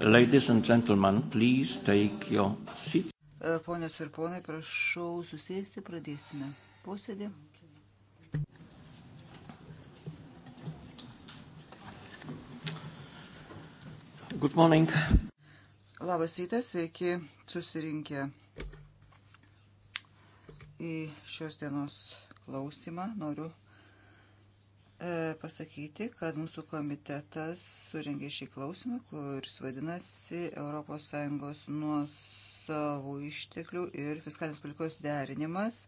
Ladies and gentlemen, please take your seats. E, ponios ir ponai, prašau susėsti, pradėsime posėdį. Good morning. Labas rytas, sveiki susirinkę į šios dienos klausimą. Noriu E, pasakyti, kad mūsų komitetas suringė šį klausimą, kuris vadinasi ES nuosavų išteklių ir fiskalinės politikos derinimas,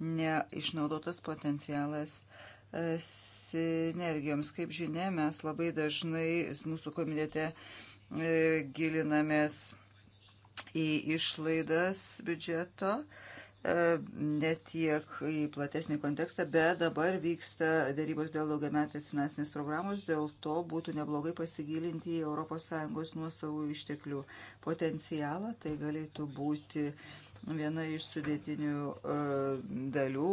neišnaudotas potencialas e, sinergijoms. Kaip žinia, mes labai dažnai mūsų komitete e, gilinamės į išlaidas biudžeto E, ne tiek į platesnį kontekstą, bet dabar vyksta darybos dėl daugiametės finansinės programos, dėl to būtų neblogai pasigilinti į ES nuosavų išteklių potencialą, tai galėtų būti viena iš sudėtinių e, dalių,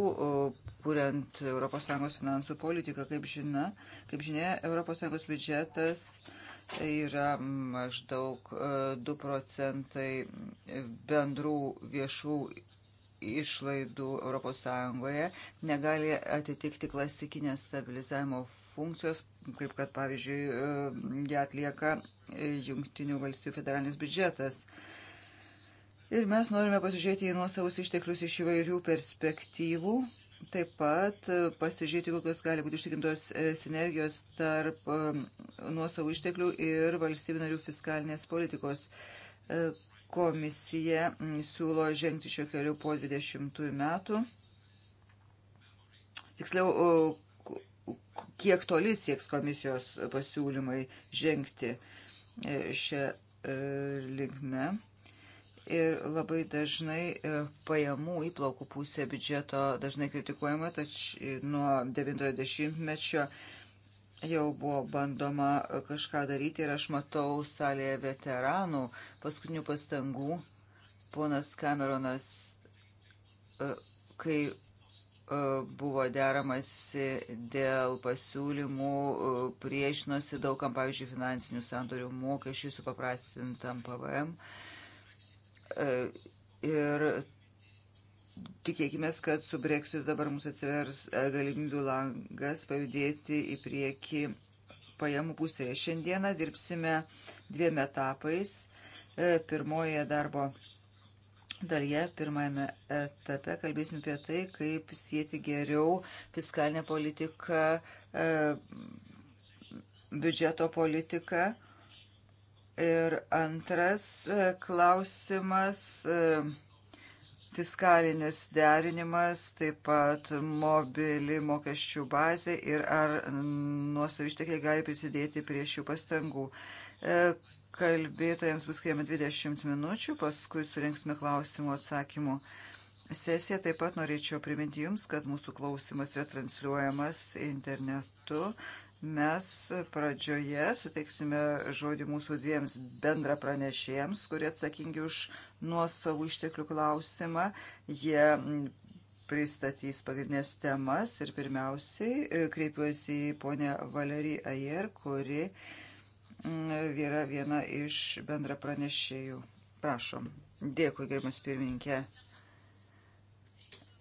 kuriant ES finansų politiką, kaip žinia, kaip žinia ES biudžetas yra maždaug 2 e, procentai bendrų viešų išlaidų ES negali atitikti klasikinės stabilizavimo funkcijos, kaip kad pavyzdžiui e, ją atlieka Junktinių valstybių federalinis biudžetas. Ir mes norime pasižiūrėti į nuosavus išteklius iš įvairių perspektyvų, taip pat pasižiūrėti, kokios gali būti ištikintos e, sinergijos tarp e, nuosavų išteklių ir valstybių narių fiskalinės politikos Komisija mm, siūlo žengti šio keliu po 20 metų. Tiksliau, kiek toli sieks komisijos pasiūlymai žengti e, šią e, linkme. Ir labai dažnai e, pajamų įplaukų pusė biudžeto dažnai kritikuojama, tačiau nuo 90-mečio jau buvo bandoma kažką daryti ir aš matau salėje veteranų paskutinių pastangų. Ponas Cameronas, e, kai e, buvo deramasi dėl pasiūlymų, e, priešinosi daugam, pavyzdžiui, finansinių sandorių mokesčių supaprastintam PVM. Ir tikėkime, kad su Brexitu dabar mums atsivers e, galimybių langas pavydėti į priekį pajamų pusėje. Šiandieną dirbsime dviem etapais. E, pirmoje darbo dalyje, pirmajame etape kalbėsime apie tai, kaip sieti geriau fiskalinę politiką, e, biudžeto politiką. Ir antras klausimas fiskalinis derinimas, taip pat mobili mokesčių bazė ir ar nuosavį ištekliai gali prisidėti prie šių pastangų. E, kalbėtojams bus skiriama 20 minučių, paskui surinksime klausimų atsakymų. Sesiją taip pat norėčiau priminti Jums, kad mūsų klausimas yra transliuojamas internetu. Mes pradžioje suteiksime žodį mūsų dviems bendra pranešėjams, kurie atsakingi už nuosavų išteklių klausimą. Jie pristatys pagrindinės temas ir pirmiausiai e, kreipiuosi į ponę Valerį Ajer, kuri mm, yra viena iš bendra pranešėjų. Prašom. Dėkui, gerimas pirmininkė.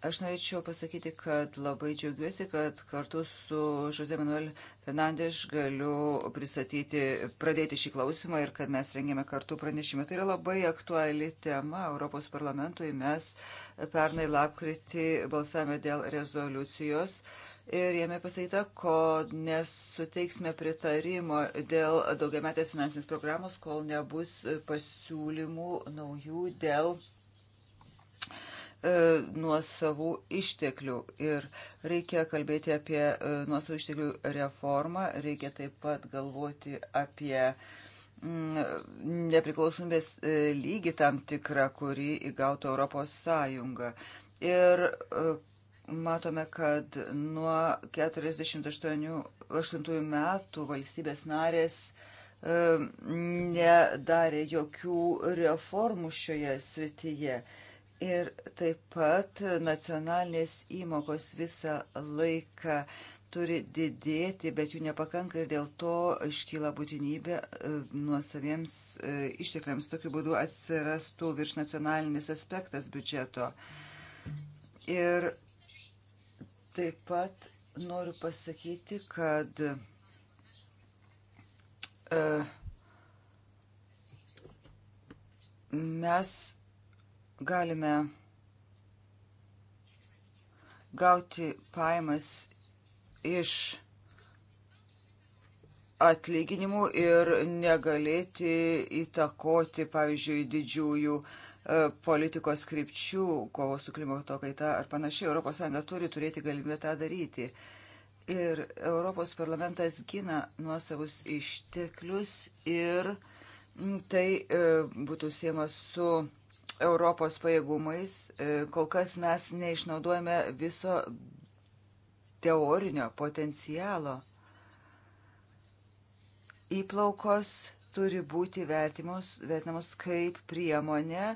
Aš norėčiau pasakyti, kad labai džiaugiuosi, kad kartu su Žuze Manuel Fernandeš galiu pristatyti, pradėti šį klausimą ir kad mes rengėme kartu pranešimą. Tai yra labai aktuali tema Europos parlamentui. Mes pernai lapkritį balsavome dėl rezoliucijos ir jame pasakyta, kad nesuteiksime pritarimo dėl daugiametės finansinės programos, kol nebus pasiūlymų naujų dėl E, nuo savų išteklių. Ir reikia kalbėti apie e, nuo savų išteklių reformą, reikia taip pat galvoti apie mm, nepriklausomybės e, lygį tam tikrą, kurį įgautų Europos Sąjunga. Ir matome, kad nuo 48 metų valstybės narės nedarė jokių reformų šioje srityje. Ir taip pat nacionalinės įmokos visą laiką turi didėti, bet jų nepakanka ir dėl to iškyla būtinybė e, nuosaviems e, ištekliams. Tokiu būdu atsirastų virš nacionalinis aspektas biudžeto. Ir taip pat noriu pasakyti, kad e, mes galime gauti pajamas iš atlyginimų ir negalėti įtakoti, pavyzdžiui, didžiųjų e, politikos krypčių, kovos su klimato kaita ar panašiai. ES turi turėti galimybę tą daryti. Ir Europos parlamentas gina nuosavus išteklius ir tai e, būtų siema su Europos pajėgumais, e, kol kas mes neišnaudojame viso teorinio potencialo. Įplaukos turi būti vertimos, vertinamos kaip priemonė,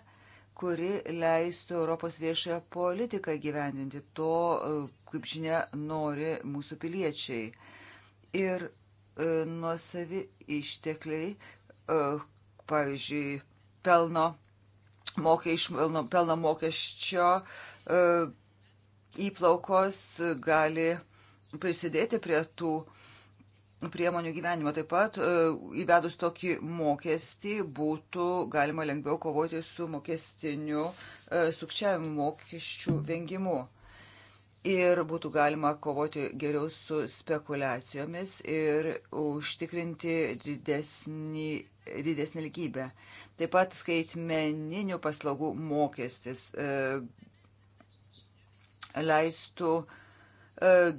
kuri leistų Europos viešąją politiką gyvendinti. To, e, kaip žinia, nori mūsų piliečiai. Ir e, nuosavi ištekliai, e, pavyzdžiui, pelno mokė iš pelno mokesčio e, įplaukos gali prisidėti prie tų priemonių gyvenimo. Taip pat e, įvedus tokį mokestį būtų galima lengviau kovoti su mokestiniu e, sukčiavimu, mokesčių vengimu. Ir būtų galima kovoti geriau su spekulacijomis ir užtikrinti didesnį didesnį lygybę. Taip pat skaitmeninių paslaugų mokestis e, leistų e,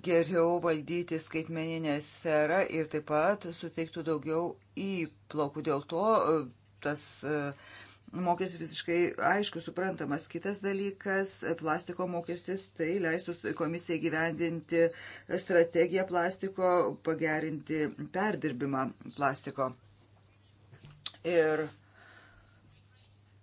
geriau valdyti skaitmeninę sferą ir taip pat suteiktų daugiau įplaukų. Dėl to e, tas mokestis visiškai aišku suprantamas. Kitas dalykas - plastiko mokestis, tai leistų komisijai gyvendinti strategiją plastiko, pagerinti perdirbimą plastiko. Ir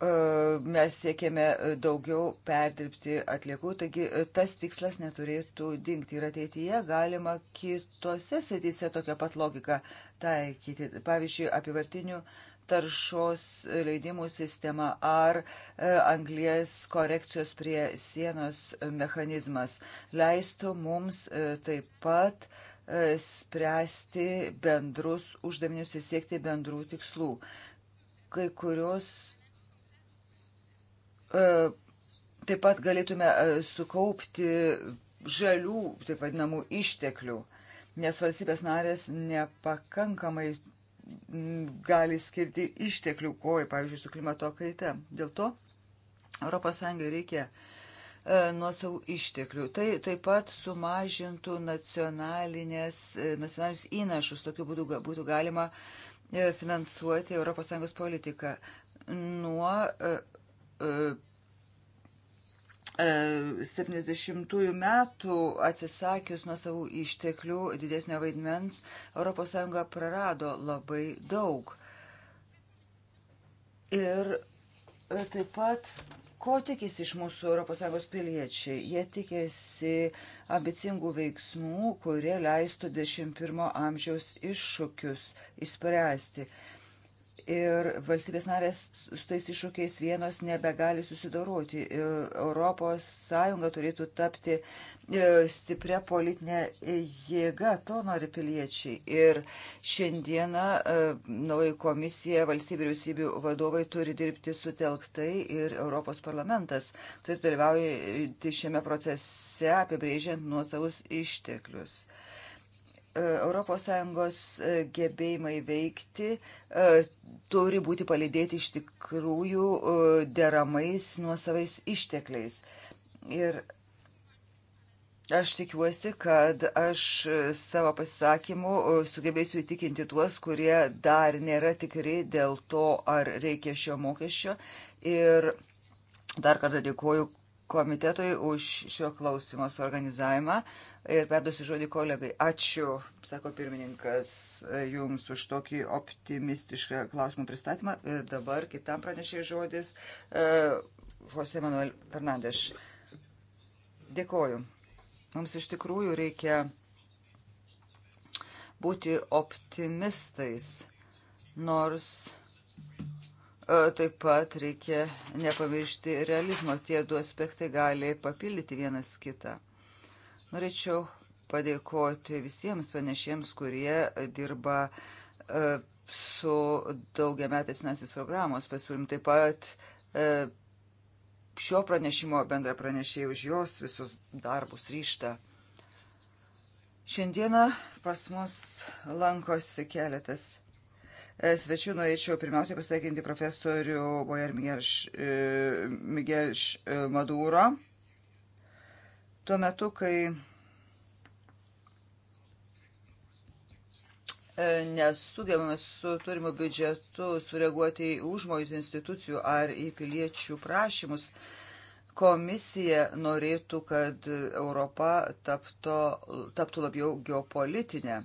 e, mes siekėme daugiau perdirbti atliekų, taigi e, tas tikslas neturėtų dingti ir ateityje galima kitose srityse tokią pat logiką taikyti. Pavyzdžiui, apivartinių taršos leidimų sistema ar e, anglies korekcijos prie sienos mechanizmas leistų mums taip pat uh, E, spręsti bendrus uždavinius ir siekti bendrų tikslų. Kai kurios e, taip pat galėtume e, sukaupti žalių, taip vadinamų, išteklių, nes valstybės narės nepakankamai gali skirti išteklių kovai, pavyzdžiui, su klimato kaita. Dėl to ES reikia uh, E, nuo savo išteklių. Tai taip pat sumažintų e, nacionalinius įnašus, tokiu būdu būtų galima e, finansuoti ES politiką nuo 70-ųjų metų atsisakius nuo savų išteklių didesnio vaidmens, ES prarado labai daug. Ir taip pat Ko tikisi iš mūsų ES piliečiai? Jie tikėsi ambicingų veiksmų, kurie leistų 21 amžiaus iššūkius įspręsti ir valstybės narės su tais iššūkiais vienos nebegali susidoroti. E, Europos Sąjunga turėtų tapti e, stipria politinė jėga, to nori piliečiai. Ir šiandieną e, nauja komisija, valstybių vyriausybių vadovai turi dirbti sutelktai ir Europos parlamentas turi dalyvauti šiame procese, apibrėžiant nuosavus išteklius. Uh, ES e, gebėjimai veikti e, turi būti palydėti iš tikrųjų e, deramais nuosavais ištekliais. Ir Aš tikiuosi, kad aš savo pasisakymu sugebėsiu įtikinti tuos, kurie dar nėra tikri dėl to, ar reikia šio mokesčio. Ir dar kartą dėkuoju komitetui už šio klausimo suorganizavimą ir perduosiu žodį kolegai. Ačiū, sako pirmininkas, jums už tokį optimistišką klausimų pristatymą. Dabar kitam pranešėjai žodis e, Jose Manuel Fernandes. Dėkoju. Mums iš tikrųjų reikia būti optimistais, nors E, taip pat reikia nepamiršti realizmo. Tie du aspektai gali papildyti vienas kitą. Norėčiau padėkoti visiems panešiems, kurie dirba e, su daugiametės finansinės programos pasiūlym. Taip pat e, šio pranešimo bendra pranešėjai už jos visus darbus ryštą. Šiandieną pas mus lankosi keletas E, svečių norėčiau pirmiausiai pasveikinti profesorių Boyer Migelš e, e, Maduro. Tuo metu, kai nesugebame su turimu biudžetu sureaguoti į užmojus institucijų ar į piliečių prašymus, komisija norėtų, kad Europa tapto, taptų labiau geopolitinė.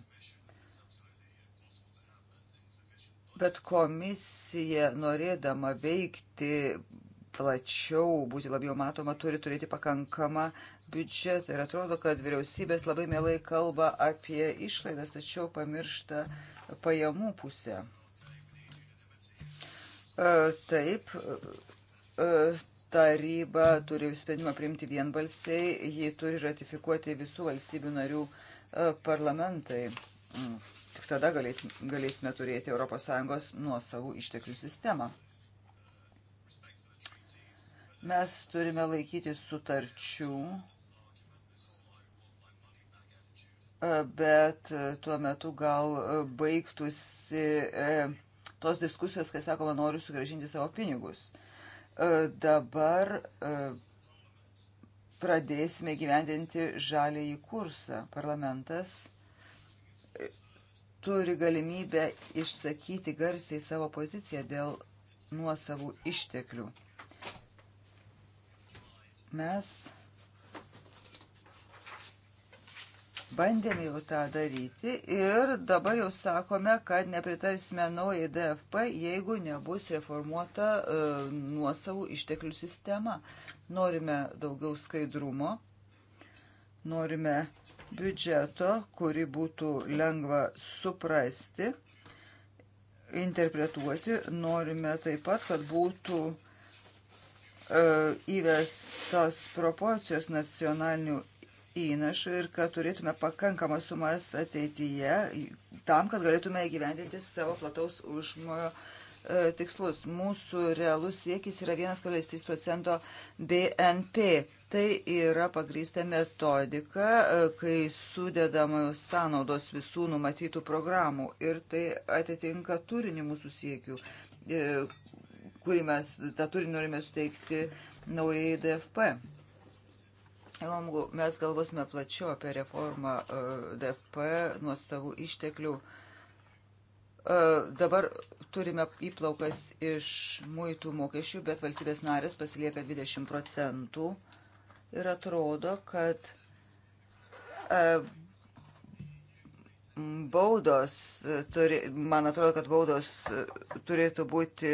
Bet komisija, norėdama veikti plačiau, būti labiau matoma, turi turėti pakankamą biudžetą. Ir atrodo, kad vyriausybės labai mielai kalba apie išlaidas, tačiau pamiršta pajamų pusę. E, taip, e, taryba turi sprendimą priimti vienbalsiai, jį turi ratifikuoti visų valstybių narių e, parlamentai. Mm. Tik tada galėsime turėti ES nuosavų išteklių sistemą. Mes turime laikyti sutarčių, bet tuo metu gal baigtųsi e, tos diskusijos, kai sakoma, noriu sugražinti savo pinigus. E, dabar e, pradėsime gyvendinti žalėjį kursą. Parlamentas turi galimybę išsakyti garsiai savo poziciją dėl nuosavų išteklių. Mes bandėme jau tą daryti ir dabar jau sakome, kad nepritarsime naujai DFP, jeigu nebus reformuota e, nuosavų išteklių sistema. Norime daugiau skaidrumo, norime biudžeto, kurį būtų lengva suprasti, interpretuoti. Norime taip pat, kad būtų e, įvestos proporcijos nacionalinių įnašų ir kad turėtume pakankamą sumas ateityje tam, kad galėtume įgyvendinti savo plataus užmojo e, tikslus. Mūsų realus siekis yra 1,3 procento BNP Tai yra pagrįsta metodika, e, kai sudedamos sąnaudos visų numatytų programų ir tai atitinka turinį mūsų siekių, e, kurį mes tą turinį norime suteikti naujai DFP. Jeigu mes galvosime plačiau apie reformą e, DFP nuo savų išteklių, dabar turime įplaukas iš muitų mokesčių, bet valstybės narės pasilieka 20 procentų ir atrodo, kad e, baudos, turi, man atrodo, kad baudos turėtų būti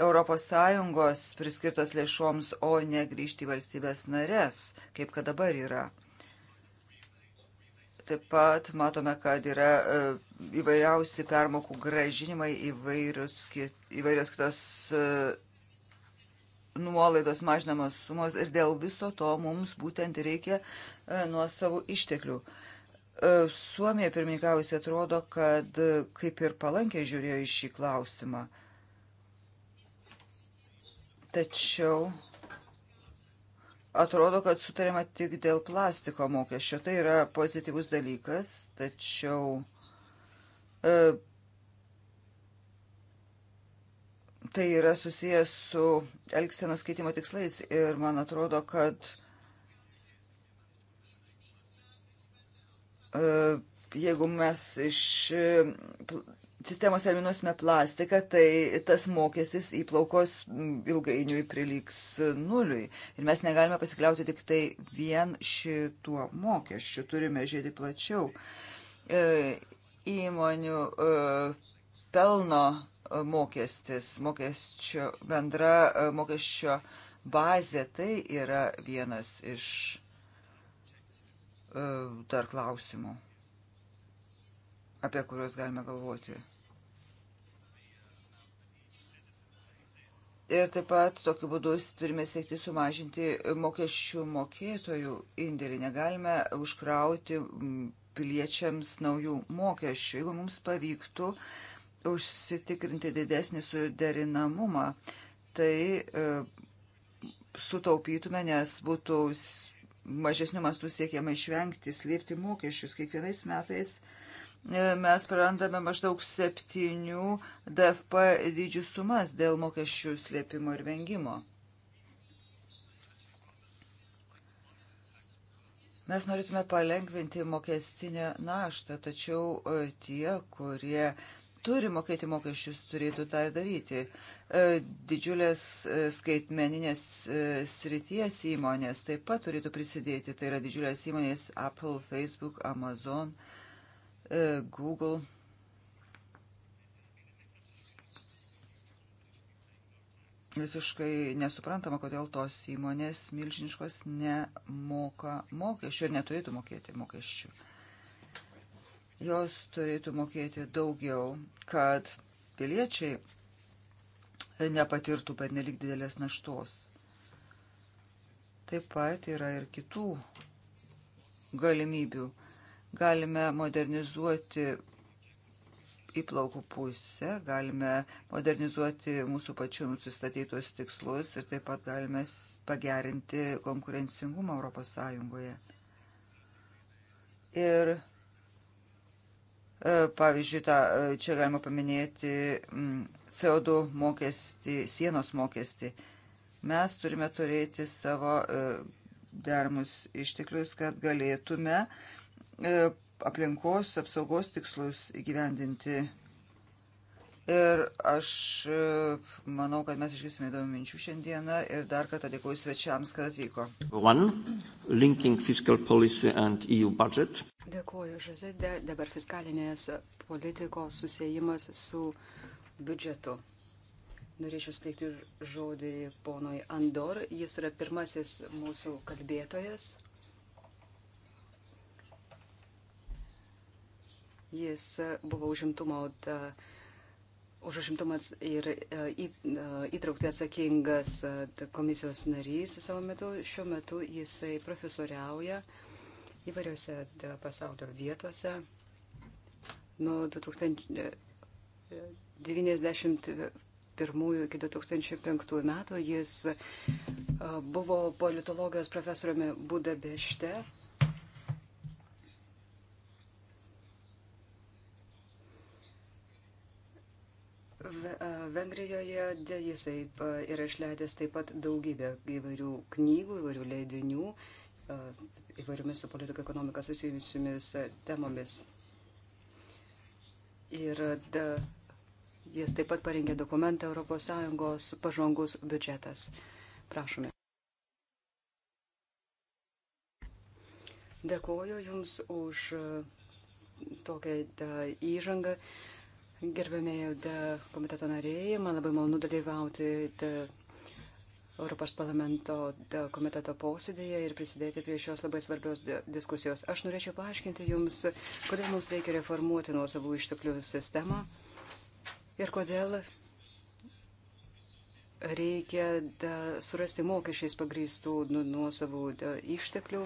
ES priskirtos lėšoms, o ne grįžti į valstybės narės, kaip kad dabar yra. Taip pat matome, kad yra e, įvairiausi permokų gražinimai, įvairios kitos e, nuolaidos mažinamos sumos ir dėl viso to mums būtent reikia e, nuo savo išteklių. E, Suomija pirmininkavusi atrodo, kad e, kaip ir palankiai žiūrėjo į šį klausimą. Tačiau atrodo, kad sutarima tik dėl plastiko mokesčio. Tai yra pozityvus dalykas, tačiau tai yra susijęs su elgsenos keitimo tikslais ir man atrodo, kad e, jeigu mes iš sistemos eliminuosime plastiką, tai tas mokestis įplaukos ilgainiui priliks nuliui. Ir mes negalime pasikliauti tik tai vien šituo mokesčiu, turime žiūrėti plačiau. E, įmonių e, pelno mokestis, mokesčio, bendra e, mokesčio bazė. Tai yra vienas iš e, dar klausimų, apie kuriuos galime galvoti. Ir taip pat tokiu būdu turime siekti sumažinti mokesčių mokėtojų indėlį. Negalime užkrauti piliečiams naujų mokesčių. Jeigu mums pavyktų uh, užsitikrinti didesnį suderinamumą. Tai e, sutaupytume, nes būtų mažesnių mastų siekiama išvengti, slėpti mokesčius. Kiekvienais metais e, mes prarandame maždaug septynių DFP dydžių sumas dėl mokesčių slėpimo ir vengimo. Mes norėtume palengvinti mokestinę naštą, tačiau e, tie, kurie uh, turi mokėti mokesčius, turėtų tą ir daryti. E, didžiulės e, skaitmeninės e, srities įmonės taip pat turėtų prisidėti. Tai yra didžiulės įmonės Apple, Facebook, Amazon, Google. Visiškai nesuprantama, kodėl tos įmonės milžiniškos nemoka mokesčių ir neturėtų mokėti mokesčių. Jos turėtų mokėti daugiau, kad piliečiai nepatirtų per nelik didelės naštos. Taip pat yra ir kitų galimybių. Galime modernizuoti įplaukų pusę, galime modernizuoti mūsų pačių nusistatytus tikslus ir taip pat galime pagerinti konkurencingumą ES. Ir E, pavyzdžiui, tą, e, čia galima paminėti mm, CO2 mokestį, sienos mokestį. Mes turime turėti savo e, dermus išteklius, kad galėtume aplinkos apsaugos tikslus įgyvendinti. Ir aš manau, kad mes išgirsime įdomių minčių šiandieną ir dar kartą dėkuoju svečiams, kad atvyko. One, Dėkuoju, Žozė. Dabar fiskalinės politikos susijimas su biudžetu. Norėčiau steigti žodį ponui Andor. Jis yra pirmasis mūsų kalbėtojas. Jis buvo užimtumo, už užimtumas ir e, e, įtraukti atsakingas e, komisijos narys savo metu. Šiuo metu jisai profesoriauja. Uh, įvairiose pasaulio vietose. Nuo 1991 e, e, iki 2005 metų jis e, buvo politologijos profesoriumi Budapešte. Vengrijoje jisai yra išleidęs taip pat daugybę įvairių knygų, įvairių leidinių, įvairiomis su politika ekonomika susijusiamis e, temomis. Ir da, jis taip pat parengė dokumentą ES pažangus biudžetas. Prašome. Dėkoju Jums už e, tokią įžangą. Gerbėmėjau komiteto nariai, man labai malonu dalyvauti. Da, Europos parlamento komiteto posėdėje ir prisidėti prie šios labai svarbios diskusijos. Aš norėčiau paaiškinti Jums, kodėl mums reikia reformuoti nuosavų išteklių sistemą ir kodėl reikia da, surasti mokesčiais pagrįstų nu- nuosavų išteklių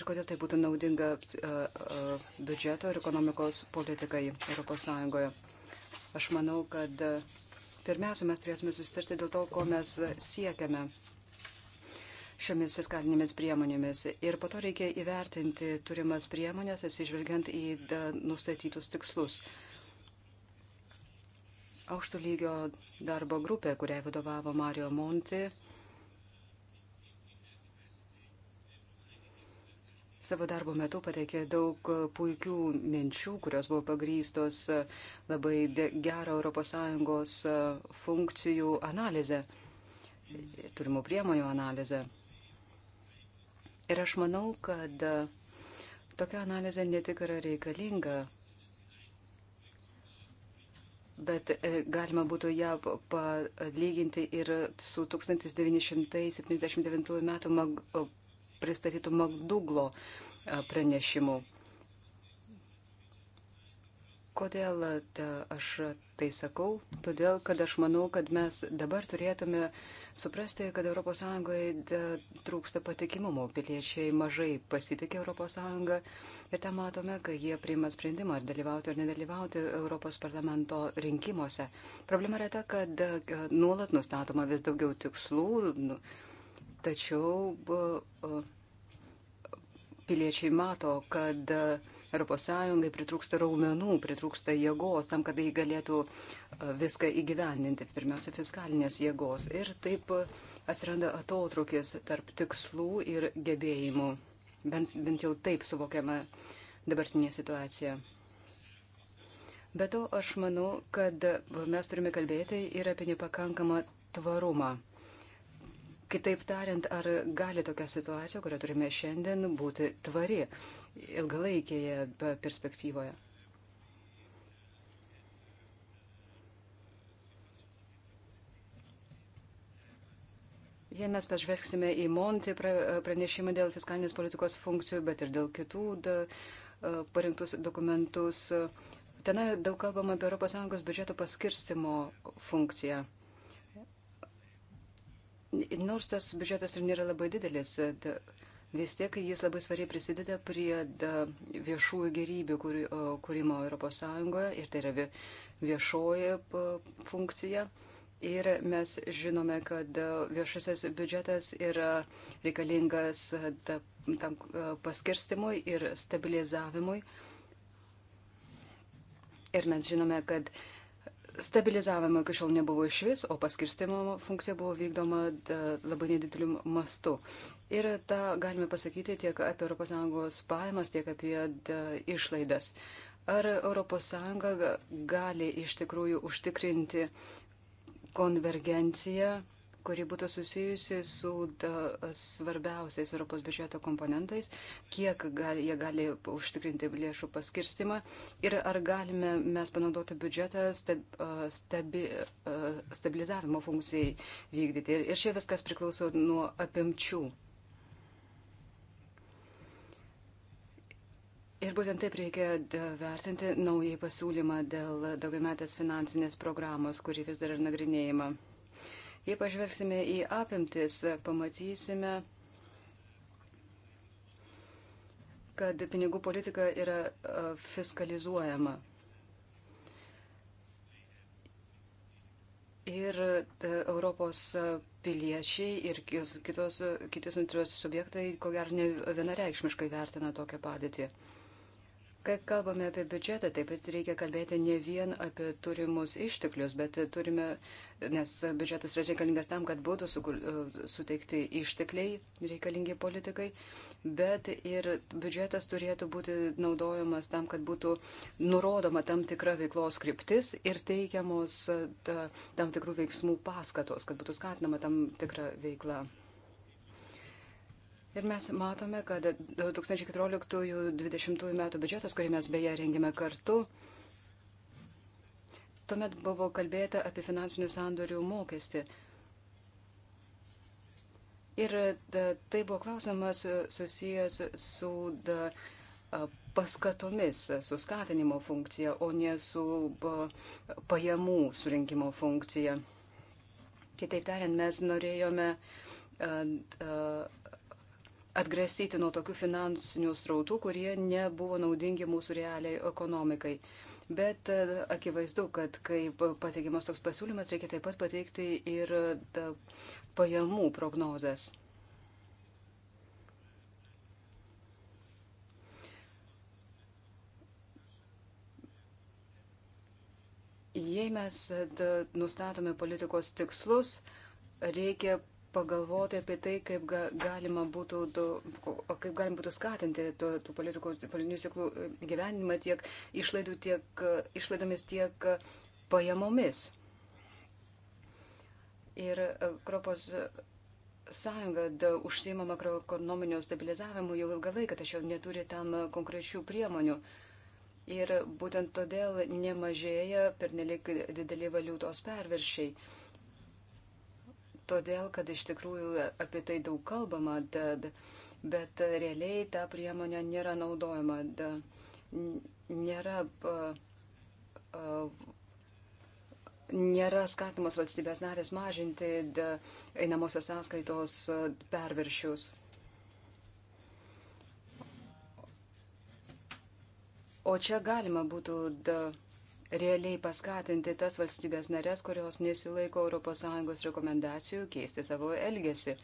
ir kodėl tai būtų naudinga biudžeto ir ekonomikos politikai ES. Aš manau, kad Pirmiausia, mes turėtume susitarti dėl to, ko mes siekiame šiomis fiskalinėmis priemonėmis. Ir po to reikia įvertinti turimas priemonės, atsižvelgiant į nustatytus tikslus. Aukšto lygio darbo grupė, kuriai vadovavo Mario Monti, savo darbo metu pateikė daug e, puikių minčių, kurios buvo pagrystos e, labai gerą ES e, funkcijų analizę, turimų priemonių analizę. Ir aš manau, kad tokia analizė ne tik yra reikalinga, bet galima būtų ją palyginti ir su 1979 metų pristatytų Magduglo e, pranešimu. Kodėl ta, e, aš tai sakau? Todėl, kad aš manau, kad mes dabar turėtume suprasti, kad ES e, trūksta patikimumo. Piliečiai mažai pasitikė ES ir tą matome, kai jie priima sprendimą ar dalyvauti ar nedalyvauti Europos parlamento rinkimuose. Problema yra ta, kad nuolat nustatoma vis daugiau tikslų. Nu, Tačiau piliečiai mato, kad ES pritrūksta raumenų, pritrūksta jėgos tam, kad jie galėtų viską įgyvendinti, pirmiausia, fiskalinės jėgos. Ir taip atsiranda atotrukis tarp tikslų ir gebėjimų. Bent, bent jau taip suvokiama dabartinė situacija. Be to, aš manau, kad mes turime kalbėti ir apie nepakankamą tvarumą. Kitaip tariant, ar gali tokia situacija, kurią turime šiandien, būti tvari ilgalaikėje perspektyvoje? Jei mes pažvelgsime į Monti pranešimą dėl fiskalinės politikos funkcijų, bet ir dėl kitų da, parinktus dokumentus, ten daug kalbama apie ES biudžeto paskirstimo funkciją. Nors tas biudžetas ir nėra labai didelis, da, vis tiek jis labai svariai prisideda prie da, viešųjų gerybių kūrimo Europos Sąjungoje ir tai yra viešoji funkcija. Ir mes žinome, kad viešasis biudžetas yra reikalingas tam paskirstimui ir stabilizavimui. Ir mes žinome, kad uh, Stabilizavimo iki šiol nebuvo iš vis, o paskirstimo funkcija buvo vykdoma e, labai nedideliu mastu. Ir tą galime pasakyti tiek apie ES pajamas, tiek apie e, išlaidas. Ar ES gali iš tikrųjų užtikrinti konvergenciją kuri būtų susijusi su svarbiausiais Europos biudžeto komponentais, kiek gali, jie gali užtikrinti lėšų paskirstimą ir ar galime mes panaudoti biudžetą stab, stabi, stabilizavimo funkcijai vykdyti. Ir, ir čia viskas priklauso nuo apimčių. Ir būtent taip reikia vertinti naują pasiūlymą dėl daugiametės finansinės programos, kuri vis dar ir nagrinėjama. Jei pažvelgsime į apimtis, pamatysime, kad pinigų politika yra fiskalizuojama. Ir Europos piliečiai ir kitos, kitos interesų subjektai, ko gero, ne vienareikšmiškai vertina tokią padėtį. Kai kalbame apie biudžetą, taip pat reikia kalbėti ne vien apie turimus išteklius, bet turime, nes biudžetas yra reikalingas tam, kad būtų e, suteikti ištekliai reikalingi politikai, bet ir biudžetas turėtų būti naudojamas tam, kad būtų nurodoma tam tikra veiklos kryptis ir teikiamos e, tam tikrų veiksmų paskatos, kad būtų skatinama tam tikra veikla. Ir mes matome, kad 2014-2020 metų biudžetas, kurį mes beje rengėme kartu, tuomet buvo kalbėta apie finansinių sandorių mokestį. Ir tai buvo klausimas susijęs su paskatomis, su skatinimo funkcija, o ne su pajamų surinkimo funkcija. Kitaip tariant, mes norėjome uh, uh, atgrasyti nuo tokių finansinių srautų, kurie nebuvo naudingi mūsų realiai ekonomikai. Bet e, akivaizdu, kad kai pateikiamas toks pasiūlymas, reikia taip pat pateikti ir e, pajamų prognozes. Jei mes e, nustatome politikos tikslus, reikia pagalvoti apie tai, kaip ga, galima būtų, do, kaip galima būtų skatinti to, tų politikų, politinių ciklų e, gyvenimą tiek, išlaidų, tiek e, išlaidomis, tiek e, pajamomis. Ir Europos sąjunga da, užsima makroekonominio stabilizavimu jau ilgą laiką, tačiau neturi tam konkrečių priemonių. Ir būtent todėl nemažėja pernelik dideli valiutos perviršiai todėl kad iš tikrųjų apie tai daug kalbama, dad, bet realiai ta priemonė nėra naudojama, dad, nėra, nėra skatimas valstybės narės mažinti dad, einamosios sąskaitos perviršius. O čia galima būtų. Dad, realiai paskatinti tas valstybės narės, kurios nesilaiko ES rekomendacijų, keisti savo elgesį.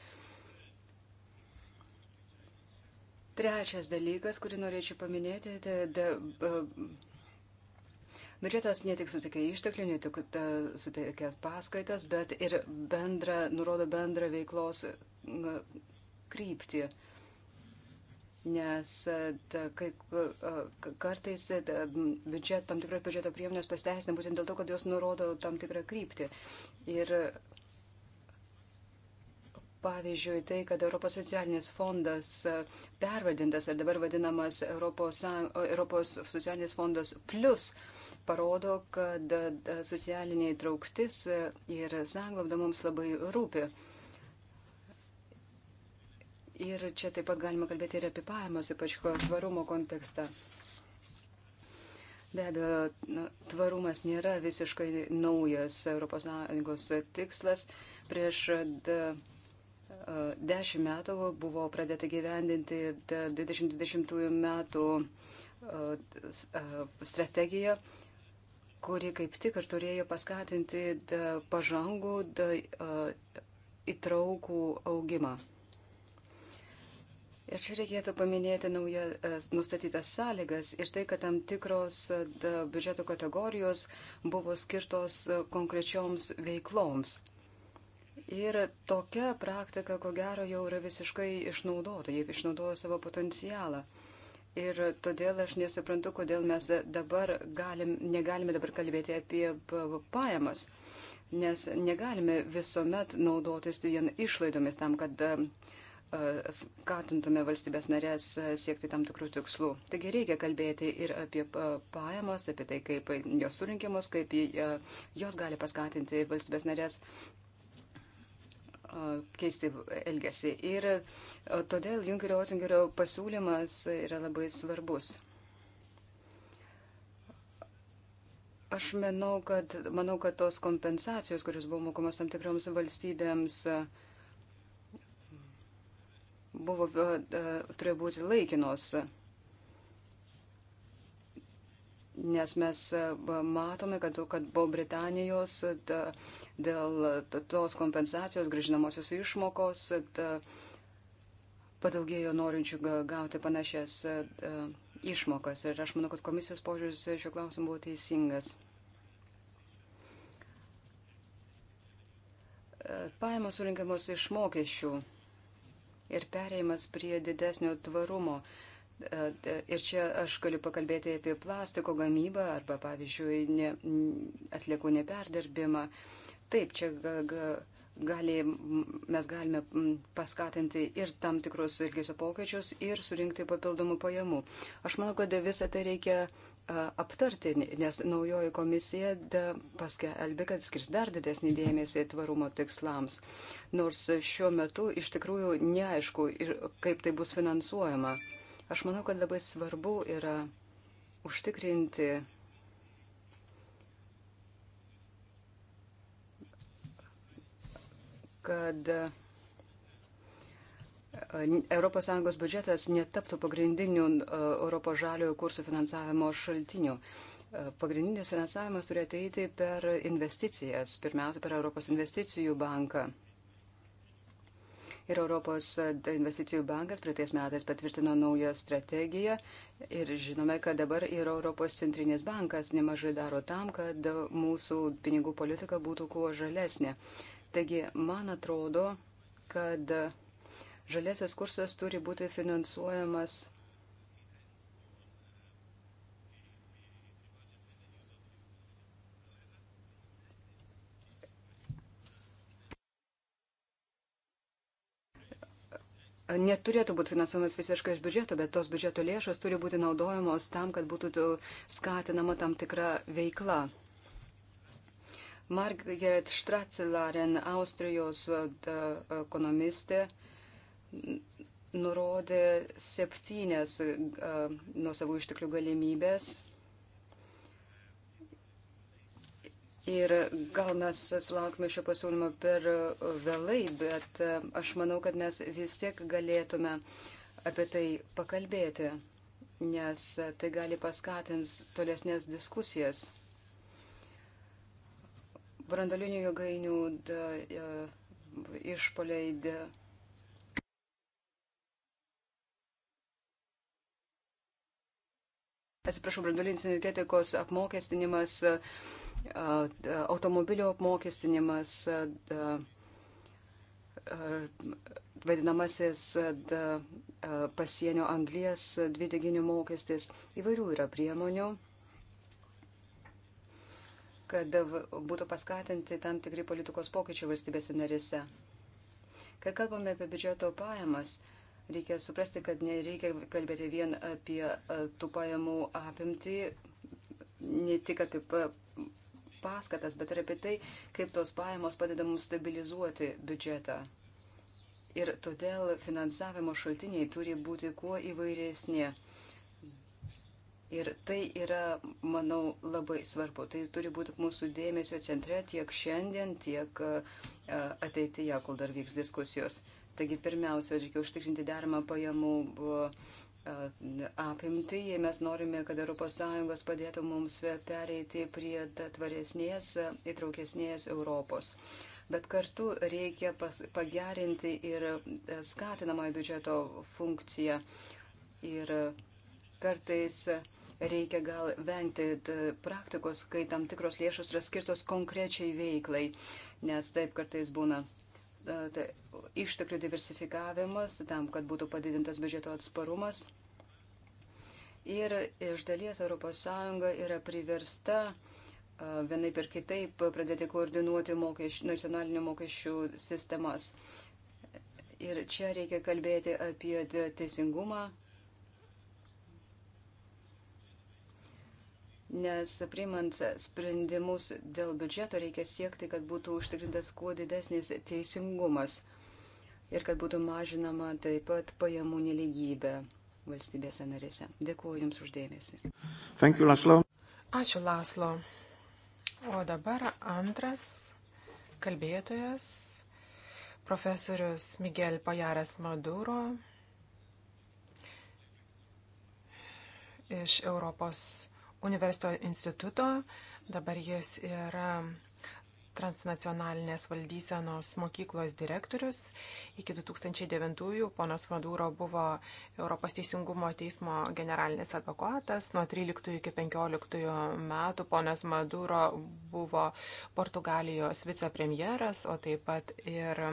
Trečias dalykas, kurį norėčiau paminėti, tai de, uh, biudžetas ne tik suteikia išteklių, ne tik uh, suteikia paskaitas, bet ir bendra, nurodo bendrą veiklos uh, kryptį. Uh, nes e, kai, e, kartais e, biudžet, tam tikros biudžeto priemonės pasiteisina būtent dėl to, kad jos nurodo tam tikrą kryptį. Ir pavyzdžiui, tai, kad Europos socialinis fondas pervadintas ar dabar vadinamas Europos, Europos socialinis fondas plus parodo, kad socialinė trauktis ir sanglauda mums labai rūpi. Ir čia taip pat galima kalbėti ir apie pajamas, ypač tvarumo kontekstą. Be abejo, na, tvarumas nėra visiškai naujas ES tikslas. Prieš da, dešimt metų buvo pradėta gyvendinti 2020 metų strategija, kuri kaip tik ir turėjo paskatinti pažangų įtraukų augimą. Ir čia reikėtų paminėti naują e, nustatytas sąlygas ir tai, kad tam tikros e, da, biudžeto kategorijos buvo skirtos e, konkrečioms veikloms. Ir tokia praktika, ko gero, jau yra visiškai išnaudota, jie išnaudojo savo potencialą. Ir todėl aš nesuprantu, kodėl mes dabar galim, negalime dabar kalbėti apie pajamas, nes negalime visuomet naudotis vien išlaidomis tam, kad skatintume valstybės narės e, siekti tam tikrų tikslų. Taigi reikia kalbėti ir apie e, pajamas, apie tai, kaip jos surinkimus, kaip e, jos gali paskatinti valstybės narės keisti elgesį. Ir todėl Junkerio Otingerio pasiūlymas yra labai svarbus. Aš manau, kad, manau, kad tos kompensacijos, kurios buvo mokamos tam tikroms valstybėms, uh, buvo, e, e, turėjo būti laikinos. Nes mes e, matome, kad, kad buvo Britanijos da, dėl tos kompensacijos gražinamosios išmokos da, padaugėjo norinčių gauti panašias da, išmokas. Ir aš manau, kad komisijos požiūris šiuo klausimu buvo teisingas. Pajamos surinkiamos iš mokesčių ir perėjimas prie didesnio tvarumo. E, e, ir čia aš galiu pakalbėti apie plastiko gamybą arba, pavyzdžiui, ne, atliekų neperdarbimą. Taip, čia ga, ga, gali, mes galime paskatinti ir tam tikrus elgesio pokyčius ir surinkti papildomų pajamų. Aš manau, kad visą tai reikia aptarti, nes naujoji komisija paskelbė, kad skirs dar didesnį dėmesį tvarumo tikslams, nors šiuo metu iš tikrųjų neaišku, kaip tai bus finansuojama. Aš manau, kad labai svarbu yra užtikrinti kad ES biudžetas netaptų pagrindiniu e, Europos žaliojo kursų finansavimo šaltiniu. E, pagrindinis finansavimas turi ateiti per investicijas, pirmiausia per Europos investicijų banką. Ir Europos investicijų bankas praeitais metais patvirtino naują strategiją ir žinome, kad dabar ir Europos centrinis bankas nemažai daro tam, kad mūsų pinigų politika būtų kuo žalesnė. Taigi, man atrodo, kad žaliasis kursas turi būti finansuojamas neturėtų būti finansuojamas visiškai iš biudžeto, bet tos biudžeto lėšos turi būti naudojamos tam, kad būtų skatinama tam tikra veikla. Margaret Stratzilaren, Austrijos ekonomistė, uh, nurodė septynės nuo savo išteklių galimybės. Ir gal mes sulaukime šio pasiūlymo per vėlai, bet aš manau, kad mes vis tiek galėtume apie tai pakalbėti, nes tai gali paskatins tolesnės diskusijas. Brandolinių jėgainių išpoliai atsiprašau, branduolinis energetikos apmokestinimas, automobilio apmokestinimas, vadinamasis pasienio anglės dvideginių mokestis. Įvairių yra priemonių kad būtų paskatinti tam tikri politikos pokyčiai valstybėse narėse. Kai kalbame apie biudžeto pajamas, uh, Reikia suprasti, kad nereikia kalbėti vien apie e, tų pajamų apimtį, ne tik apie paskatas, bet ir apie tai, kaip tos pajamos padeda mums stabilizuoti biudžetą. Ir todėl finansavimo šaltiniai turi būti kuo įvairesni. Ir tai yra, manau, labai svarbu. Tai turi būti mūsų dėmesio centre tiek šiandien, tiek e, ateityje, kol dar vyks diskusijos. Taigi pirmiausia, reikia užtikrinti deramą pajamų e, apimti, jei mes norime, kad ES padėtų mums pereiti prie tvaresnės, įtraukesnės Europos. Bet kartu reikia pas, pagerinti ir e, skatinamojo biudžeto funkciją. Ir e, kartais reikia gal vengti praktikos, kai tam tikros lėšos yra skirtos konkrečiai veiklai, nes taip kartais būna. E, tai išteklių diversifikavimas tam, kad būtų padidintas biudžeto atsparumas. Ir iš dalies ES yra priversta e, vienai per kitaip pradėti koordinuoti mokesčių, nacionalinių mokesčių sistemas. Ir čia reikia kalbėti apie teisingumą, nes priimant sprendimus dėl biudžeto reikia siekti, kad būtų užtikrintas kuo didesnis teisingumas ir kad būtų mažinama taip pat pajamų neligybė valstybėse narėse. Dėkuoju Jums uždėmesi. Thank you, Laslo. Ačiū, Laslo. O dabar antras kalbėtojas, profesorius Miguel Pajaras Maduro, iš Europos universiteto instituto, dabar jis yra transnacionalinės valdysenos mokyklos direktorius. Iki 2009-ųjų ponas Maduro buvo Europos Teisingumo teismo generalinis advokatas. Nuo 13 iki 15 metų ponas Maduro buvo Portugalijos vicepremjeras, o taip pat ir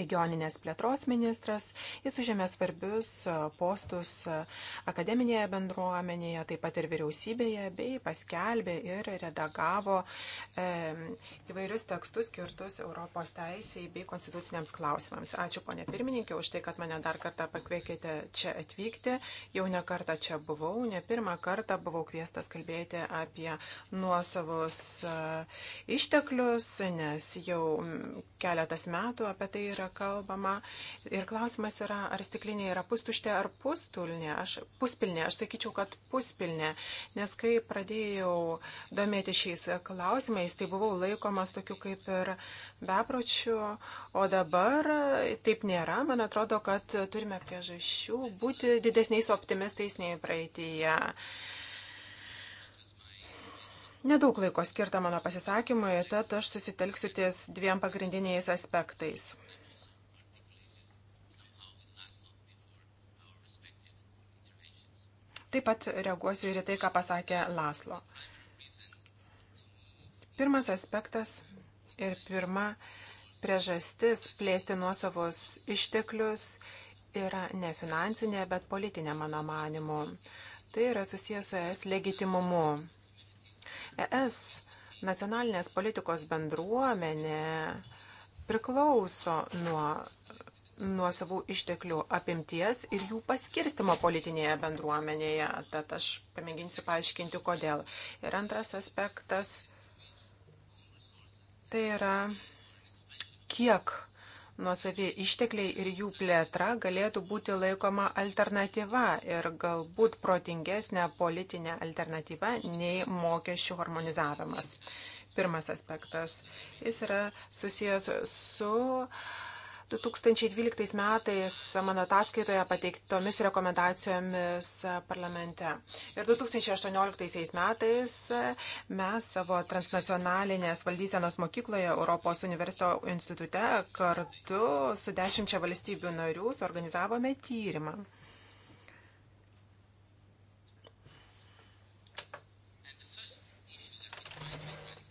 regioninės plėtros ministras. Jis užėmė svarbius e, postus e, akademinėje bendruomenėje, taip pat ir vyriausybėje, bei paskelbė ir redagavo e, įvairius tekstus skirtus Europos teisėjai bei konstituciniams klausimams. Ačiū, ponė pirmininkė, už tai, kad mane dar kartą pakviekėte čia atvykti. Jau ne kartą čia buvau, ne pirmą kartą buvau kviestas kalbėti apie nuosavus e, išteklius, nes jau keletas metų apie tai yra kalbama. Ir klausimas yra, ar stiklinė yra pustuštė ar pustulnė. Aš, puspilnė, aš sakyčiau, kad puspilnė, nes kai pradėjau domėti šiais klausimais, tai buvau laikomas tokiu kaip ir bepročiu, o dabar taip nėra. Man atrodo, kad turime priežasčių būti didesniais optimistais nei praeitėje. Nedaug laiko skirta mano pasisakymui, tad aš susitelksiu ties dviem pagrindiniais aspektais. Taip pat reaguosiu ir į tai, ką pasakė Laslo. Pirmas aspektas ir pirma priežastis plėsti nuosavos išteklius yra ne finansinė, bet politinė, mano manimu. Tai yra susijęs su ES legitimumu. ES nacionalinės politikos bendruomenė priklauso nuo nuosavų išteklių apimties ir jų paskirstimo politinėje bendruomenėje. Tad aš pamėginsiu paaiškinti, kodėl. Ir antras aspektas tai yra, kiek nuosavi ištekliai ir jų plėtra galėtų būti laikoma alternatyva ir galbūt protingesnė politinė alternatyva nei mokesčių harmonizavimas. Pirmas aspektas. Jis yra susijęs su uh, 2012 metais mano ataskaitoje pateiktomis rekomendacijomis parlamente. Ir 2018 metais mes savo transnacionalinės valdysenos mokykloje Europos universiteto institute kartu su dešimčia valstybių narių suorganizavome tyrimą.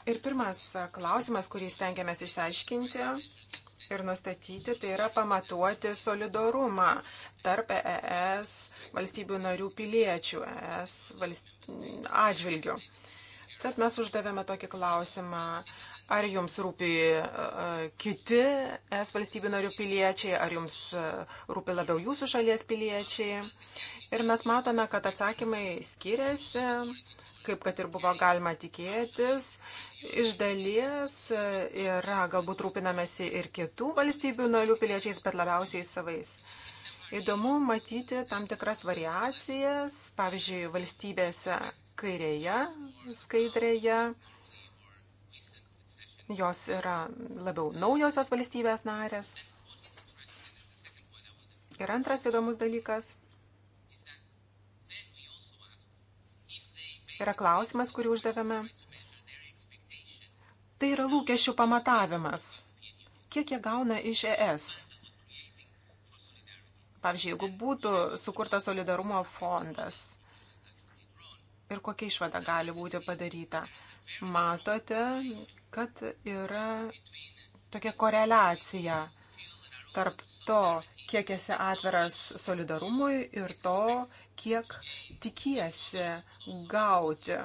Ir pirmas klausimas, kurį stengiamės išsiaiškinti, ir nustatyti, tai yra pamatuoti solidarumą tarp ES e valstybių narių piliečių, ES e valst... atžvilgių. Tad mes uždavėme tokį klausimą, ar jums rūpi e, kiti es valstybių narių piliečiai, ar jums rūpi labiau jūsų šalies piliečiai. Ir mes matome, kad atsakymai skiriasi kaip kad ir buvo galima tikėtis. Iš dalies e, yra galbūt rūpinamasi ir kitų valstybių narių piliečiais, bet labiausiai savais. Įdomu matyti tam tikras variacijas, pavyzdžiui, valstybėse kairėje, skaidrėje. Jos yra labiau naujosios valstybės narės. Ir antras įdomus dalykas yra klausimas, kurį uždavėme. Tai yra lūkesčių pamatavimas. Kiek jie gauna iš ES? Pavyzdžiui, jeigu būtų sukurtas solidarumo fondas ir kokia išvada gali būti padaryta. Matote, kad yra tokia koreliacija tarp to, kiek esi atviras solidarumui ir to, kiek tikiesi gauti,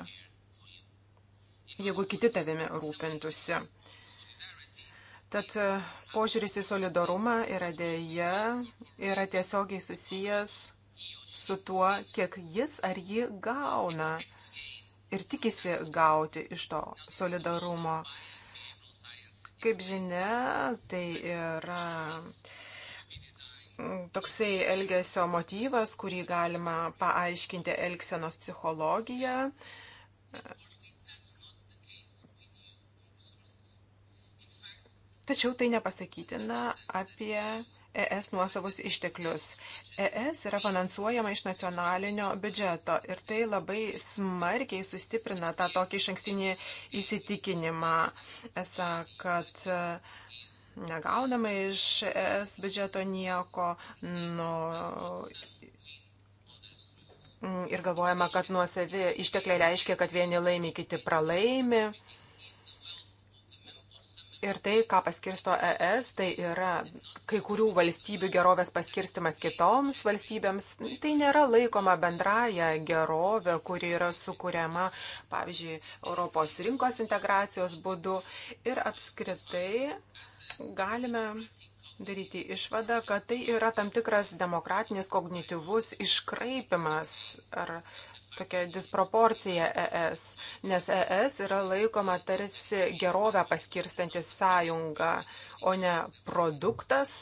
jeigu kiti tavimi rūpintusi. Tad e, požiūris į solidarumą yra dėja, yra tiesiogiai susijęs su tuo, kiek jis ar ji gauna ir tikisi gauti iš to solidarumo. Kaip žinia, tai yra uh, toksai elgesio motyvas, kurį galima paaiškinti elgsenos psichologiją. Tačiau tai nepasakytina apie ES nuosavus išteklius. ES yra finansuojama iš nacionalinio biudžeto ir tai labai smarkiai sustiprina tą tokį iš ankstinį įsitikinimą, esą, kad negaudama iš ES biudžeto nieko. Nu, ir galvojama, kad nuosavi ištekliai reiškia, kad vieni laimi, kiti pralaimi. Ir tai, ką paskirsto ES, tai yra kai kurių valstybių gerovės paskirstimas kitoms valstybėms. Tai nėra laikoma bendraja gerovė, kuri yra sukūriama, pavyzdžiui, Europos rinkos integracijos būdu. Ir apskritai galime daryti išvadą, kad tai yra tam tikras demokratinis kognityvus iškraipimas ar tokia disproporcija ES, nes ES yra laikoma tarsi gerovę paskirstantis sąjunga, o ne produktas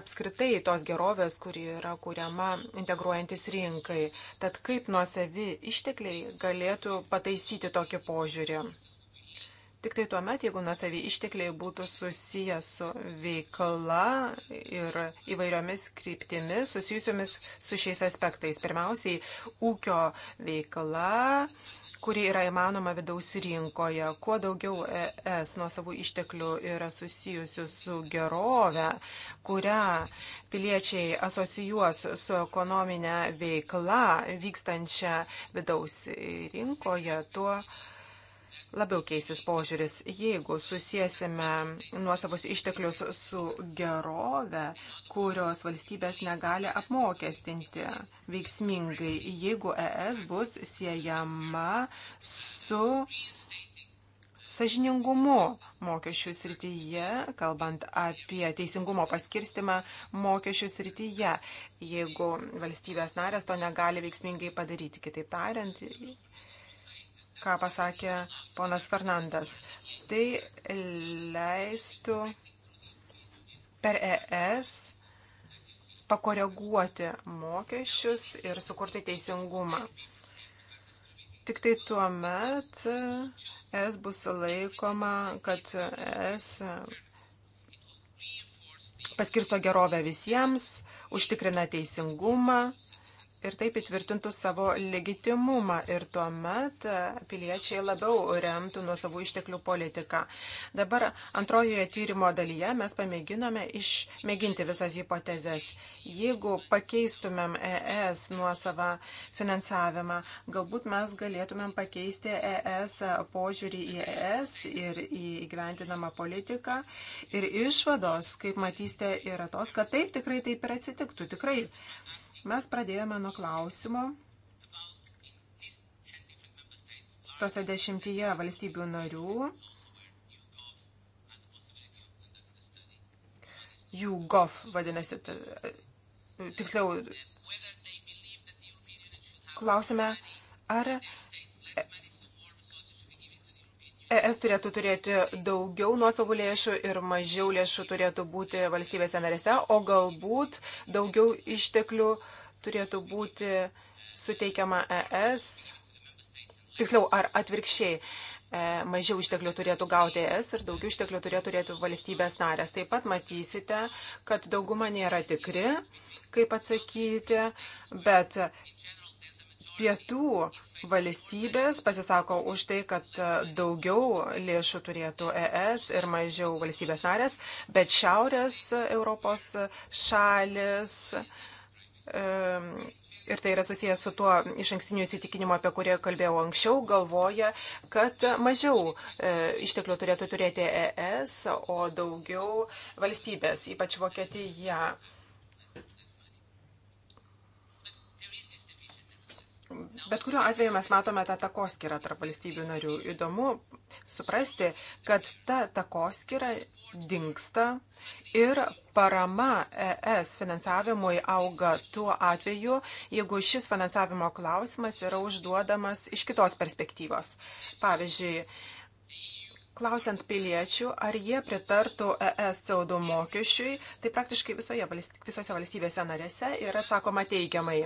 apskritai tos gerovės, kuri yra kuriama integruojantis rinkai. Tad kaip nuosavi ištekliai galėtų pataisyti tokį požiūrį? tik tai tuo met, jeigu nuosavį ištekliai būtų susiję su veikla ir įvairiomis kryptimis susijusiomis su šiais aspektais. Pirmiausiai, ūkio veikla kuri yra įmanoma vidaus rinkoje. Kuo daugiau ES nuo savų išteklių yra susijusių su gerove, kurią piliečiai asocijuos su ekonominė veikla vykstančia vidaus rinkoje, tuo labiau keisis požiūris. Jeigu susijęsime nuosavus išteklius su gerove, kurios valstybės negali apmokestinti veiksmingai, jeigu ES bus siejama su sažiningumu mokesčių srityje, kalbant apie teisingumo paskirstimą mokesčių srityje, jeigu valstybės narės to negali veiksmingai padaryti. Kitaip tariant, ką pasakė ponas Fernandas. Tai leistų per ES pakoreguoti mokesčius ir sukurti teisingumą. Tik tai tuo met es bus laikoma, kad es paskirsto gerovę visiems, užtikrina teisingumą ir taip įtvirtintų savo legitimumą ir tuomet e, piliečiai labiau remtų nuo savų išteklių politiką. Dabar antrojoje tyrimo dalyje mes pamėginome išmėginti visas hipotezes. Jeigu pakeistumėm ES nuosavą finansavimą, galbūt mes galėtumėm pakeisti ES požiūrį į ES ir į gyventinamą politiką. Ir išvados, kaip matysite, yra tos, kad taip tikrai taip ir atsitiktų. Tikrai Mes pradėjome nuo klausimo tose dešimtyje valstybių narių. YouGov vadinasi, tiksliau, klausime, ar ES turėtų turėti daugiau nuosavų lėšų ir mažiau lėšų turėtų būti valstybėse narėse, o galbūt daugiau išteklių turėtų būti suteikiama ES. Tiksliau, ar atvirkščiai, e, mažiau išteklių turėtų gauti ES ir daugiau išteklių turėtų turėti valstybės narės. Taip pat matysite, kad dauguma nėra tikri, kaip atsakyti, bet pietų valstybės pasisako už tai, kad daugiau lėšų turėtų ES ir mažiau valstybės narės, bet šiaurės Europos šalis. Ir tai yra susijęs su tuo iš ankstiniu įsitikinimu, apie kurį kalbėjau anksčiau, galvoja, kad mažiau e, išteklių turėtų turėti ES, o daugiau valstybės, ypač Vokietija. Ja bet kuriuo atveju mes matome tą takoskirą tarp valstybių narių. Įdomu suprasti, kad ta takoskira dinksta ir parama ES finansavimui auga tuo atveju, jeigu šis finansavimo klausimas yra užduodamas iš kitos perspektyvos. Pavyzdžiui, Klausiant piliečių, ar jie pritartų ES CO2 mokesčiui, tai praktiškai visoje, visose valstybėse narėse yra atsakoma teigiamai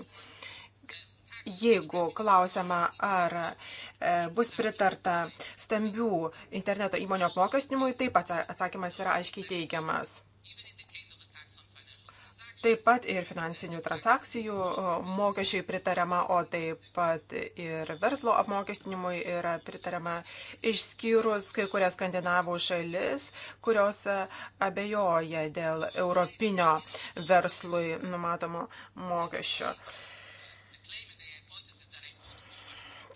jeigu klausima, ar e, bus pritarta stambių interneto įmonių apmokestinimui, taip atsakymas yra aiškiai teigiamas. Taip pat ir finansinių transakcijų mokesčiai pritariama, o taip pat ir verslo apmokestinimui yra pritariama išskyrus kai kurias skandinavų šalis, kurios e, abejoja dėl europinio verslui numatomo mokesčio.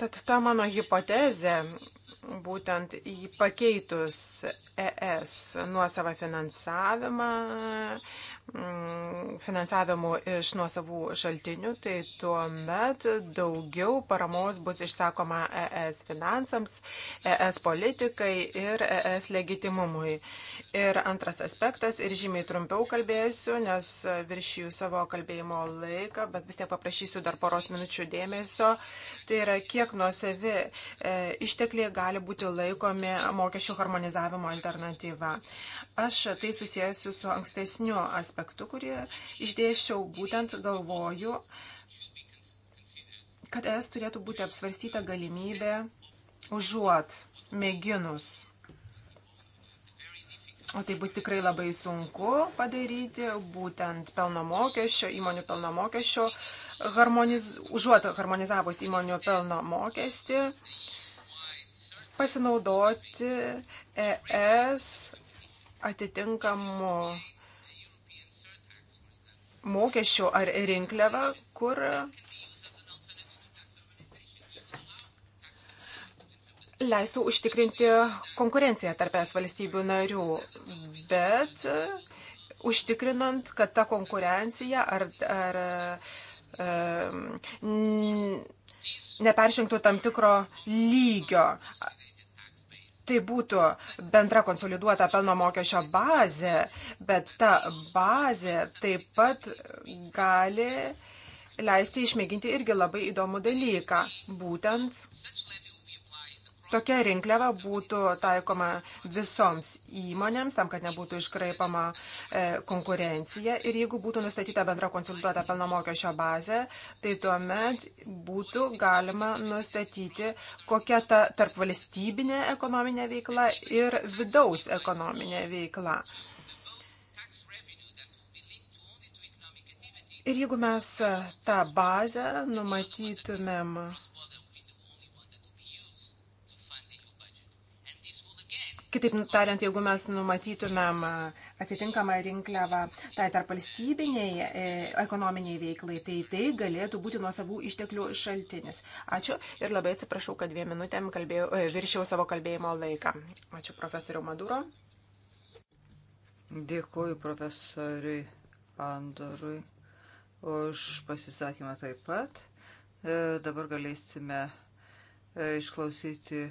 Tad ta mano hipotezė, būtent jį pakeitus ES nuosavą finansavimą, Mm, finansavimu iš nuosavų šaltinių, tai tuomet daugiau paramos bus išsakoma ES finansams, ES politikai ir ES legitimumui. Ir antras aspektas, ir žymiai trumpiau kalbėsiu, nes viršiju savo kalbėjimo laiką, bet vis tiek paprašysiu dar poros minučių dėmesio. Tai yra, kiek nuosavi e, ištekliai gali būti laikomi mokesčių harmonizavimo alternatyva. Aš tai susijęsiu su ankstesniu aspektu aspektu, kurį išdėščiau, būtent galvoju, kad es turėtų būti apsvarstyta galimybė užuot mėginus. O tai bus tikrai labai sunku padaryti, būtent pelno mokesčio, įmonių pelno mokesčio, harmoniz, užuot harmonizavus įmonių pelno mokestį, pasinaudoti ES atitinkamu mokesčių ar rinkliavą, kur leistų užtikrinti konkurenciją tarp es valstybių narių, bet e, užtikrinant, kad ta konkurencija ar, ar e, neperžengtų tam tikro lygio tai būtų bendra konsoliduota pelno mokesčio bazė, bet ta bazė taip pat gali leisti išmėginti irgi labai įdomų dalyką. Būtent tokia rinkliava būtų taikoma visoms įmonėms, tam, kad nebūtų iškraipama e, konkurencija. Ir jeigu būtų nustatyta bendra konsultuota pelno mokesčio bazė, tai tuomet būtų galima nustatyti, kokia ta tarp valstybinė ekonominė veikla ir vidaus ekonominė veikla. Ir jeigu mes tą bazę numatytumėm Kitaip tariant, jeigu mes numatytumėm e, atitinkamą rinkliavą tai tarp valstybiniai e, ekonominiai veiklai, tai tai galėtų būti nuo savų išteklių šaltinis. Ačiū ir labai atsiprašau, kad dviem minutėm kalbėjau, e, viršiau savo kalbėjimo laiką. Ačiū profesoriu Maduro. Dėkuoju profesoriui Andorui už pasisakymą taip pat. Dabar galėsime išklausyti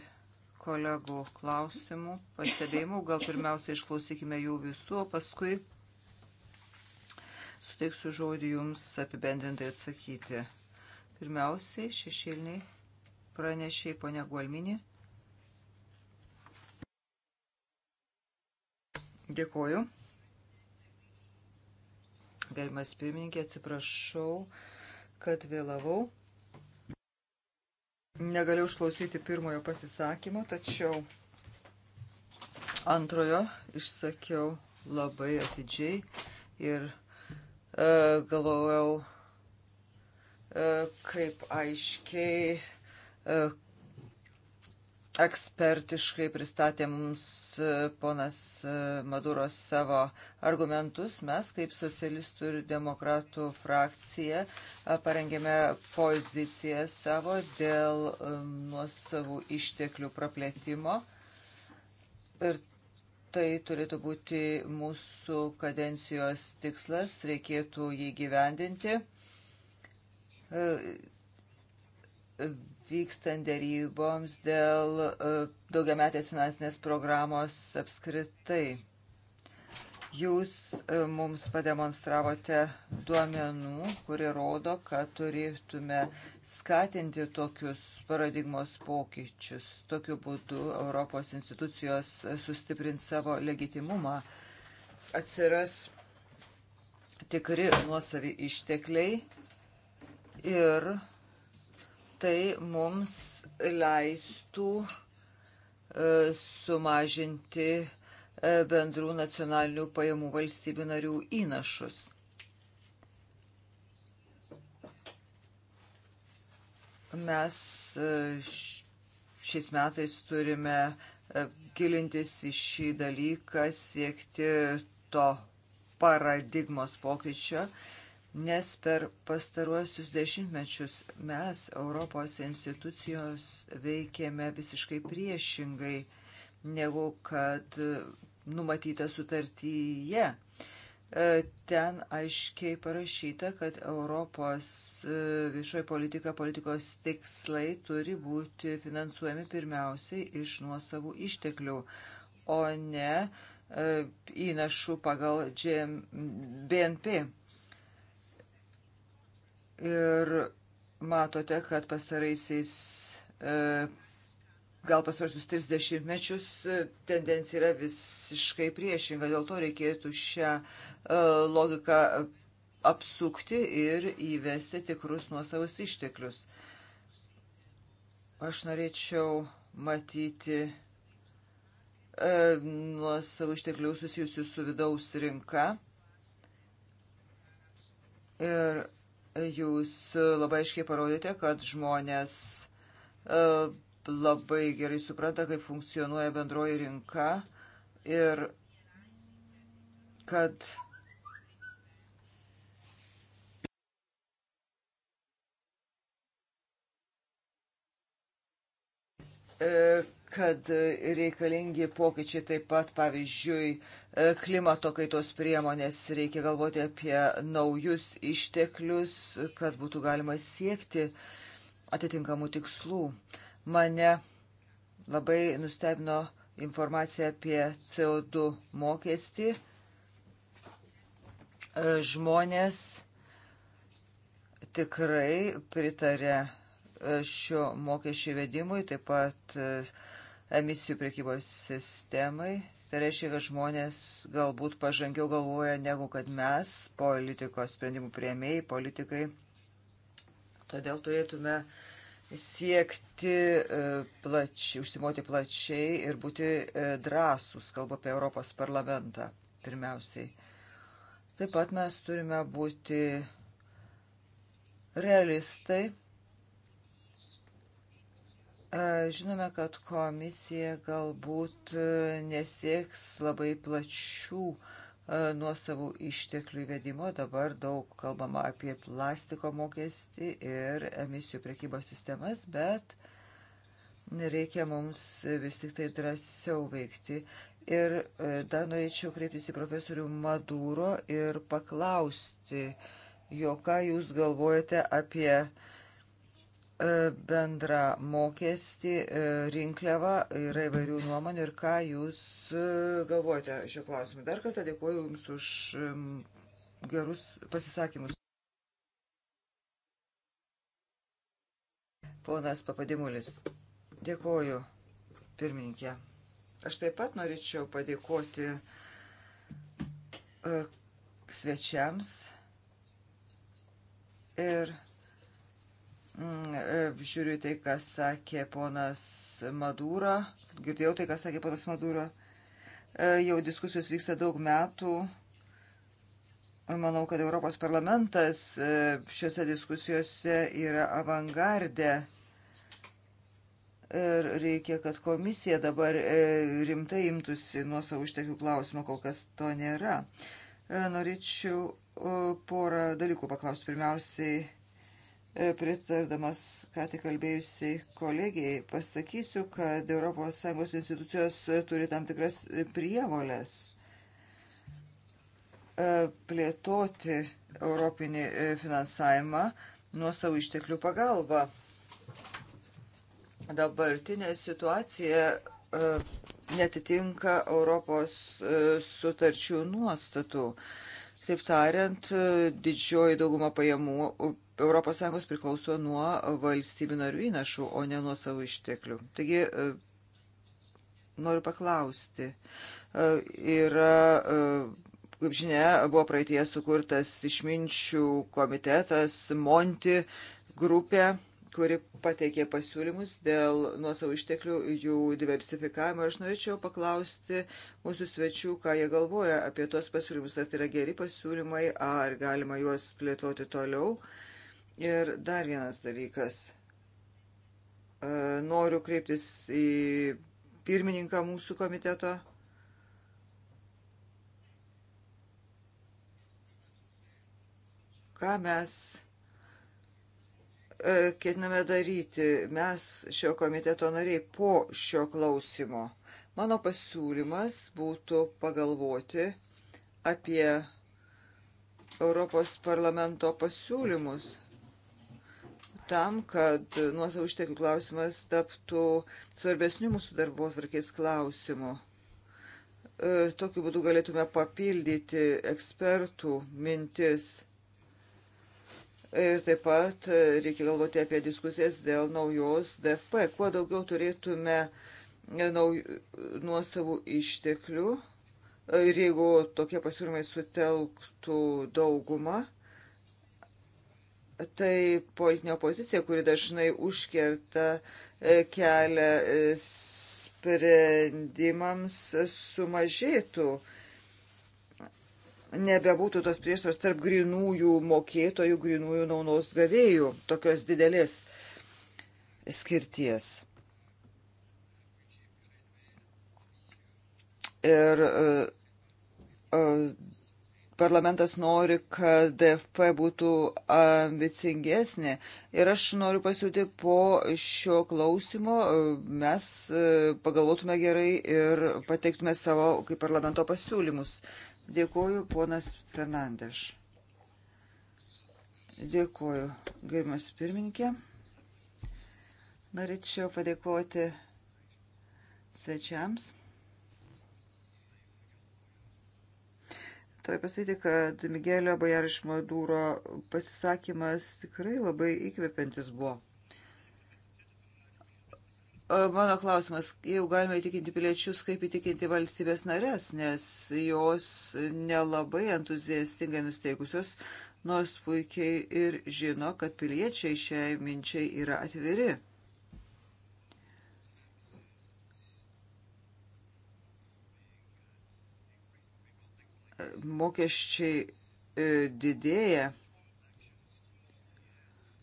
kolegų klausimų, pastebėjimų. Gal pirmiausia išklausykime jų visų, o paskui suteiksiu žodį jums apibendrintai atsakyti. Pirmiausiai šešėliniai pranešė į ponę Gualminį. Dėkoju. Gerimas pirmininkė, atsiprašau, kad vėlavau. Negaliu išklausyti pirmojo pasisakymo, tačiau antrojo išsakiau labai atidžiai ir e, galvojau, e, kaip aiškiai e, ekspertiškai pristatė mums e, ponas e, Maduros savo argumentus. Mes, kaip socialistų ir demokratų frakcija, e, parengėme poziciją savo dėl nuosavų išteklių praplėtimo. Ir tai turėtų būti mūsų kadencijos tikslas, reikėtų jį gyvendinti vykstant dėryboms dėl e, daugiametės finansinės programos apskritai. Jūs e, mums pademonstravote duomenų, kurie rodo, kad turėtume skatinti tokius paradigmos pokyčius. Tokiu būdu Europos institucijos sustiprins savo legitimumą. Atsiras tikri nuosavi ištekliai ir tai mums leistų e, sumažinti e, bendrų nacionalinių pajamų valstybių narių įnašus. Mes e, šiais metais turime gilintis į šį dalyką, siekti to paradigmos pokyčio. Uh, nes per pastaruosius dešimtmečius mes, Europos institucijos, veikėme visiškai priešingai negu kad numatyta sutartyje. E, ten aiškiai parašyta, kad Europos e, viešoji politika, politikos tikslai turi būti finansuojami pirmiausiai iš nuosavų išteklių, o ne e, įnašų pagal BNP Ir matote, kad pasaraisiais, e, gal pasarsius 30 mečius, e, tendencija yra visiškai priešinga. Dėl to reikėtų šią e, logiką apsukti ir įvesti tikrus nuosavus išteklius. Aš norėčiau matyti nuo savo išteklių susijusių su vidaus rinka. Ir Jūs e, labai aiškiai parodėte, kad žmonės e, labai gerai supranta, kaip funkcionuoja bendroji rinka ir kad e, kad reikalingi pokyčiai taip pat, pavyzdžiui, E, klimato kaitos priemonės, reikia galvoti apie naujus išteklius, kad būtų galima siekti atitinkamų tikslų. Mane labai nustebino informacija apie CO2 mokestį. E, žmonės tikrai pritarė e, šio mokesčio įvedimui, taip pat emisijų priekybos sistemai Tai reiškia, kad žmonės galbūt pažangiau galvoja negu kad mes, politikos sprendimų prieimėjai, politikai. Todėl turėtume siekti e, plačiai, užsimoti plačiai ir būti e, drąsūs, kalbu apie Europos parlamentą pirmiausiai. Taip pat mes turime būti realistai Žinome, kad komisija galbūt e, nesieks labai plačių e, nuosavų išteklių įvedimo. Dabar daug kalbama apie plastiko mokestį ir emisijų prekybos sistemas, bet reikia mums vis tik tai drąsiau veikti. Ir e, dar norėčiau kreiptis į profesorių Maduro ir paklausti jo, ką jūs galvojate apie uh, E, bendrą mokestį, e, rinkliavą, yra įvairių nuomonių ir ką jūs e, galvojate šiuo klausimu. Dar kartą dėkuoju Jums už gerus pasisakymus. Ponas Papadimulis, dėkuoju pirmininkė. Aš taip pat norėčiau padėkoti svečiams ir Mm, e, žiūriu tai, kas sakė ponas Madūro, girdėjau tai, kas sakė ponas Madūro, e, jau diskusijos vyksta daug metų. Manau, kad Europos parlamentas e, šiuose diskusijose yra avangardė ir reikia, kad komisija dabar rimtai imtųsi nuo savo ištekių klausimo, kol kas to nėra. Norėčiau porą dalykų paklausti. Pirmiausiai, E, pritardamas ką tik kalbėjusiai kolegijai, pasakysiu, kad ES institucijos turi tam tikras prievolės e, plėtoti europinį e, finansavimą nuo savo išteklių pagalba. Dabartinė situacija netitinka Europos sutarčių nuostatų. Taip tariant, didžioji dauguma pajamų ES priklauso nuo valstybių narių įnašų, o ne nuo savo išteklių. Taigi, e, noriu paklausti, e, yra, e, kaip žinia, buvo praeitie sukurtas išminčių komitetas Monti grupė, kuri pateikė pasiūlymus dėl nuosavų išteklių jų diversifikavimo. Aš norėčiau paklausti mūsų svečių, ką jie galvoja apie tuos pasiūlymus. Ar tai yra geri pasiūlymai, ar galima juos plėtoti toliau. Uh, Ir dar vienas dalykas. E, noriu kreiptis į pirmininką mūsų komiteto. Ką mes e, ketiname daryti mes šio komiteto nariai po šio klausimo. Mano pasiūlymas būtų pagalvoti apie Europos parlamento pasiūlymus tam, kad nuosavų išteklių klausimas taptų svarbesniu mūsų darbos varkės klausimu. E, tokiu būdu galėtume papildyti ekspertų mintis. Ir taip pat e, reikia galvoti apie diskusijas dėl naujos DFP. Kuo daugiau turėtume e, nuosavų išteklių ir jeigu tokie pasiūlymai sutelktų daugumą, tai politinė opozicija, kuri dažnai užkerta e, kelią e, sprendimams, sumažėtų. Nebebūtų tos prieštaros tarp grinųjų mokėtojų, grinųjų naudos gavėjų, tokios didelės skirties. Ir uh, uh, parlamentas nori, kad DFP būtų ambicingesnė. Ir aš noriu pasiūlyti po šio klausimo, mes e, pagalvotume gerai ir pateiktume savo kaip parlamento pasiūlymus. Dėkuoju, ponas Fernandes. Dėkuoju, gerimas pirmininkė. Norėčiau padėkoti svečiams. Noriu pasakyti, kad Miguelio Bajar iš Maduro pasisakymas tikrai labai įkvepiantis buvo. Mano klausimas, jau galime įtikinti piliečius, kaip įtikinti valstybės narės, nes jos nelabai entuziastingai nusteikusios, nors puikiai ir žino, kad piliečiai šiai minčiai yra atviri. mokesčiai e, didėja,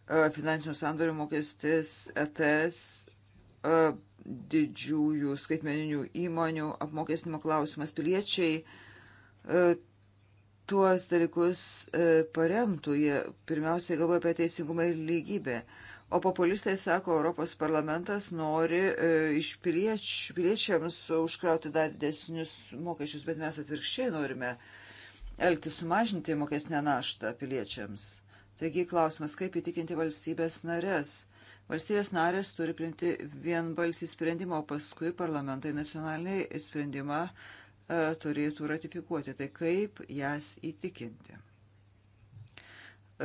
e, finansinių sandorių mokestis, ETS, e, didžiųjų skaitmeninių įmonių apmokestinimo klausimas piliečiai tuos dalykus paremtų, jie pirmiausiai galvoja apie teisingumą ir lygybę. O populistai sako, Europos parlamentas nori e, iš pilieč, piliečiams užkrauti dar didesnius mokesčius, bet mes atvirkščiai norime elgti sumažinti mokesnę naštą piliečiams. Taigi klausimas, kaip įtikinti valstybės narės. Valstybės narės turi priimti vienbalsį sprendimą, o paskui parlamentai nacionaliniai sprendimą e, turėtų ratifikuoti. Tai kaip jas įtikinti.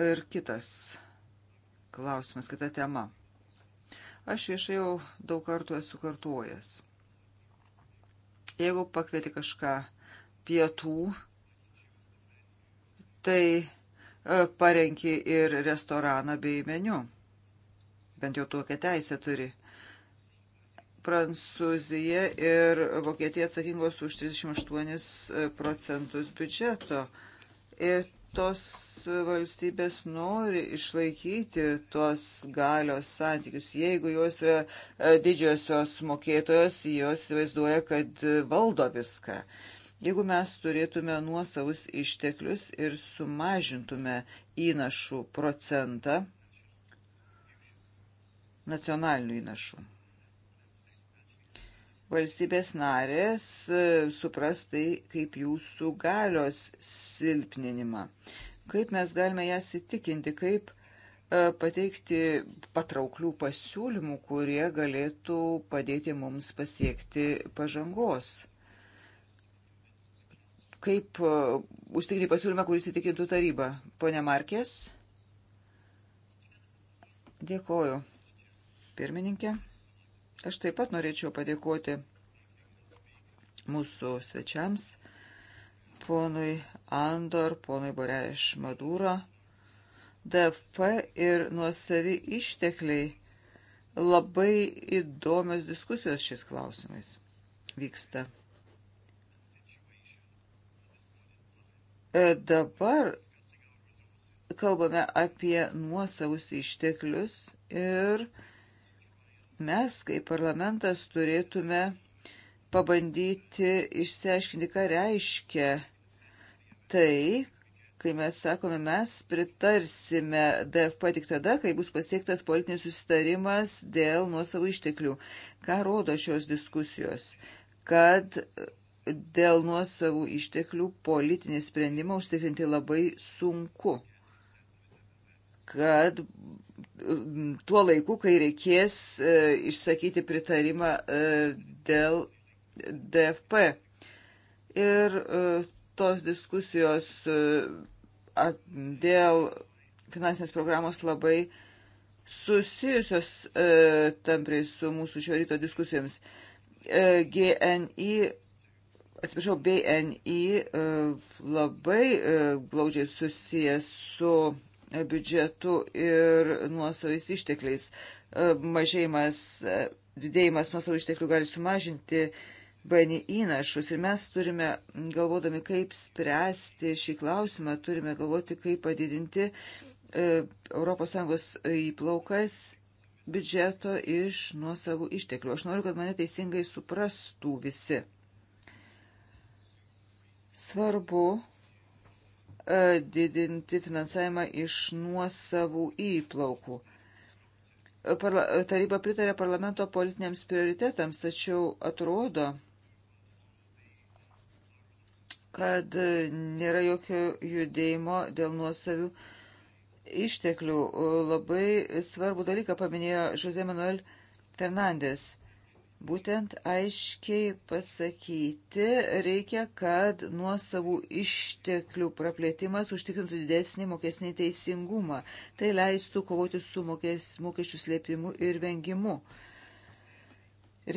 Ir kitas klausimas, kita tema. Aš viešai jau daug kartų esu kartuojęs. Jeigu pakvieti kažką pietų, tai e, parenki ir restoraną bei meniu. Bent jau tokią teisę turi. Prancūzija ir Vokietija atsakingos už 38 procentus biudžeto. Ir tos valstybės nori išlaikyti tuos galios santykius. Jeigu jos yra e, didžiosios mokėtojos, jos įvaizduoja, kad e, valdo viską. Jeigu mes turėtume nuosavus išteklius ir sumažintume įnašų procentą, nacionalinių įnašų valstybės narės e, supras tai kaip jūsų galios silpninimą. Kaip mes galime jas įtikinti, kaip e, pateikti patrauklių pasiūlymų, kurie galėtų padėti mums pasiekti pažangos. Kaip e, užtikrinti pasiūlymą, kuris įtikintų tarybą? Pone Markės? Dėkoju. Pirmininkė. Aš taip pat norėčiau padėkoti mūsų svečiams, ponui Andor, ponui Boreš Maduro. DFP ir nuosavi ištekliai labai įdomios diskusijos šiais klausimais vyksta. E, dabar kalbame apie nuosavus išteklius ir uh, mes kaip parlamentas turėtume pabandyti išsiaiškinti, ką reiškia tai, kai mes sakome, mes pritarsime DFP tik tada, kai bus pasiektas politinis susitarimas dėl nuosavų išteklių. Ką rodo šios diskusijos? Kad dėl nuosavų išteklių politinį sprendimą užtikrinti labai sunku kad tuo laiku, kai reikės e, išsakyti pritarimą e, dėl DFP. Ir e, tos diskusijos dėl finansinės programos labai susijusios e, tampriai su mūsų šio ryto diskusijoms. E, GNI, atsiprašau, BNI e, labai e, glaudžiai susijęs su biudžetu ir nuosavais ištekliais. E, mažėjimas, e, didėjimas nuosavų išteklių gali sumažinti BNI įnašus ir mes turime, galvodami, kaip spręsti šį klausimą, turime galvoti, kaip padidinti ES įplaukas biudžeto iš nuosavų išteklių. Aš noriu, kad mane teisingai suprastų visi. Svarbu E, didinti finansavimą iš nuosavų įplaukų. Parla taryba pritarė parlamento politiniams prioritetams, tačiau atrodo, kad nėra jokio judėjimo dėl nuosavių išteklių. Labai svarbų dalyką paminėjo Jose Manuel Fernandes būtent aiškiai pasakyti reikia, kad nuo savų išteklių praplėtimas užtikrintų didesnį mokesnį teisingumą. Tai leistų kovoti su mokes, mokesčių slėpimu ir vengimu.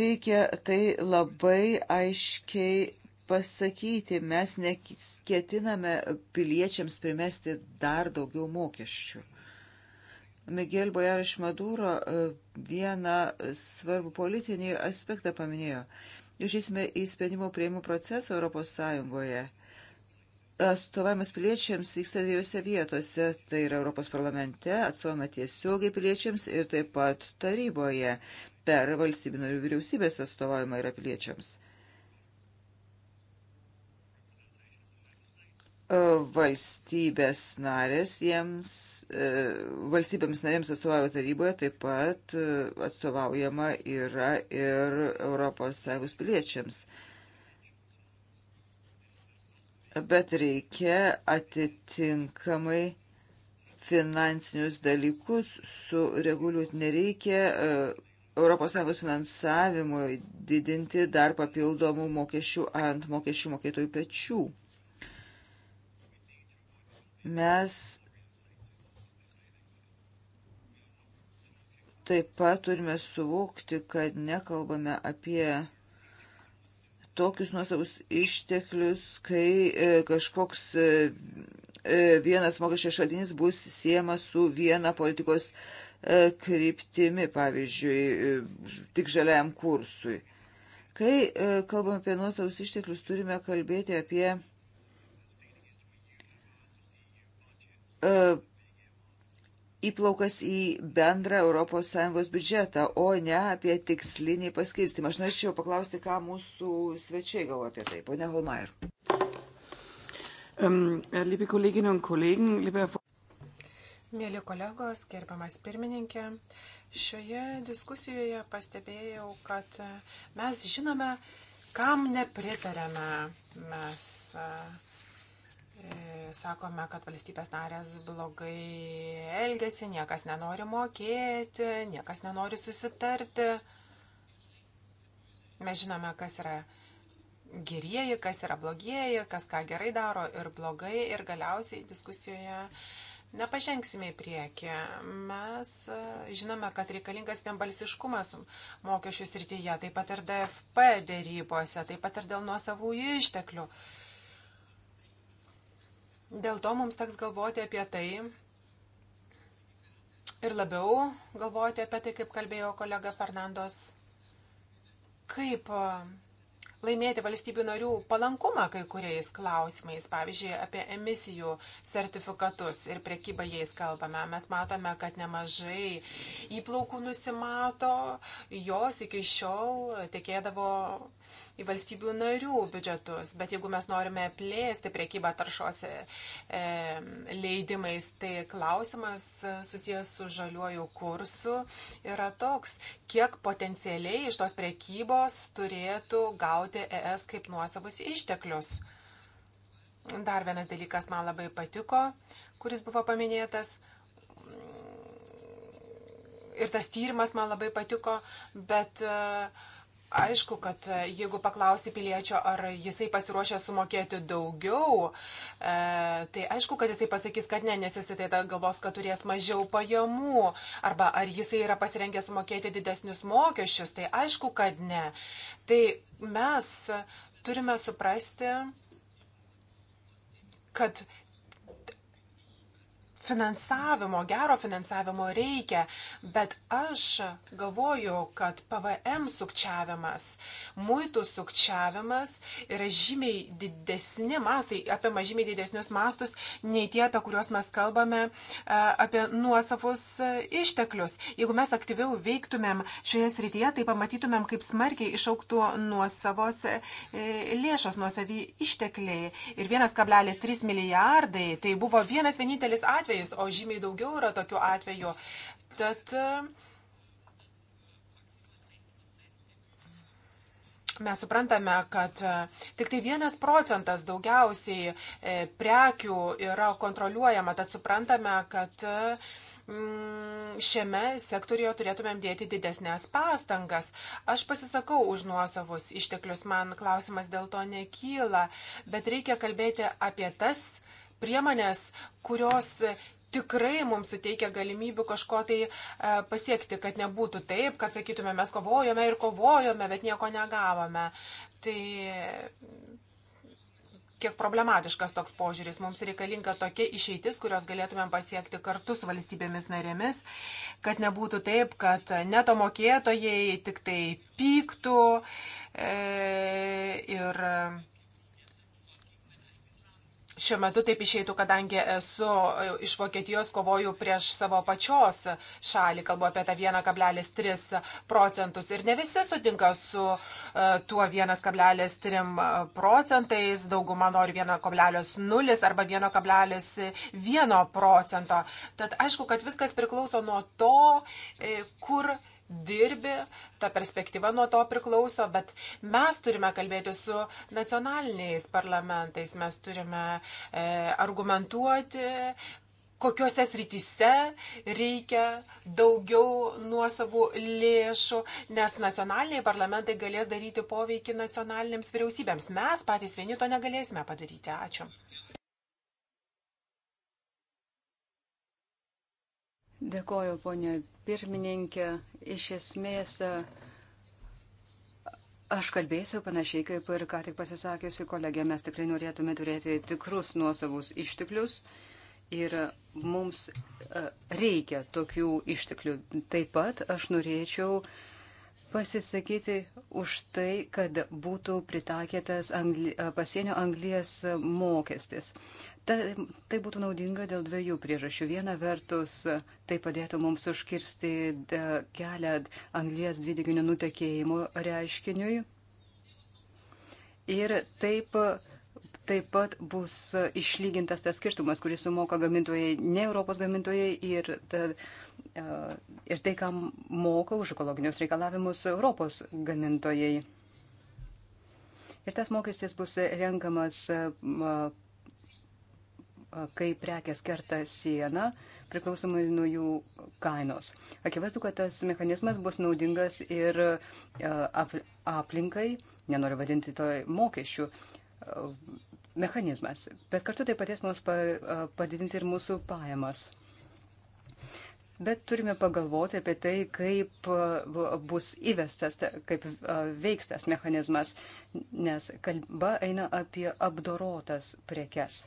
Reikia tai labai aiškiai pasakyti. Mes neketiname piliečiams primesti dar daugiau mokesčių. Miguel Bojar iš Maduro e, vieną svarbų politinį aspektą paminėjo. Žiūrėsime į sprendimo prieimų procesą Europos Sąjungoje. Atstovavimas piliečiams vyksta dviejose vietose, tai yra Europos parlamente, atstovama tiesiogiai piliečiams ir taip pat taryboje per valstybinio ir vyriausybės atstovavimą yra piliečiams. E, valstybės narės jiems, e, valstybėms narėms atstovauja taryboje, taip pat e, atstovaujama yra ir ES piliečiams. Bet reikia atitinkamai finansinius dalykus sureguliuoti. Nereikia ES finansavimui didinti dar papildomų mokesčių ant mokesčių mokėtojų pečių. Mes taip pat turime suvokti, kad nekalbame apie tokius nuosavus išteklius, kai e, kažkoks e, e, vienas mokesčio šaltinis bus siejamas su viena politikos kryptimi, pavyzdžiui, tik žaliajam kursui. Kai kalbame apie nuosavus išteklius, turime kalbėti apie E, įplaukas į bendrą ES biudžetą, o ne apie tikslinį paskirstimą. Aš norėčiau paklausti, ką mūsų svečiai galvo apie tai, ponia Holmair. Um, e, liebe Kolleginnen und Kollegen, liebe Frau. Mėly kolegos, gerbiamas pirmininkė, šioje diskusijoje pastebėjau, kad mes žinome, kam nepritarėme. Mes uh, E, sakome, kad valstybės narės blogai elgesi, niekas nenori mokėti, niekas nenori susitarti. Mes žinome, kas yra gerieji, kas yra blogieji, kas ką gerai daro ir blogai ir galiausiai diskusijoje nepažengsime į priekį. Mes e, žinome, kad reikalingas vienbalsiškumas mokesčių srityje, taip pat ir DFP dėrybose, taip pat ir dėl nuosavų išteklių. Uh, Dėl to mums teks galvoti apie tai ir labiau galvoti apie tai, kaip kalbėjo kolega Fernandos, kaip e, laimėti valstybių narių palankumą kai kuriais klausimais, pavyzdžiui, apie emisijų sertifikatus ir prekybą jais kalbame. Mes matome, kad nemažai įplaukų nusimato, jos iki šiol tekėdavo į valstybių narių biudžetus. Bet jeigu mes norime plėsti priekybą taršos e, leidimais, tai klausimas e, susijęs su žaliuoju kursu yra toks, kiek potencialiai iš tos priekybos turėtų gauti ES kaip nuosavus išteklius. Dar vienas dalykas man labai patiko, kuris buvo paminėtas ir tas tyrimas man labai patiko, bet uh, aišku, kad e, jeigu paklausi piliečio, ar jisai pasiruošęs sumokėti daugiau, e, tai aišku, kad jisai pasakys, kad ne, nes jisai tada galvos, kad turės mažiau pajamų. Arba ar jisai yra pasirengęs sumokėti didesnius mokesčius, tai aišku, kad ne. Tai mes turime suprasti, kad Finansavimo, gero finansavimo reikia, bet aš galvoju, kad PVM sukčiavimas, muitų sukčiavimas yra žymiai didesni mastai, apima žymiai didesnius mastus nei tie, apie kuriuos mes kalbame, e, apie nuosavus e, išteklius. Jeigu mes aktyviau veiktumėm šioje srityje, tai pamatytumėm, kaip smarkiai išauktų nuosavos e, lėšos, nuosavy ištekliai. Ir 1,3 milijardai, tai buvo vienas vienintelis atvejis atvejais, o žymiai daugiau yra tokių atvejų. Tad e, mes suprantame, kad e, tik tai vienas procentas daugiausiai e, prekių yra kontroliuojama, tad suprantame, kad mm, šiame sektorijoje turėtumėm dėti didesnės pastangas. Aš pasisakau už nuosavus išteklius, man klausimas dėl to nekyla, bet reikia kalbėti apie tas priemonės, kurios tikrai mums suteikia galimybių kažko tai e, pasiekti, kad nebūtų taip, kad sakytume, mes kovojome ir kovojome, bet nieko negavome. Tai kiek problematiškas toks požiūris. Mums reikalinga tokia išeitis, kurios galėtumėm pasiekti kartu su valstybėmis narėmis, kad nebūtų taip, kad neto mokėtojai tik tai pyktų e, ir. E, Šiuo metu taip išeitų, kadangi esu e, iš Vokietijos kovoju prieš savo pačios šalį, kalbu apie tą 1,3 procentus. Ir ne visi sutinka su e, tuo 1,3 e, procentais, dauguma nori 1,0 arba 1,1 procento. Tad aišku, kad viskas priklauso nuo to, kur dirbi, ta perspektyva nuo to priklauso, bet mes turime kalbėti su nacionaliniais parlamentais, mes turime e, argumentuoti, kokiuose srityse reikia daugiau nuosavų lėšų, nes nacionaliniai parlamentai galės daryti poveikį nacionalinėms vyriausybėms. Mes patys vieni to negalėsime padaryti. Ačiū. Dėkoju, ponė pirmininkė. Iš esmės, aš kalbėsiu panašiai kaip ir ką tik pasisakiusi kolegė. Mes tikrai norėtume turėti tikrus nuosavus išteklius ir mums e, reikia tokių išteklių. Taip pat aš norėčiau pasisakyti už tai, kad būtų pritaikytas angli, pasienio anglijas mokestis. Ta, tai būtų naudinga dėl dviejų priežasčių. Viena vertus, tai padėtų mums užkirsti e, kelią anglijas dvideginio nutekėjimo reiškiniui. Ir taip taip pat bus išlygintas tas skirtumas, kurį sumoka gamintojai, ne Europos gamintojai ir, ta, e, ir tai, kam moka už ekologinius reikalavimus Europos gamintojai. Ir tas mokestis bus renkamas kai prekės kerta sieną, priklausomai nuo jų kainos. Akivaizdu, kad tas mechanizmas bus naudingas ir aplinkai, nenoriu vadinti to mokesčių mechanizmas, bet kartu tai padės mums padidinti ir mūsų pajamas. Bet turime pagalvoti apie tai, kaip bus įvestas, kaip veiks tas mechanizmas, nes kalba eina apie apdorotas prekes.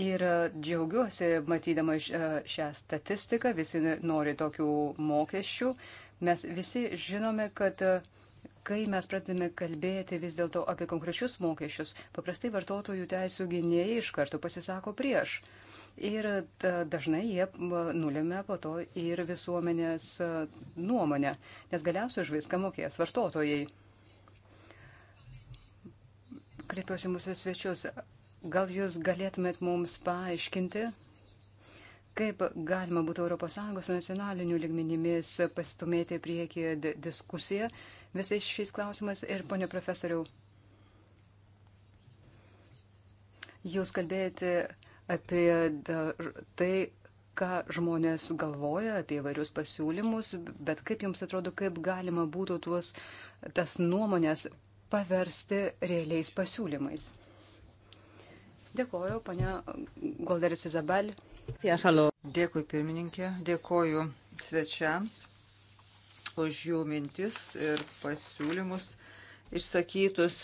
Ir e, džiaugiuosi matydama e, šią statistiką, visi nori tokių mokesčių. Mes visi žinome, kad e, kai mes pradedame kalbėti vis dėlto apie konkrečius mokesčius, paprastai vartotojų teisų gynėjai iš karto pasisako prieš. Ir dažnai jie nulėmė po to ir visuomenės nuomonę, nes galiausiai už viską mokės vartotojai. Kreipiuosi mūsų svečius. Gal jūs galėtumėt mums paaiškinti, kaip galima būtų ES nacionalinių ligminimis pastumėti priekį diskusiją visais šiais klausimais? Ir, ponė profesoriau, jūs kalbėjote apie tai, ką žmonės galvoja apie įvairius pasiūlymus, bet kaip jums atrodo, kaip galima būtų tuos, tas nuomonės paversti realiais pasiūlymais? Dėkoju, ponia Golderis Izabel. Dėkui, pirmininkė. Dėkoju svečiams už jų mintis ir pasiūlymus išsakytus.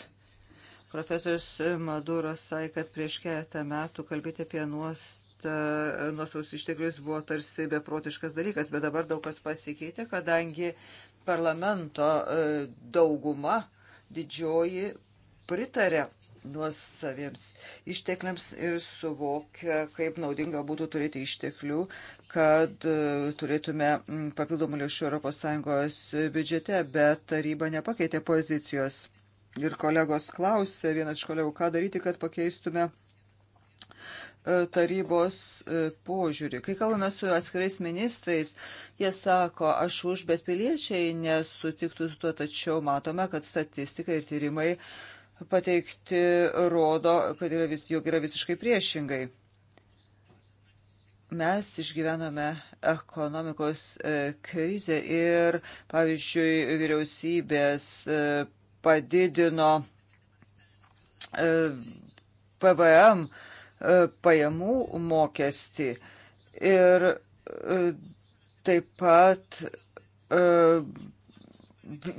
Profesorius Maduras sakė, kad prieš keletą metų kalbėti apie nuosavus išteklius buvo tarsi beprotiškas dalykas, bet dabar daug kas pasikeitė, kadangi parlamento e, dauguma didžioji pritarė nuosaviems ištekliams ir suvokia, kaip naudinga būtų turėti išteklių, kad e, turėtume papildomų lėšų ES biudžete, bet taryba nepakeitė pozicijos. Ir kolegos klausė, vienas iš kolegų, ką daryti, kad pakeistume e, tarybos e, požiūrį. Kai kalbame su atskirais ministrais, jie sako, aš už, bet piliečiai nesutiktų su tuo, tačiau matome, kad statistika ir tyrimai uh, pateikti rodo, kad yra vis, jog yra visiškai priešingai. Mes išgyvename ekonomikos e, krizę ir, pavyzdžiui, vyriausybės e, padidino e, PVM pajamų mokestį ir taip pat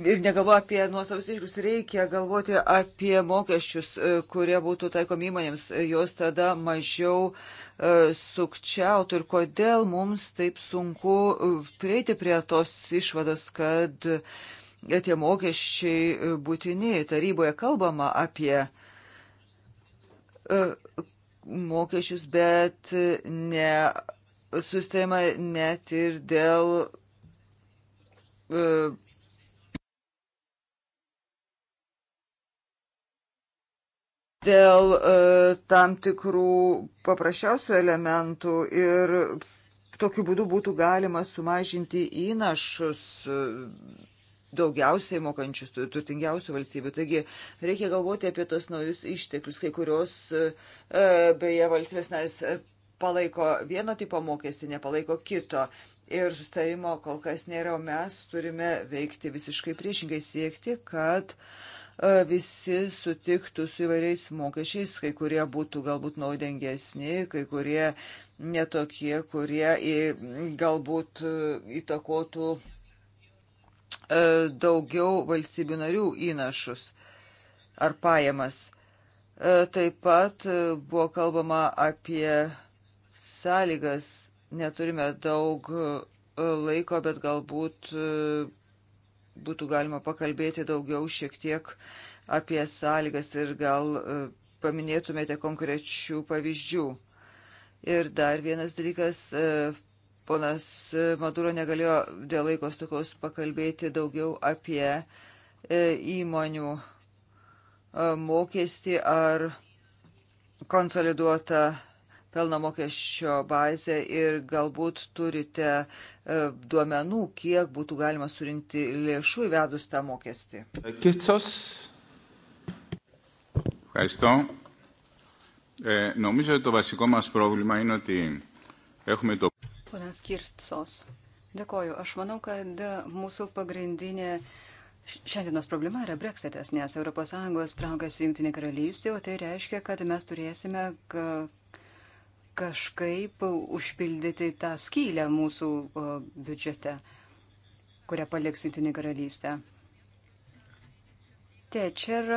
ir negalvoja apie nuosavus išgius, reikia galvoti apie mokesčius, e, kurie būtų taikomi įmonėms, e, jos tada mažiau e, sukčiautų ir kodėl mums taip sunku prieiti prie tos išvados, kad tie mokesčiai būtini. Taryboje kalbama apie mokesčius, bet ne susitariama net ir dėl dėl e, tam tikrų paprasčiausių elementų ir tokiu būdu būtų galima sumažinti įnašus e, daugiausiai mokančius turtingiausių valstybių. Taigi reikia galvoti apie tos naujus išteklius, kai kurios e, e beje valstybės narės e, palaiko vieno tipo mokestį, nepalaiko kito. Ir sustarimo kol kas nėra, o mes turime veikti visiškai priešingai siekti, kad uh, visi sutiktų su įvairiais mokesčiais, kai kurie būtų galbūt naudingesni, kai kurie netokie, kurie į, galbūt e, įtakotų e, daugiau valstybių narių įnašus ar pajamas. E, taip pat buvo kalbama apie sąlygas, neturime daug laiko, bet galbūt būtų galima pakalbėti daugiau šiek tiek apie sąlygas ir gal e, paminėtumėte konkrečių pavyzdžių. Ir dar vienas dalykas, e, ponas Maduro negalėjo dėl laikos tokios pakalbėti daugiau apie e, įmonių mokestį ar konsoliduotą pelno mokesčio bazę ir galbūt turite e, duomenų, kiek būtų galima surinkti lėšų įvedus tą mokestį. Kitsos. Ευχαριστώ. Ε, νομίζω ότι το βασικό μας πρόβλημα είναι ότι έχουμε το... Ponas Kirtsos, dėkoju. Aš manau, kad mūsų pagrindinė šiandienos problema yra breksitas, nes ES traukiasi Junktinė karalystė, o tai reiškia, kad mes turėsime kažkaip užpildyti tą skylę mūsų biudžete, kurią paliks Jungtinė karalystė. Tečer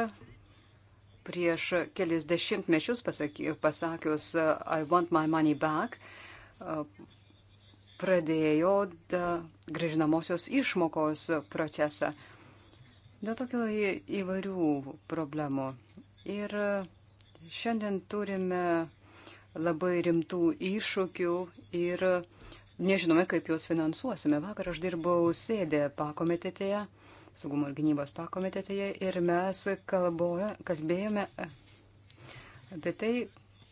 prieš kelis dešimtmečius pasakius, pasakius I want my money back, pradėjo gražinamosios išmokos procesą. Dėl to kilo įvairių problemų. Ir šiandien turime labai rimtų iššūkių ir nežinome, kaip juos finansuosime. Vakar aš dirbau sėdė pakomitetėje, saugumo ir gynybos pakomitetėje ir mes kalboje, kalbėjome apie tai,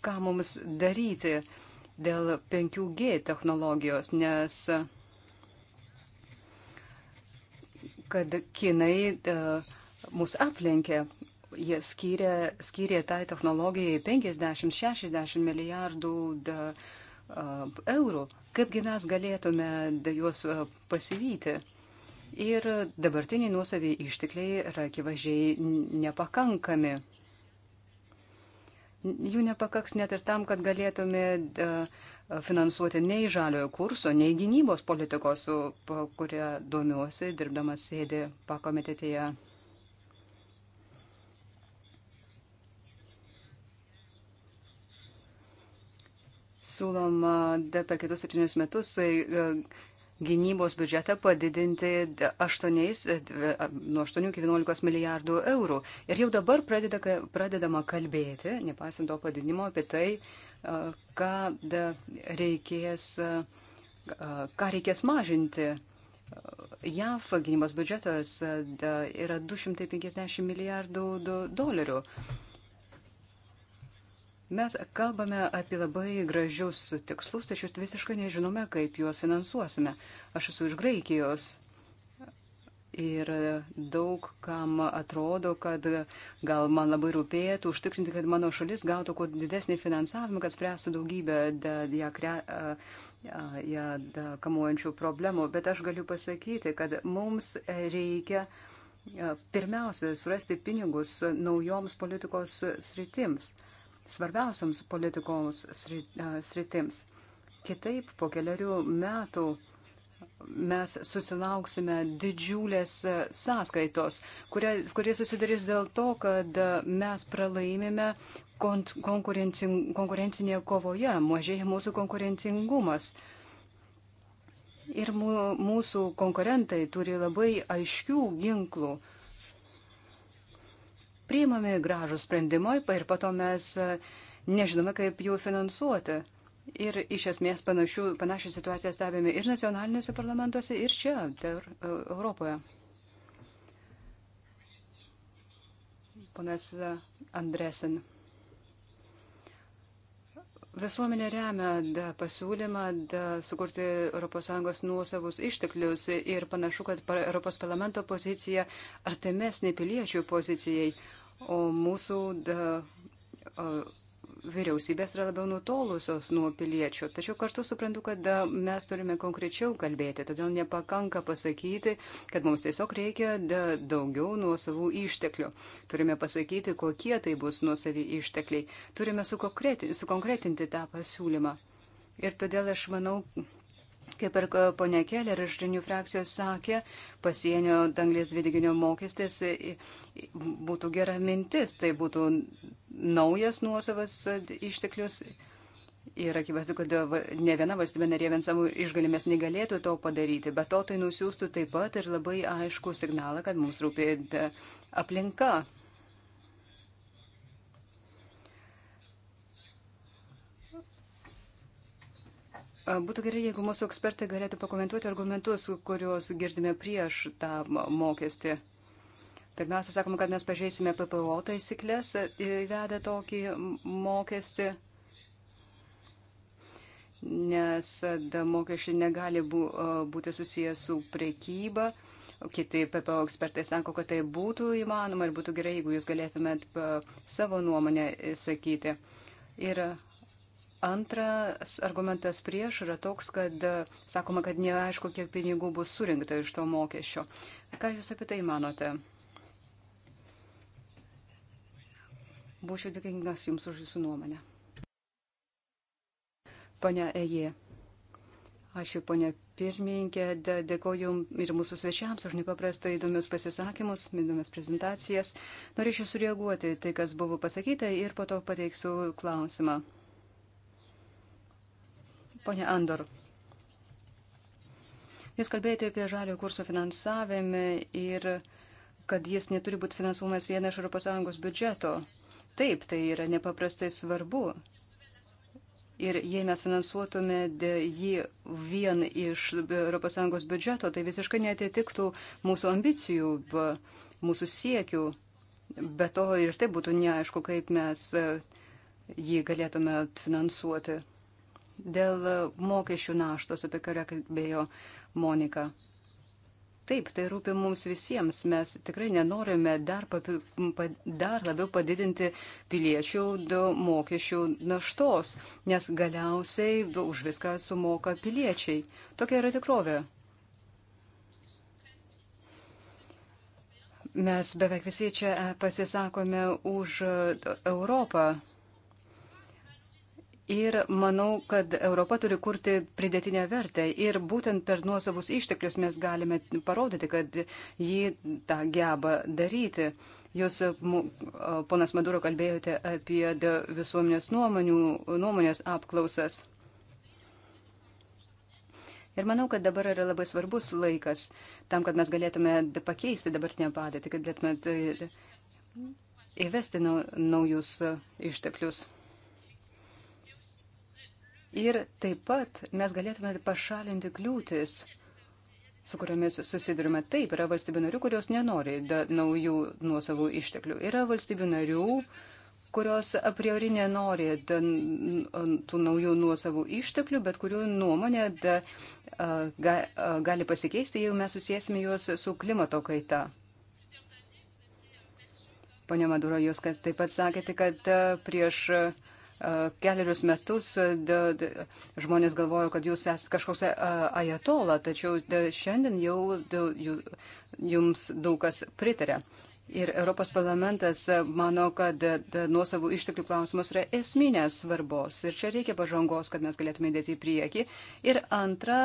ką mums daryti dėl 5G technologijos, nes kad kinai uh, mus aplenkė jie skyrė, skyrė tai technologijai 50-60 milijardų da, eurų. Kaipgi mes galėtume juos pasivyti? Ir dabartiniai nuosaviai ištekliai yra akivaizdžiai nepakankami. Jų nepakaks net ir tam, kad galėtume da, finansuoti nei žaliojo kurso, nei gynybos politikos, kurią domiuosi, dirbdamas sėdė pakomitetėje. Pa siūloma per kitus septynius metus e, e, gynybos biudžetą padidinti 8, e, nuo 8 iki 11 milijardų eurų. Ir jau dabar pradeda, pradedama kalbėti, nepaisant to padidinimo, apie tai, ką reikės, ką reikės mažinti. JAF gynybos biudžetas yra 250 milijardų dolerių. Do, Mes kalbame apie labai gražius tikslus, tačiau visiškai nežinome, kaip juos finansuosime. Aš esu iš Graikijos ir daug kam atrodo, kad gal man labai rūpėtų užtikrinti, kad mano šalis gautų kuo didesnį finansavimą, kad spręstų daugybę ją kre. Ja, da, kamuojančių problemų, bet aš galiu pasakyti, kad mums reikia pirmiausia surasti pinigus naujoms politikos sritims. Uh, svarbiausiams politikoms sritims. Kitaip po keliarių metų mes susilauksime didžiulės sąskaitos, kurie, kurie susidarys dėl to, kad mes pralaimime konkurencinėje kovoje, mažėja mūsų konkurencingumas. Ir mūsų konkurentai turi labai aiškių ginklų, priimami gražų sprendimai ir pato mes e, nežinome, kaip jų finansuoti. Ir iš esmės panašių, panašią situaciją stebime ir nacionaliniuose parlamentuose, ir čia, ter, e, Europoje. Ponas Andresen. Visuomenė remia da, pasiūlymą da, sukurti ES nuosavus išteklius ir panašu, kad Europos parlamento pozicija artimesnė piliečių pozicijai, o mūsų da, o, vyriausybės yra labiau nutolusios nuo piliečių. Tačiau kartu suprantu, kad da, mes turime konkrečiau kalbėti, todėl nepakanka pasakyti, kad mums tiesiog reikia da, daugiau nuosavų išteklių. Turime pasakyti, kokie tai bus nuosavi ištekliai. Turime sukonkretinti tą pasiūlymą. Ir todėl aš manau, Kaip ir e, ponia Keller iš žinių frakcijos sakė, pasienio danglės dvideginio mokestis būtų gera mintis, tai būtų naujas nuosavas e, išteklius. Ir akivaizdu, kad e, ne viena valstybė narė vien savo išgalimis negalėtų to padaryti, bet to tai nusiųstų taip pat ir labai aišku signalą, kad mums rūpė aplinka. Būtų gerai, jeigu mūsų ekspertai galėtų pakomentuoti argumentus, kuriuos girdime prieš tą mokestį. Pirmiausia, sakoma, kad mes pažeisime PPO taisyklės, e, įvedę tokį mokestį, nes mokesčiai negali būti susijęs su prekyba. Kiti PPO ekspertai sako, kad tai būtų įmanoma ir būtų gerai, jeigu jūs galėtumėt savo nuomonę e, sakyti. Ir Antras argumentas prieš yra toks, kad e, sakoma, kad neaišku, kiek pinigų bus surinkta iš to mokesčio. Ką Jūs apie tai manote? Būčiau dėkingas Jums už Jūsų nuomonę. Pane Eji, ačiū, pane pirmininkė, dėkoju ir mūsų svečiams už nepaprastai įdomius pasisakymus, įdomias prezentacijas. Norėčiau sureaguoti tai, kas buvo pasakyta ir po to pateiksiu klausimą. Pone Andor, jūs kalbėjote apie žalio kurso finansavimą ir kad jis neturi būti finansuojamas viena iš ES biudžeto. Taip, tai yra nepaprastai svarbu. Ir jei mes finansuotume jį vien iš ES biudžeto, tai visiškai netitiktų mūsų ambicijų, mūsų siekių. Be to ir tai būtų neaišku, kaip mes e, jį galėtume finansuoti dėl e, mokesčių naštos, apie kurią kalbėjo Monika. Taip, tai rūpi mums visiems. Mes tikrai nenorime dar, papi, pa, dar labiau padidinti piliečių mokesčių naštos, nes galiausiai už viską sumoka piliečiai. Tokia yra tikrovė. Mes beveik visi čia e, pasisakome už e, Europą. Ir manau, kad Europa turi kurti pridėtinę vertę. Ir būtent per nuosavus išteklius mes galime parodyti, kad ji tą geba daryti. Jūs, ponas Maduro, kalbėjote apie visuomenės nuomonių, nuomonės apklausas. Ir manau, kad dabar yra labai svarbus laikas tam, kad mes galėtume pakeisti dabartinę padėtį, kad galėtume e, įvesti naujus išteklius. Ir taip pat mes galėtume pašalinti kliūtis, su kuriomis susidurime. Taip, yra valstybių narių, kurios nenori naujų nuosavų išteklių. Yra valstybių narių, kurios a priori nenori tų naujų nuosavų išteklių, bet kurių nuomonė da, a, ga, a, gali pasikeisti, jeigu mes susijęsime juos su klimato kaita. Pone Maduro, jūs taip pat sakėte, kad prieš keliarius metus žmonės galvojo, kad jūs esate kažkoks ajatola, tačiau šiandien jau jums daug kas pritarė. Ir Europos parlamentas mano, kad nuosavų išteklių klausimas yra esminės svarbos. Ir čia reikia pažangos, kad mes galėtume dėti į priekį. Ir antra,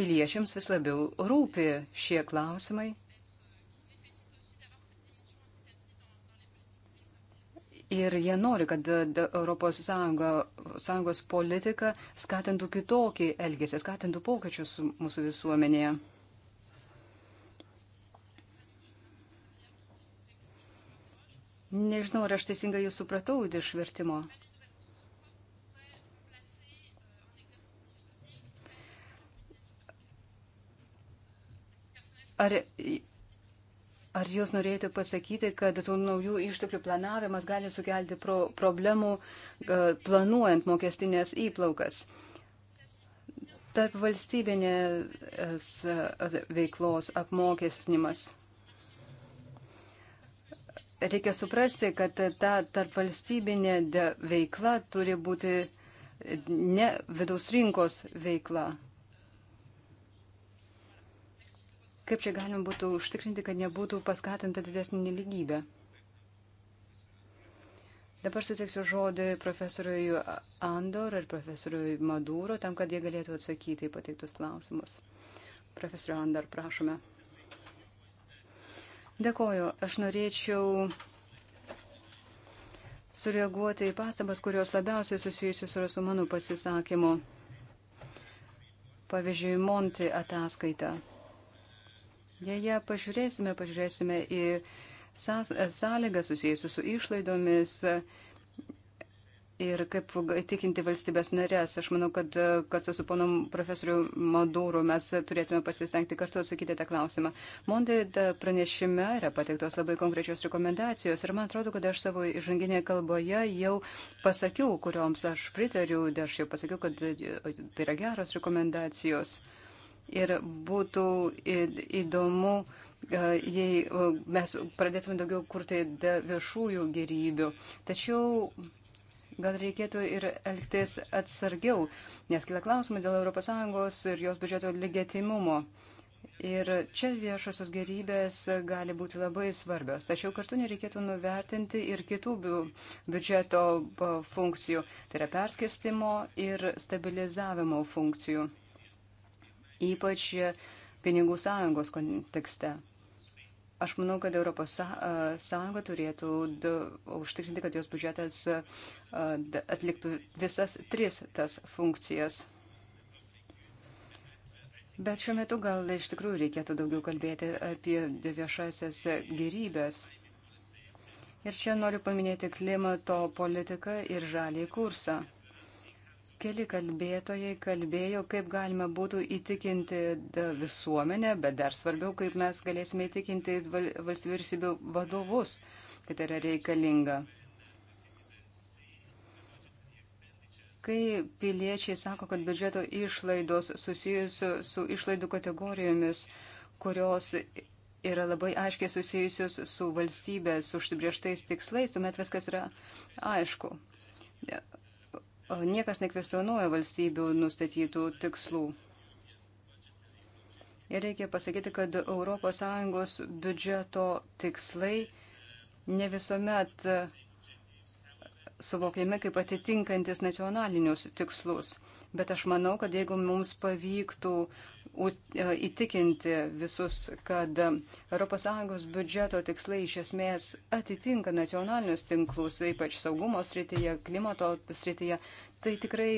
piliečiams vis labiau rūpi šie klausimai. Ir jie nori, kad Europos Sąjunga, Sąjungos politika skatintų kitokį elgesį, skatintų pokyčius mūsų visuomenėje. Nežinau, ar aš teisingai jūs supratau iš vertimo. Ar Ar jūs norėjote pasakyti, kad tų naujų išteklių planavimas gali sukelti pro problemų e, planuojant mokestinės įplaukas? Tarp valstybinės e, veiklos apmokestinimas. Reikia suprasti, kad ta tarp valstybinė veikla turi būti ne vidaus rinkos veikla. Kaip čia galima būtų užtikrinti, kad nebūtų paskatinta didesnė neligybė? Dabar suteiksiu žodį profesoriui Andor ir profesoriui Maduro tam, kad jie galėtų atsakyti į pateiktus klausimus. Profesoriu Andor, prašome. Dėkoju. Aš norėčiau sureaguoti į pastabas, kurios labiausiai susijusios yra su mano pasisakymu. Pavyzdžiui, Monti ataskaita. Jei ją pažiūrėsime, pažiūrėsime į sąlygas susijusius su išlaidomis ir kaip tikinti valstybės narės, aš manau, kad e, kartu su ponu profesoriu Madūru mes turėtume pasistengti kartu atsakyti tą klausimą. Mondai pranešime yra pateiktos labai konkrečios rekomendacijos ir man atrodo, kad aš savo įžanginėje kalboje jau pasakiau, kurioms aš pritariu, aš jau pasakiau, kad e, tai yra geros rekomendacijos ir būtų įdomu, e, jei mes pradėtume daugiau kurti viešųjų gerybių. Tačiau gal reikėtų ir elgtis atsargiau, nes kila klausimai dėl ES ir jos biudžeto legitimumo. Ir čia viešosios gerybės gali būti labai svarbios, tačiau kartu nereikėtų nuvertinti ir kitų biudžeto funkcijų, tai yra perskirstimo ir stabilizavimo funkcijų ypač pinigų sąjungos kontekste. Aš manau, kad Europos sąjunga turėtų užtikrinti, kad jos biudžetas atliktų visas tris tas funkcijas. Bet šiuo metu gal iš tikrųjų reikėtų daugiau kalbėti apie viešasias gerybės. Ir čia noriu paminėti klimato politiką ir žalį kursą. Keli kalbėtojai kalbėjo, kaip galima būtų įtikinti visuomenę, bet dar svarbiau, kaip mes galėsime įtikinti valstybių vadovus, kad tai yra reikalinga. Kai piliečiai sako, kad biudžeto išlaidos susijusios su išlaidų kategorijomis, kurios yra labai aiškiai susijusios su valstybės užsibrieštais tikslais, tuomet viskas yra aišku. Niekas nekvestionuoja valstybių nustatytų tikslų. Ir reikia pasakyti, kad ES biudžeto tikslai ne visuomet suvokiami kaip atitinkantis nacionalinius tikslus. Bet aš manau, kad jeigu mums pavyktų E, įtikinti visus, kad ES biudžeto tikslai iš esmės atitinka nacionalinius tinklus, ypač saugumo srityje, klimato srityje, tai tikrai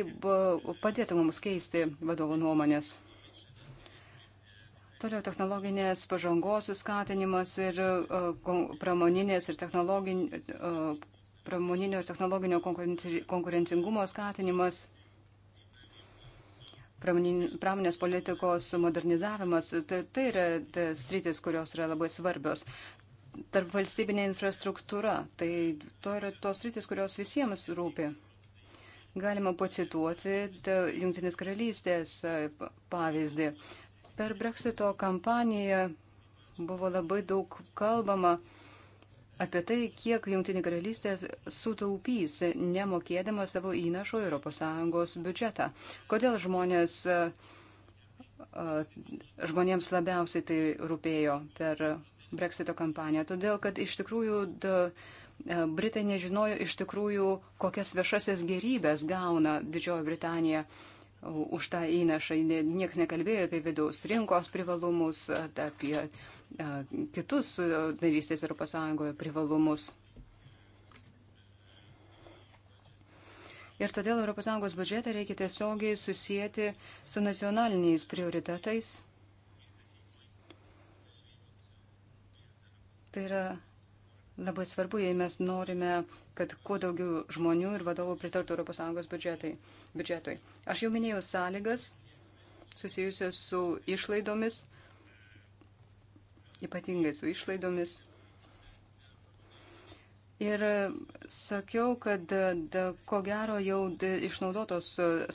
padėtų mums keisti vadovų nuomonės. Toliau technologinės pažangos skatinimas ir e, pramoninės ir e, pramoninio ir technologinio konkurencingumo skatinimas pramonės politikos modernizavimas, tai, tai yra tai sritis, kurios yra labai svarbios. Tarp valstybinė infrastruktūra, tai to yra tos sritis, kurios visiems rūpi. Galima pacituoti Junktinės karalystės e, pavyzdį. Per Brexito kampaniją buvo labai daug kalbama apie tai, kiek Junktinė karalystė sutaupys, nemokėdama savo įnašo ES biudžetą. Kodėl žmonės, žmonėms labiausiai tai rūpėjo per Brexito kampaniją? Todėl, kad iš tikrųjų da, e, Britai nežinojo iš tikrųjų, kokias viešasias gerybės gauna Didžioji Britanija už tą įnašą. Niekas nekalbėjo apie vidaus rinkos privalumus, apie kitus narystės Europos Sąjungoje privalumus. Ir todėl ES biudžetą reikia tiesiogiai susijęti su nacionaliniais prioritetais. Tai yra labai svarbu, jei mes norime kad kuo daugiau žmonių ir vadovų pritartų ES biudžetai, biudžetui. Aš jau minėjau sąlygas susijusios su išlaidomis, ypatingai su išlaidomis. Ir e, sakiau, kad e, da, ko gero jau da, e, išnaudotos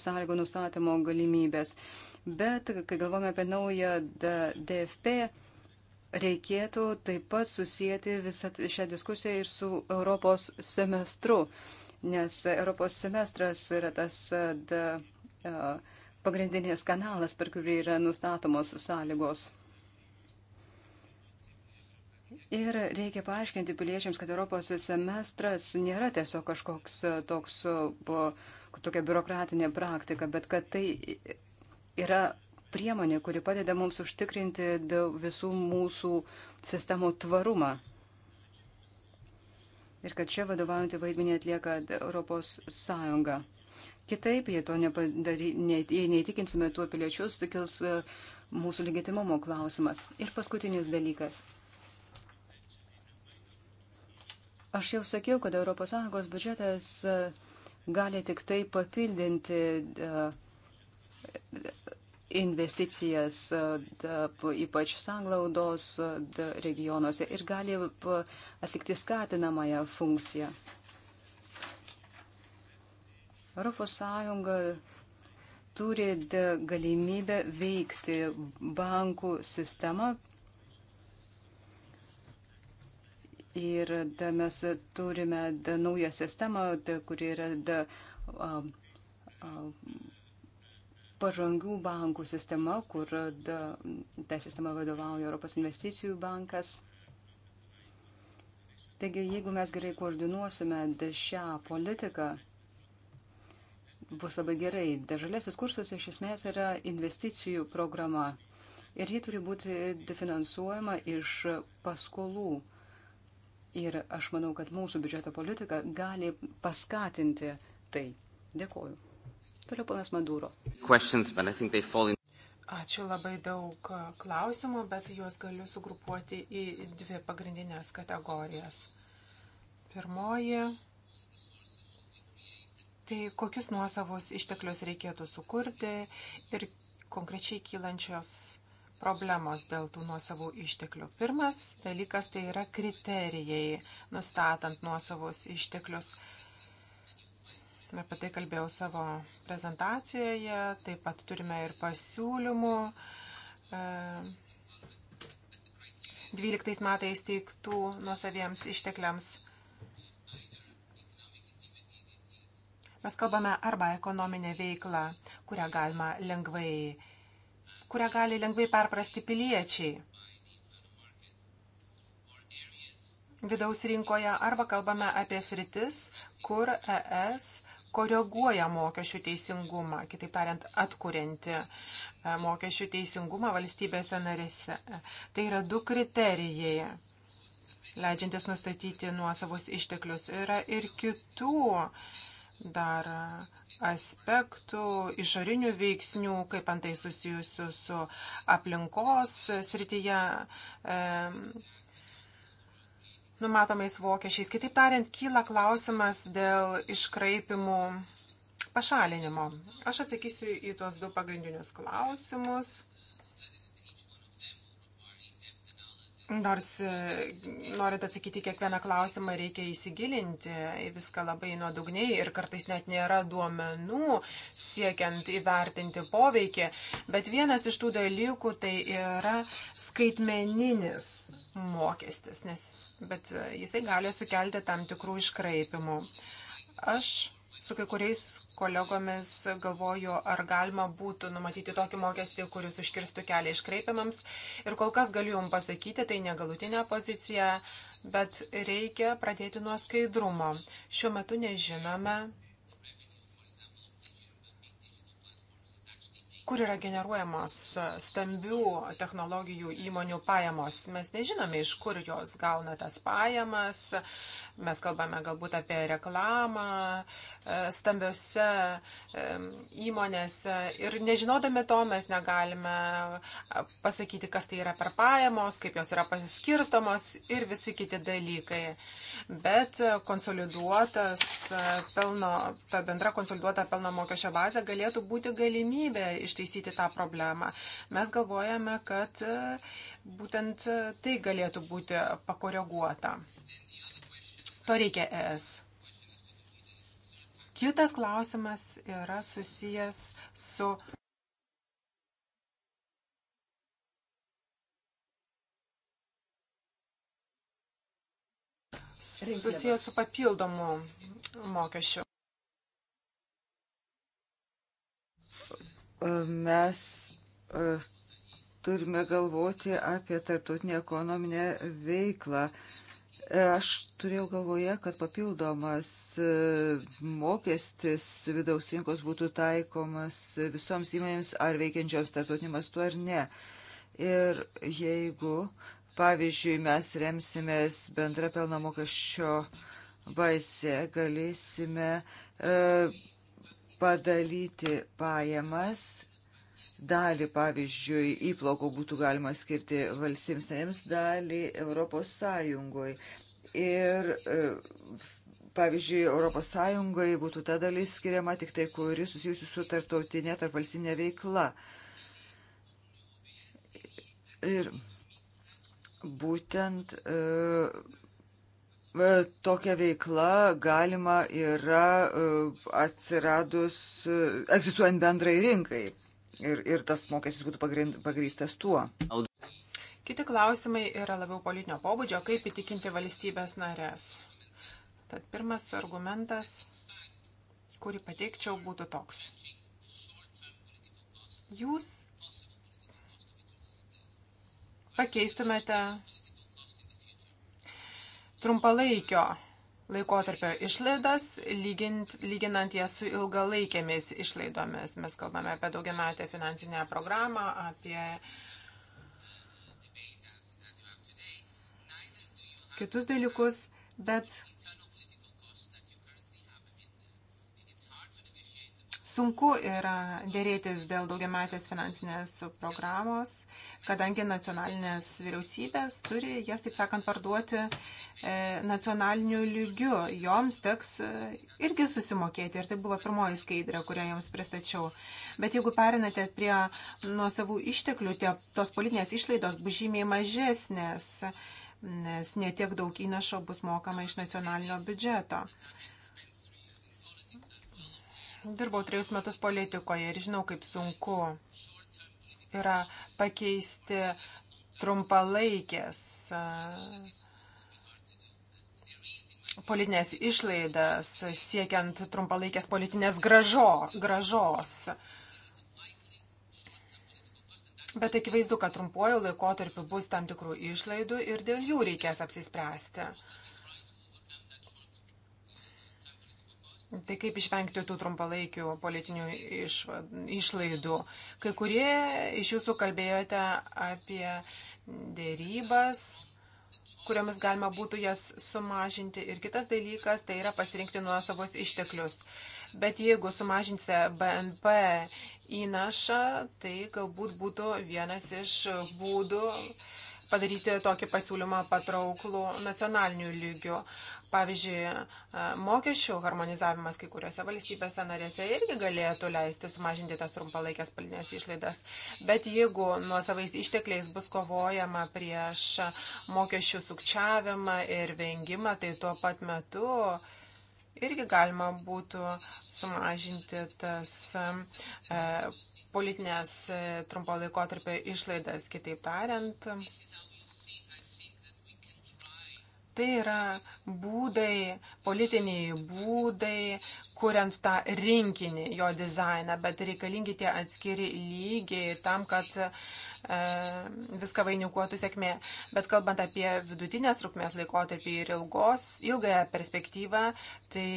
sąlygų nustatymo galimybės. Bet kai galvome apie naują da, DFP, reikėtų taip pat susijęti visą šią diskusiją ir su Europos semestru, nes Europos semestras yra tas da, pagrindinės kanalas, per kurį yra nustatomos sąlygos. Ir reikia paaiškinti piliečiams, kad Europos semestras nėra tiesiog kažkoks toks, tokia biurokratinė praktika, bet kad tai yra priemonė, kuri padeda mums užtikrinti visų mūsų sistemų tvarumą. Ir kad čia vadovaujantį vaidmenį atlieka Europos Sąjunga. Kitaip, jei to nepadary, ne, jei neįtikinsime tuo piliečius, tikils e, mūsų legitimumo klausimas. Ir paskutinis dalykas. Aš jau sakiau, kad ES biudžetas e, gali tik tai papildinti investicijas, e, da, ypač sanglaudos e, da, regionuose ir gali atlikti skatinamąją funkciją. Europos Sąjunga turi da, galimybę veikti bankų sistemą Ir da, mes turime da, naują sistemą, da, kuri yra da, a, a, pažangių bankų sistema, kur da, ta sistema vadovauja Europos investicijų bankas. Taigi, jeigu mes gerai koordinuosime šią politiką, bus labai gerai. Dažalėsis kursas iš esmės yra investicijų programa ir ji turi būti finansuojama iš paskolų. Ir aš manau, kad mūsų biudžeto politika gali paskatinti tai. Dėkuoju. Toliau ponas Maduro. Questions, Ačiū labai daug klausimų, bet juos galiu sugrupuoti į dvi pagrindinės kategorijas. Pirmoji - tai kokius nuosavus išteklius reikėtų sukurti ir konkrečiai kylančios problemos dėl tų nuosavų išteklių. Pirmas dalykas tai yra kriterijai, nustatant nuosavus išteklius. Apie tai kalbėjau savo prezentacijoje. Taip pat turime ir pasiūlymų. 12 e, metais teiktų nuosaviems ištekliams. Mes kalbame arba ekonominę veiklą, kurią galima lengvai, kurią gali lengvai perprasti piliečiai. vidaus rinkoje arba kalbame apie sritis, kur ES koreguoja mokesčių teisingumą, kitaip tariant, atkurianti e, mokesčių teisingumą valstybėse narėse. Tai yra du kriterijai, leidžiantis nustatyti nuosavus išteklius. Yra ir kitų dar aspektų, išorinių veiksnių, kaip antai susijusių su aplinkos srityje. E, numatomais vokiečiais. Kitaip tariant, kyla klausimas dėl iškraipimų pašalinimo. Aš atsakysiu į tuos du pagrindinius klausimus. Nors norint atsakyti kiekvieną klausimą, reikia įsigilinti į viską labai nuodugniai ir kartais net nėra duomenų siekiant įvertinti poveikį, bet vienas iš tų dalykų tai yra skaitmeninis mokestis, nes, bet jisai gali sukelti tam tikrų iškraipimų. Aš su kai kuriais kolegomis galvoju, ar galima būtų numatyti tokį mokestį, kuris užkirstų kelią iškreipimams. Ir kol kas galiu Jums pasakyti, tai negalutinė pozicija, bet reikia pradėti nuo skaidrumo. Šiuo metu nežinome, kur yra generuojamos e, stambių technologijų įmonių pajamos. Mes nežinome, iš kur jos gauna tas pajamas. Mes kalbame galbūt apie reklamą e, stambiose e, įmonėse. Ir nežinodami to mes negalime pasakyti, kas tai yra per pajamos, kaip jos yra paskirstomos ir visi kiti dalykai. Bet konsoliduotas pelno, ta bendra konsoliduota pelno mokesčio bazė galėtų būti galimybė išteisyti tą problemą. Mes galvojame, kad e, būtent e, tai galėtų būti pakoreguota. To reikia ES. Kitas klausimas yra susijęs su. susijęs su papildomu mokesčiu. mes e, turime galvoti apie tarptautinę ekonominę veiklą. E, aš turėjau galvoje, kad papildomas e, mokestis vidaus rinkos būtų taikomas visoms įmonėms ar veikiančioms tarptautiniu mastu ar ne. Ir jeigu, pavyzdžiui, mes remsimės bendra pelno mokesčio baise, galėsime e, padalyti pajamas. Dalį, pavyzdžiui, įplaukų būtų galima skirti valstybėms narėms, dalį Europos Sąjungoje. Ir e, pavyzdžiui, Europos Sąjungai būtų ta dalis skiriama tik tai, kuri susijusi su tarptautinė, tarpvalstinė veikla. Ir būtent e, E, tokia veikla galima yra e, atsiradus, e, egzistuojant bendrai rinkai. Ir, ir tas mokestis būtų pagrįstas tuo. Kiti klausimai yra labiau politinio pobūdžio, kaip įtikinti valstybės narės. Tad pirmas argumentas, kurį pateikčiau, būtų toks. Jūs pakeistumėte trumpalaikio laikotarpio išlaidas, lygint, lyginant jas su ilgalaikėmis išlaidomis. Mes kalbame apie daugiametę finansinę programą, apie kitus dalykus, bet sunku yra dėrėtis dėl daugiamatės finansinės programos, kadangi nacionalinės vyriausybės turi jas, taip sakant, parduoti e, nacionaliniu lygiu. Joms teks e, irgi susimokėti. Ir tai buvo pirmoji skaidrė, kurią jums pristačiau. Bet jeigu perinate prie nuosavų išteklių, tie, tos politinės išlaidos bus žymiai mažesnės, nes netiek daug įnašo bus mokama iš nacionalinio biudžeto dirbau trejus metus politikoje ir žinau, kaip sunku yra pakeisti trumpalaikės politinės išlaidas, siekiant trumpalaikės politinės gražo, gražos. Bet akivaizdu, kad trumpuoju laikotarpiu bus tam tikrų išlaidų ir dėl jų reikės apsispręsti. Tai kaip išvengti tų trumpalaikių politinių išvad, išlaidų? Kai kurie iš jūsų kalbėjote apie dėrybas, kuriomis galima būtų jas sumažinti. Ir kitas dalykas tai yra pasirinkti nuo savos išteklius. Bet jeigu sumažinsite BNP įnašą, tai galbūt būtų vienas iš būdų uh, padaryti tokį pasiūlymą patrauklų nacionaliniu lygiu. Pavyzdžiui, e, mokesčių harmonizavimas kai kuriuose valstybėse narėse irgi galėtų leisti sumažinti tas trumpalaikės palinės išlaidas. Bet jeigu nuo savais ištekliais bus kovojama prieš mokesčių sukčiavimą ir vengimą, tai tuo pat metu irgi galima būtų sumažinti tas e, politinės e, trumpo laikotarpio išlaidas, kitaip tariant. Tai yra būdai, politiniai būdai, kuriant tą rinkinį, jo dizainą, bet reikalingi tie atskiri lygiai tam, kad e, viską vainikuotų sėkmė. Bet kalbant apie vidutinės trukmės laikotarpį ir ilgos, ilgąją perspektyvą, tai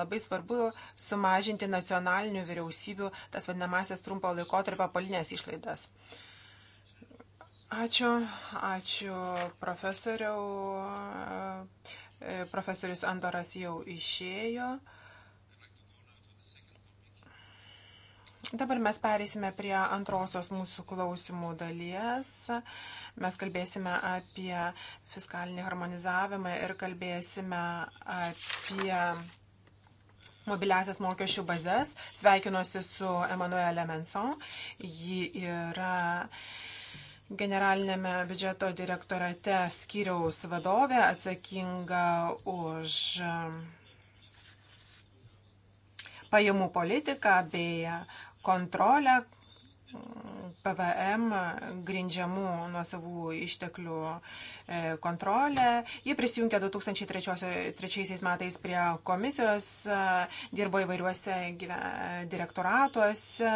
labai svarbu sumažinti nacionalinių vyriausybių tas vadinamasias trumpo laikotarpio palinės išlaidas. E, Ačiū, ačiū profesoriau. E, profesorius Andoras jau išėjo. Dabar mes pereisime prie antrosios mūsų klausimų dalies. Mes kalbėsime apie fiskalinį harmonizavimą ir kalbėsime apie mobiliasias mokesčių bazės. Sveikinuosi su Emanuele Menson. Ji yra uh, generalinėme biudžeto direktorate skyriaus vadovė atsakinga už um, pajamų politiką bei kontrolę PVM grindžiamų nuosavų išteklių e, kontrolę. Ji prisijungė 2003 metais prie komisijos, e, dirbo įvairiuose direktoratuose.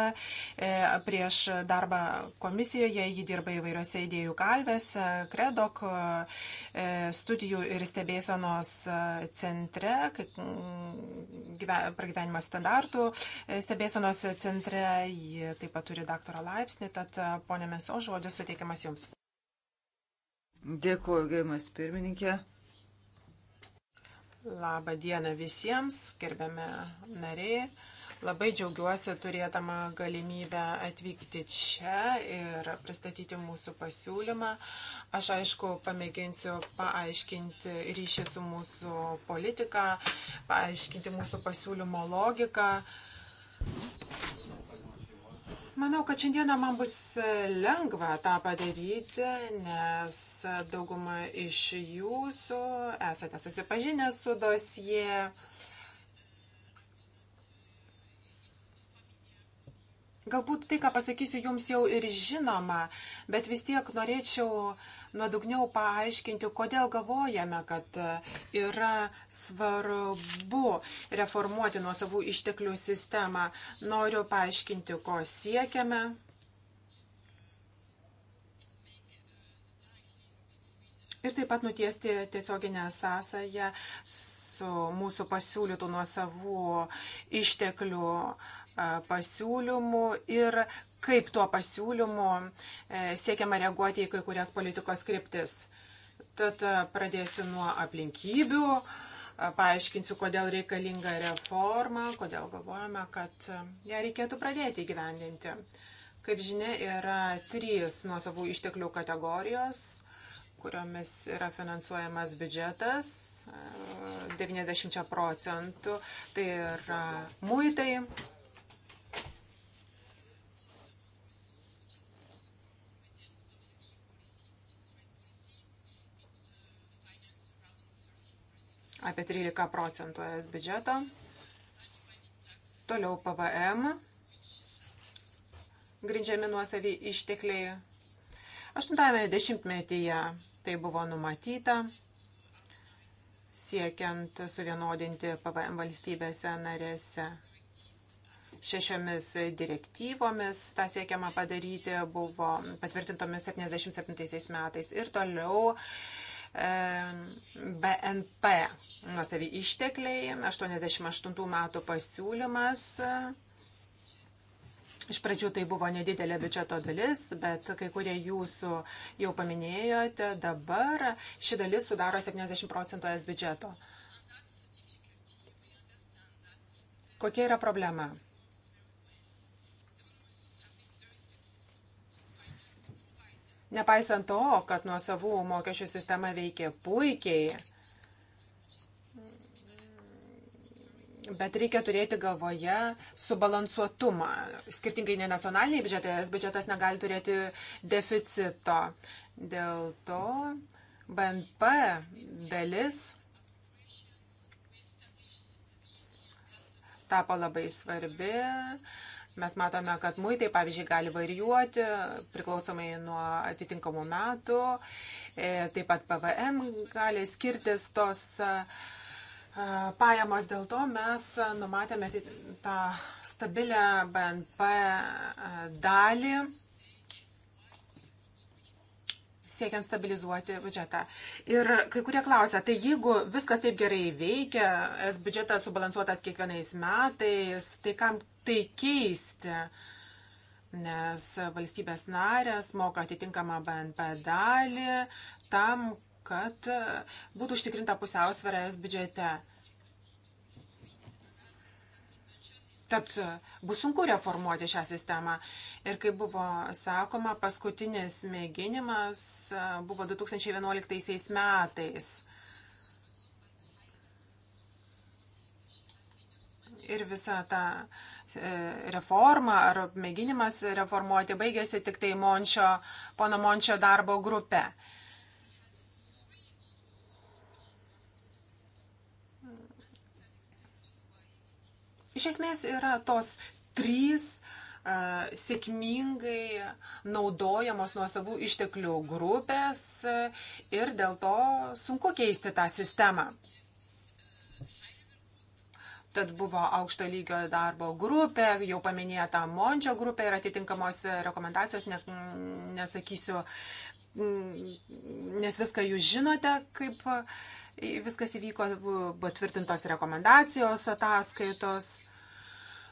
E, prieš darbą komisijoje ji dirba įvairiuose idėjų kalvės, kredok, studijų ir stebėsenos centre, pragyvenimo standartų stebėsenos centre. Ji taip pat turi daktarą daktaro laipsnį, tad e, ponė Meso žodis suteikiamas jums. Dėkuoju, gerimas pirmininkė. Labą dieną visiems, gerbiame nariai. Labai džiaugiuosi turėtama galimybę atvykti čia ir pristatyti mūsų pasiūlymą. Aš aišku pamėginsiu paaiškinti ryšį su mūsų politika, paaiškinti mūsų pasiūlymo logiką. Manau, kad šiandieną man bus e, lengva tą padaryti, nes dauguma iš jūsų esate susipažinę su dosie. Galbūt tai, ką pasakysiu, jums jau ir žinoma, bet vis tiek norėčiau nuodugniau paaiškinti, kodėl galvojame, kad e, yra svarbu reformuoti nuo savų išteklių sistemą. Noriu paaiškinti, ko siekiame. Ir taip pat nutiesti tiesioginę sąsąją su mūsų pasiūlytų nuo savų išteklių uh, pasiūlymų ir kaip tuo pasiūlymu e, siekiama reaguoti į kai kurias politikos kryptis. Tad e, pradėsiu nuo aplinkybių, paaiškinsiu, kodėl reikalinga reforma, kodėl galvojame, kad e, ją reikėtų pradėti įgyvendinti. Kaip žinia, yra trys nuosavų išteklių kategorijos, kuriomis yra finansuojamas biudžetas 90 procentų. Tai yra muitai, apie 13 procentų es biudžeto. Toliau PVM, grindžiami nuosavį ištekliai. 80-metyje tai buvo numatyta, siekiant suvienodinti PVM valstybėse narėse. Šešiomis direktyvomis tą siekiama padaryti buvo patvirtintomis 77 metais ir toliau BNP nuosavį ištekliai, 88 metų pasiūlymas. Iš pradžių tai buvo nedidelė biudžeto dalis, bet kai kurie jūsų jau paminėjote, dabar ši dalis sudaro 70 procentų es biudžeto. Kokia yra problema? Nepaisant to, kad nuo savų mokesčių sistema veikia puikiai, Bet reikia turėti galvoje subalansuotumą. Skirtingai nei nacionaliniai biudžetai, es biudžetas negali turėti deficito. Dėl to BNP dalis tapo labai svarbi Mes matome, kad muitai, pavyzdžiui, gali varijuoti priklausomai nuo atitinkamų metų, e, taip pat PVM gali skirtis tos e, pajamos, dėl to mes numatėme tą stabilę BNP e, dalį siekiant stabilizuoti biudžetą. Ir kai kurie klausia, tai jeigu viskas taip gerai veikia, es biudžetas subalansuotas kiekvienais metais, tai kam tai keisti? Nes valstybės narės moka atitinkamą BNP dalį tam, kad būtų užtikrinta pusiausvėra es biudžete. Tad e, bus sunku reformuoti šią sistemą. Ir kaip buvo sakoma, paskutinis mėginimas e, buvo 2011 metais. ir visa ta e, reforma ar mėginimas reformuoti baigėsi tik tai Mončio, pono Mončio darbo grupė. Iš esmės yra tos trys uh, sėkmingai naudojamos nuo savų išteklių grupės ir dėl to sunku keisti tą sistemą. Tad buvo aukšto lygio darbo grupė, jau paminėta Mončio grupė ir atitinkamos rekomendacijos, ne, mm, nesakysiu, mm, nes viską jūs žinote, kaip viskas įvyko, buvo tvirtintos rekomendacijos, ataskaitos.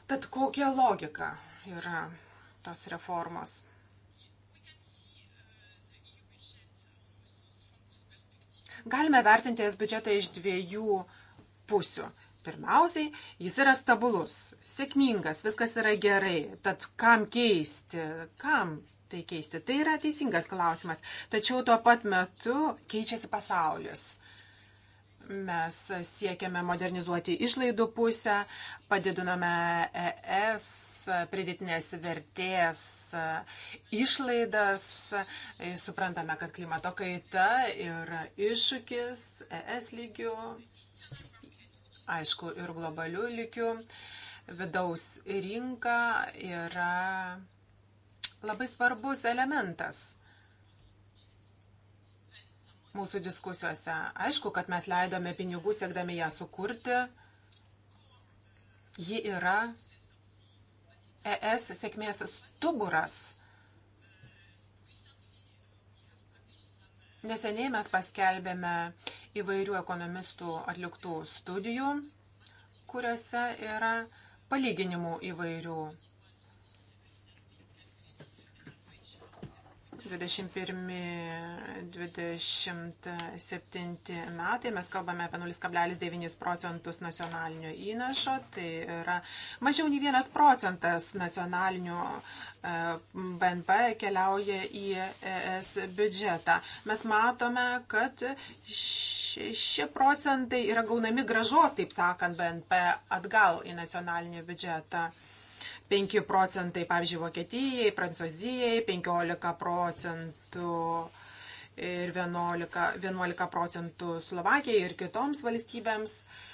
Tad kokia logika yra tos reformos? Galime vertinti es biudžetą iš dviejų pusių. Pirmiausiai, jis yra stabilus, sėkmingas, viskas yra gerai. Tad kam keisti? Kam tai keisti? Tai yra teisingas klausimas. Tačiau tuo pat metu keičiasi pasaulis. Mes siekiame modernizuoti išlaidų pusę, padidiname ES pridėtinės vertės e, išlaidas, e, suprantame, kad klimato kaita yra iššūkis ES lygių, aišku, ir globalių lygių. Vidaus rinka yra labai svarbus elementas mūsų diskusijose. Aišku, kad mes leidome pinigų siekdami ją sukurti. Ji yra ES sėkmės stuburas. Neseniai mes paskelbėme įvairių ekonomistų atliktų studijų, kuriuose yra palyginimų įvairių 21-27 metai mes kalbame apie 0,9 procentus nacionalinio įnašo, tai yra mažiau nei vienas procentas nacionalinio e, BNP keliauja į ES biudžetą. Mes matome, kad 6 procentai yra gaunami gražos, taip sakant, BNP atgal į nacionalinį biudžetą. 5 procentai, pavyzdžiui, Vokietijai, Prancūzijai, 15 procentų ir 11, 11 procentų Slovakijai ir kitoms valstybėms. Uh,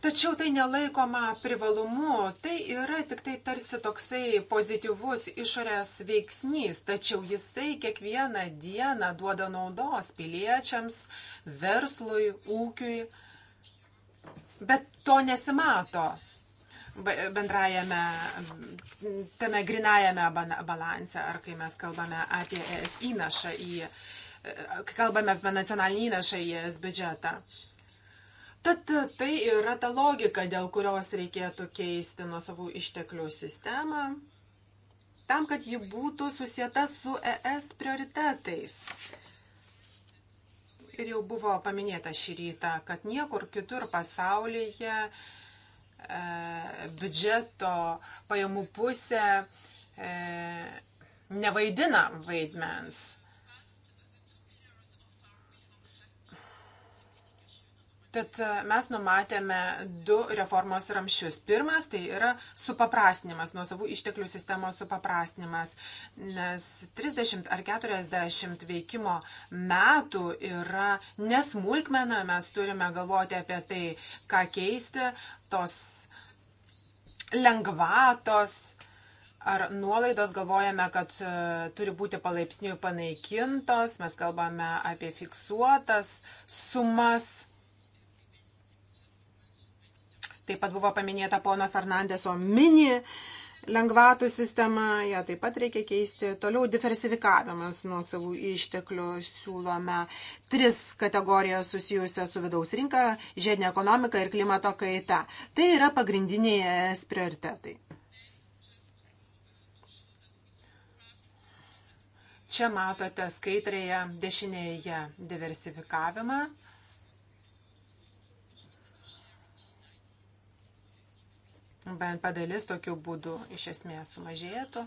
Tačiau tai nelaikoma privalumu, tai yra tik tai tarsi toksai pozityvus išorės veiksnys, tačiau jisai kiekvieną dieną duoda naudos piliečiams, verslui, ūkiui, bet to nesimato bendrajame, tame grinajame balanse, ar kai mes kalbame apie ES įnašą į, kai kalbame apie nacionalinį įnašą į ES biudžetą. Tad tai yra ta logika, dėl kurios reikėtų keisti nuo savų išteklių sistemą, tam, kad ji būtų susieta su ES prioritetais. Ir jau buvo paminėta šį rytą, kad niekur kitur pasaulyje e, biudžeto pajamų pusė e, nevaidina vaidmens. Tad e, mes numatėme du reformos ramščius. Pirmas tai yra supaprastinimas, nuosavų išteklių sistemos supaprastinimas, nes 30 ar 40 veikimo metų yra nesmulkmena, mes turime galvoti apie tai, ką keisti, tos lengvatos, ar nuolaidos galvojame, kad e, turi būti palaipsniui panaikintos, mes kalbame apie fiksuotas sumas. Taip pat buvo paminėta pono Fernandeso mini lengvatų sistema, ją ja, taip pat reikia keisti. Toliau diversifikavimas nuo savų išteklių siūlome tris kategorijas susijusias su vidaus rinka, žiedinė ekonomika ir klimato kaita. Tai yra pagrindiniai es prioritetai. Čia matote skaitrėje dešinėje diversifikavimą BNP dalis tokiu būdu iš esmės sumažėtų.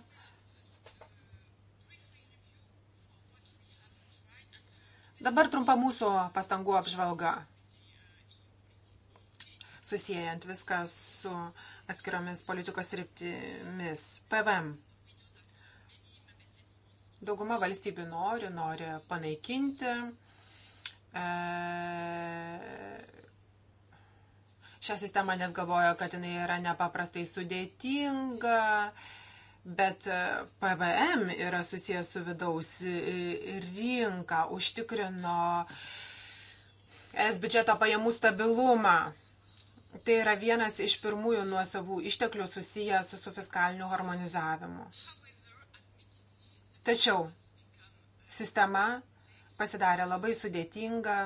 Dabar trumpa mūsų pastangų apžvalga, susijęjant viską su atskiromis politikos ryptimis. PVM. Dauguma valstybių nori, nori panaikinti e, šią sistemą, nes galvoja, kad jinai yra nepaprastai sudėtinga. Bet e, PVM yra susijęs su vidaus e, e, rinka, užtikrino es biudžeto pajamų stabilumą. Tai yra vienas iš pirmųjų nuosavų išteklių susijęs su fiskaliniu harmonizavimu. Tačiau sistema pasidarė labai sudėtinga,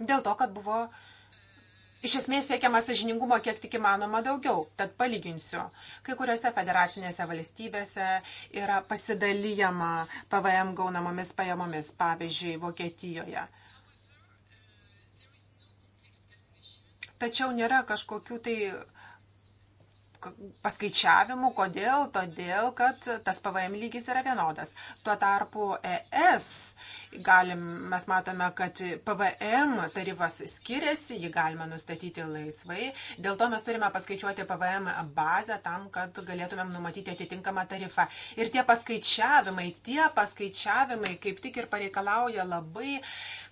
dėl to, kad buvo iš esmės siekiama sažiningumo kiek tik įmanoma daugiau. Tad palyginsiu, kai kuriuose federacinėse valstybėse yra pasidalyjama PVM gaunamomis pajamomis, pavyzdžiui, Vokietijoje. Tačiau nėra kažkokių tai paskaičiavimų. Kodėl? Todėl, kad tas PVM lygis yra vienodas. Tuo tarpu ES, galim, mes matome, kad PVM tarifas skiriasi, jį galima nustatyti laisvai. Dėl to mes turime paskaičiuoti PVM bazę tam, kad galėtumėm numatyti atitinkamą tarifą. Ir tie paskaičiavimai, tie paskaičiavimai kaip tik ir pareikalauja labai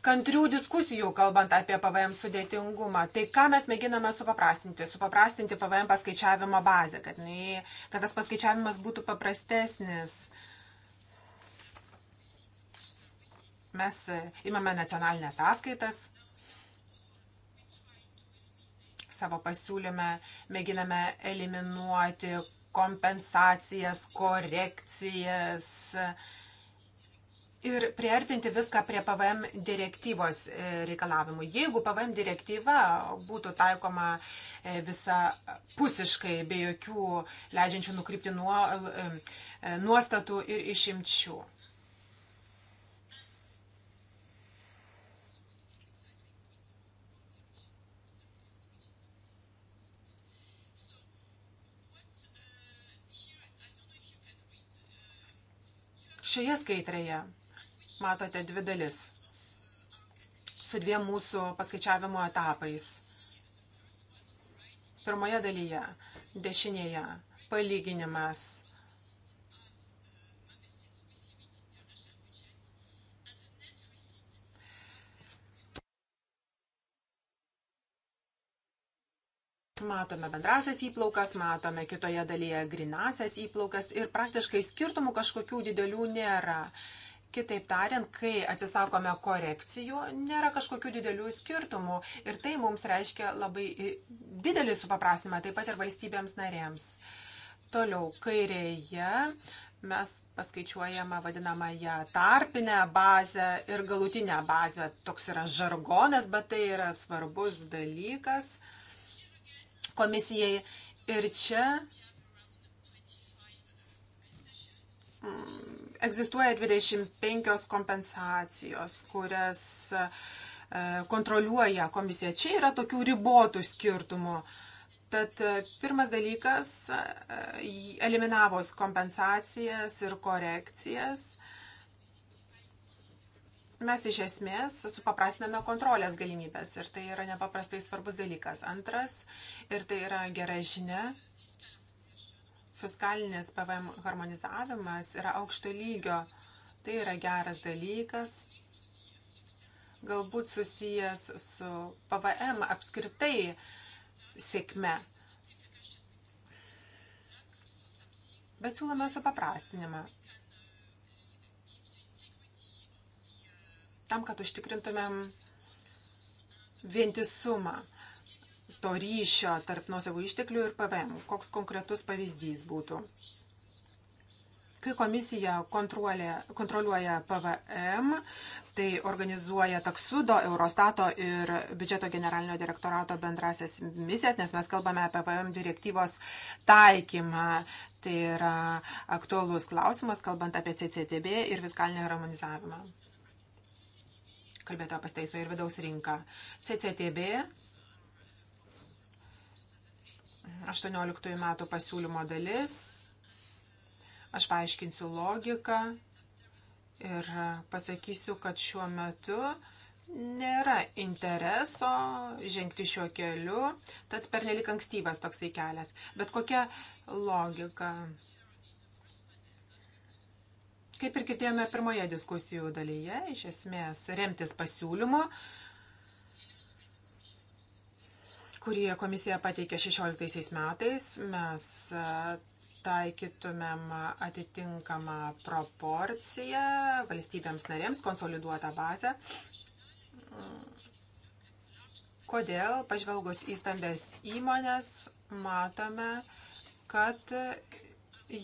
kantrių diskusijų, kalbant apie PVM sudėtingumą. Tai ką mes mėginame supaprastinti? Supaprastinti PVM paskaičiavimo bazę, kad, nei, kad tas paskaičiavimas būtų paprastesnis. Mes imame nacionalinės sąskaitas, savo pasiūlyme mėginame eliminuoti kompensacijas, korekcijas, uh, ir priartinti viską prie PVM direktyvos e, reikalavimų. Jeigu PVM direktyva būtų taikoma e, visa pusiškai, be jokių leidžiančių nukrypti nuo, e, nuostatų ir išimčių. Šioje skaitrėje matote dvi dalis su dviem mūsų paskaičiavimo etapais. Pirmoje dalyje, dešinėje, palyginimas. Matome bendrasias įplaukas, matome kitoje dalyje grinasias įplaukas ir praktiškai skirtumų kažkokių didelių nėra. Kitaip tariant, kai atsisakome korekcijų, nėra kažkokių didelių skirtumų ir tai mums reiškia labai didelį supaprastinimą, taip pat ir valstybėms narėms. Toliau, kairėje mes paskaičiuojame vadinamąją tarpinę bazę ir galutinę bazę. Toks yra žargonas, bet tai yra svarbus dalykas komisijai. Ir čia mm, Egzistuoja 25 kompensacijos, kurias e, kontroliuoja komisija. Čia yra tokių ribotų skirtumų. Tad e, pirmas dalykas e, - eliminavos kompensacijas ir korekcijas. Mes iš esmės supaprastiname kontrolės galimybės ir tai yra nepaprastai svarbus dalykas. Antras, ir tai yra gera žinia, fiskalinės PVM harmonizavimas yra aukšto lygio. Tai yra geras dalykas, galbūt susijęs su PVM apskritai sėkme. Bet siūlome supaprastinimą. Tam, kad užtikrintumėm vientisumą to ryšio tarp nuosavų išteklių ir PVM. Koks konkretus pavyzdys būtų? Kai komisija kontroliuoja PVM, tai organizuoja taksudo, Eurostato ir biudžeto generalinio direktorato bendrasias misijas, nes mes kalbame apie PVM direktyvos taikymą. Tai yra aktualus klausimas, kalbant apie CCTB ir viskalinį harmonizavimą. Kalbėtojo pasteiso ir vidaus rinką. CCTB 18 metų pasiūlymo dalis. Aš paaiškinsiu logiką ir pasakysiu, kad šiuo metu nėra intereso žengti šiuo keliu, tad pernelik ankstyvas toksai kelias. Bet kokia logika? Kaip ir girdėjome pirmoje diskusijų dalyje, iš esmės remtis pasiūlymu, kurį komisija pateikė 16 metais. Mes e, taikytumėm atitinkamą proporciją valstybėms narėms, konsoliduotą bazę. Kodėl, pažvelgus į stambės įmonės, matome, kad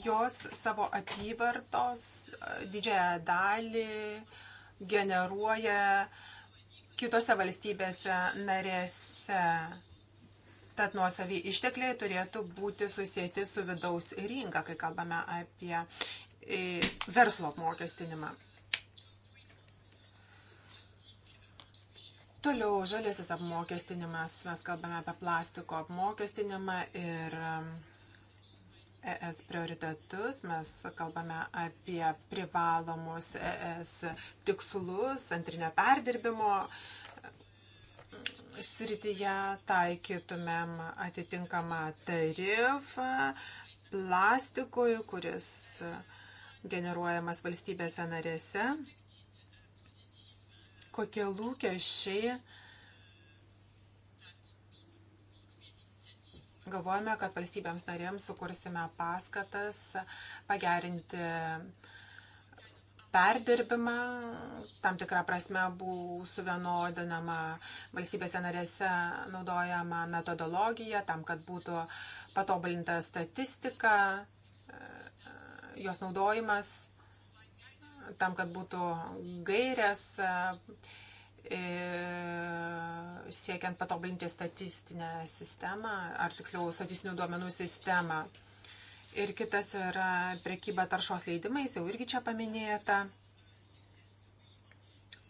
jos savo apyvartos e, didžiąją dalį generuoja kitose valstybėse narėse Tad nuosavį ištekliai turėtų būti susijęti su vidaus rinka, kai kalbame apie e, verslo apmokestinimą. Toliau žalėsis apmokestinimas. Mes kalbame apie plastiko apmokestinimą ir ES e prioritetus, mes kalbame apie privalomus ES tikslus, antrinio perdirbimo srityje taikytumėm atitinkamą tarifą plastikui, kuris generuojamas valstybėse narėse. Kokie lūkesčiai Galvojame, kad valstybėms narėms sukursime paskatas pagerinti perdirbimą, tam tikrą prasme buvo suvienodinama valstybėse narėse naudojama metodologija, tam, kad būtų patobulinta statistika, jos naudojimas, tam, kad būtų gairės e, siekiant patobulinti statistinę sistemą, ar tiksliau statistinių duomenų sistemą. Ir kitas yra prekyba taršos leidimais, jau irgi čia paminėta.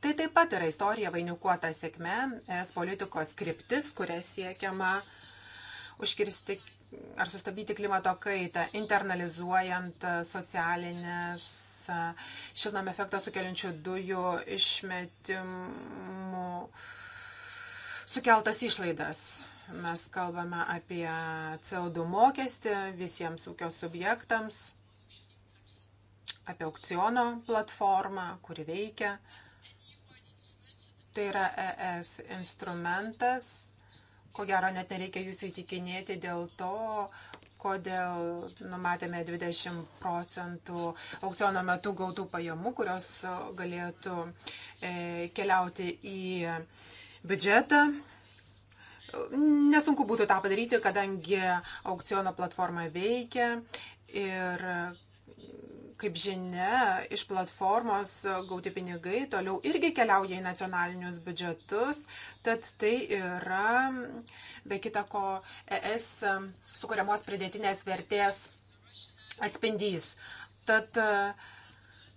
Tai taip pat yra istorija vainikuota sėkme, es politikos kryptis, kuria siekiama užkirsti ar sustabdyti klimato kaitą, internalizuojant socialinės šiltnamio efektą sukeliančių dujų išmetimų sukeltas išlaidas. Mes kalbame apie CO2 mokestį visiems ūkio subjektams, apie aukciono platformą, kuri veikia. Tai yra ES instrumentas. Ko gero, net nereikia jūs įtikinėti dėl to, kodėl numatėme 20 procentų aukciono metu gautų pajamų, kurios galėtų e, keliauti į biudžetą nesunku būtų tą padaryti, kadangi aukciono platforma veikia ir kaip žinia, iš platformos gauti pinigai toliau irgi keliauja į nacionalinius biudžetus, tad tai yra, be kita ko, ES sukūriamos pridėtinės vertės atspindys. Tad uh,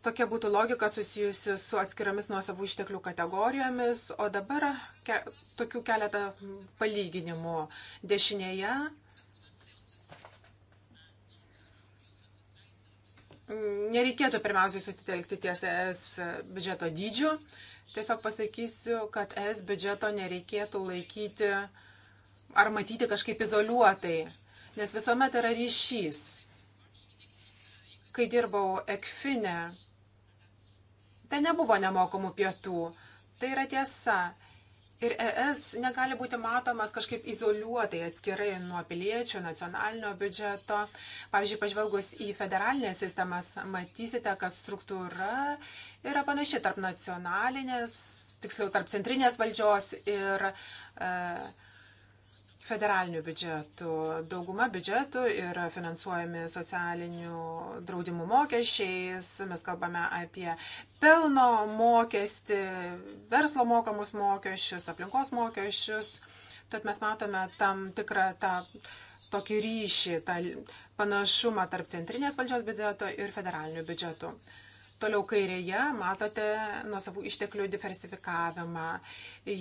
Tokia būtų logika susijusi su atskiramis nuosavų išteklių kategorijomis, o dabar ke, tokių keletą palyginimų. Dešinėje mm, nereikėtų pirmiausiai susitelkti ties ES biudžeto dydžių. Tiesiog pasakysiu, kad ES biudžeto nereikėtų laikyti ar matyti kažkaip izoliuotai, nes visuomet yra ryšys. Kai dirbau Ekfine, Ten nebuvo nemokamų pietų. Tai yra tiesa. Ir ES negali būti matomas kažkaip izoliuotai atskirai nuo piliečių, nacionalinio biudžeto. Pavyzdžiui, pažvelgus į federalinės sistemas, matysite, kad struktūra yra panaši tarp nacionalinės, tiksliau, tarp centrinės valdžios ir e, uh, federaliniu biudžetu. Dauguma biudžetų yra finansuojami socialinių draudimų mokesčiais, mes kalbame apie pelno mokestį, verslo mokamus mokesčius, aplinkos mokesčius. Tad mes matome tam tikrą tą tokį ryšį, tą panašumą tarp centrinės valdžios biudžeto ir federalinių biudžetų. Toliau kairėje matote nuo savų išteklių diversifikavimą.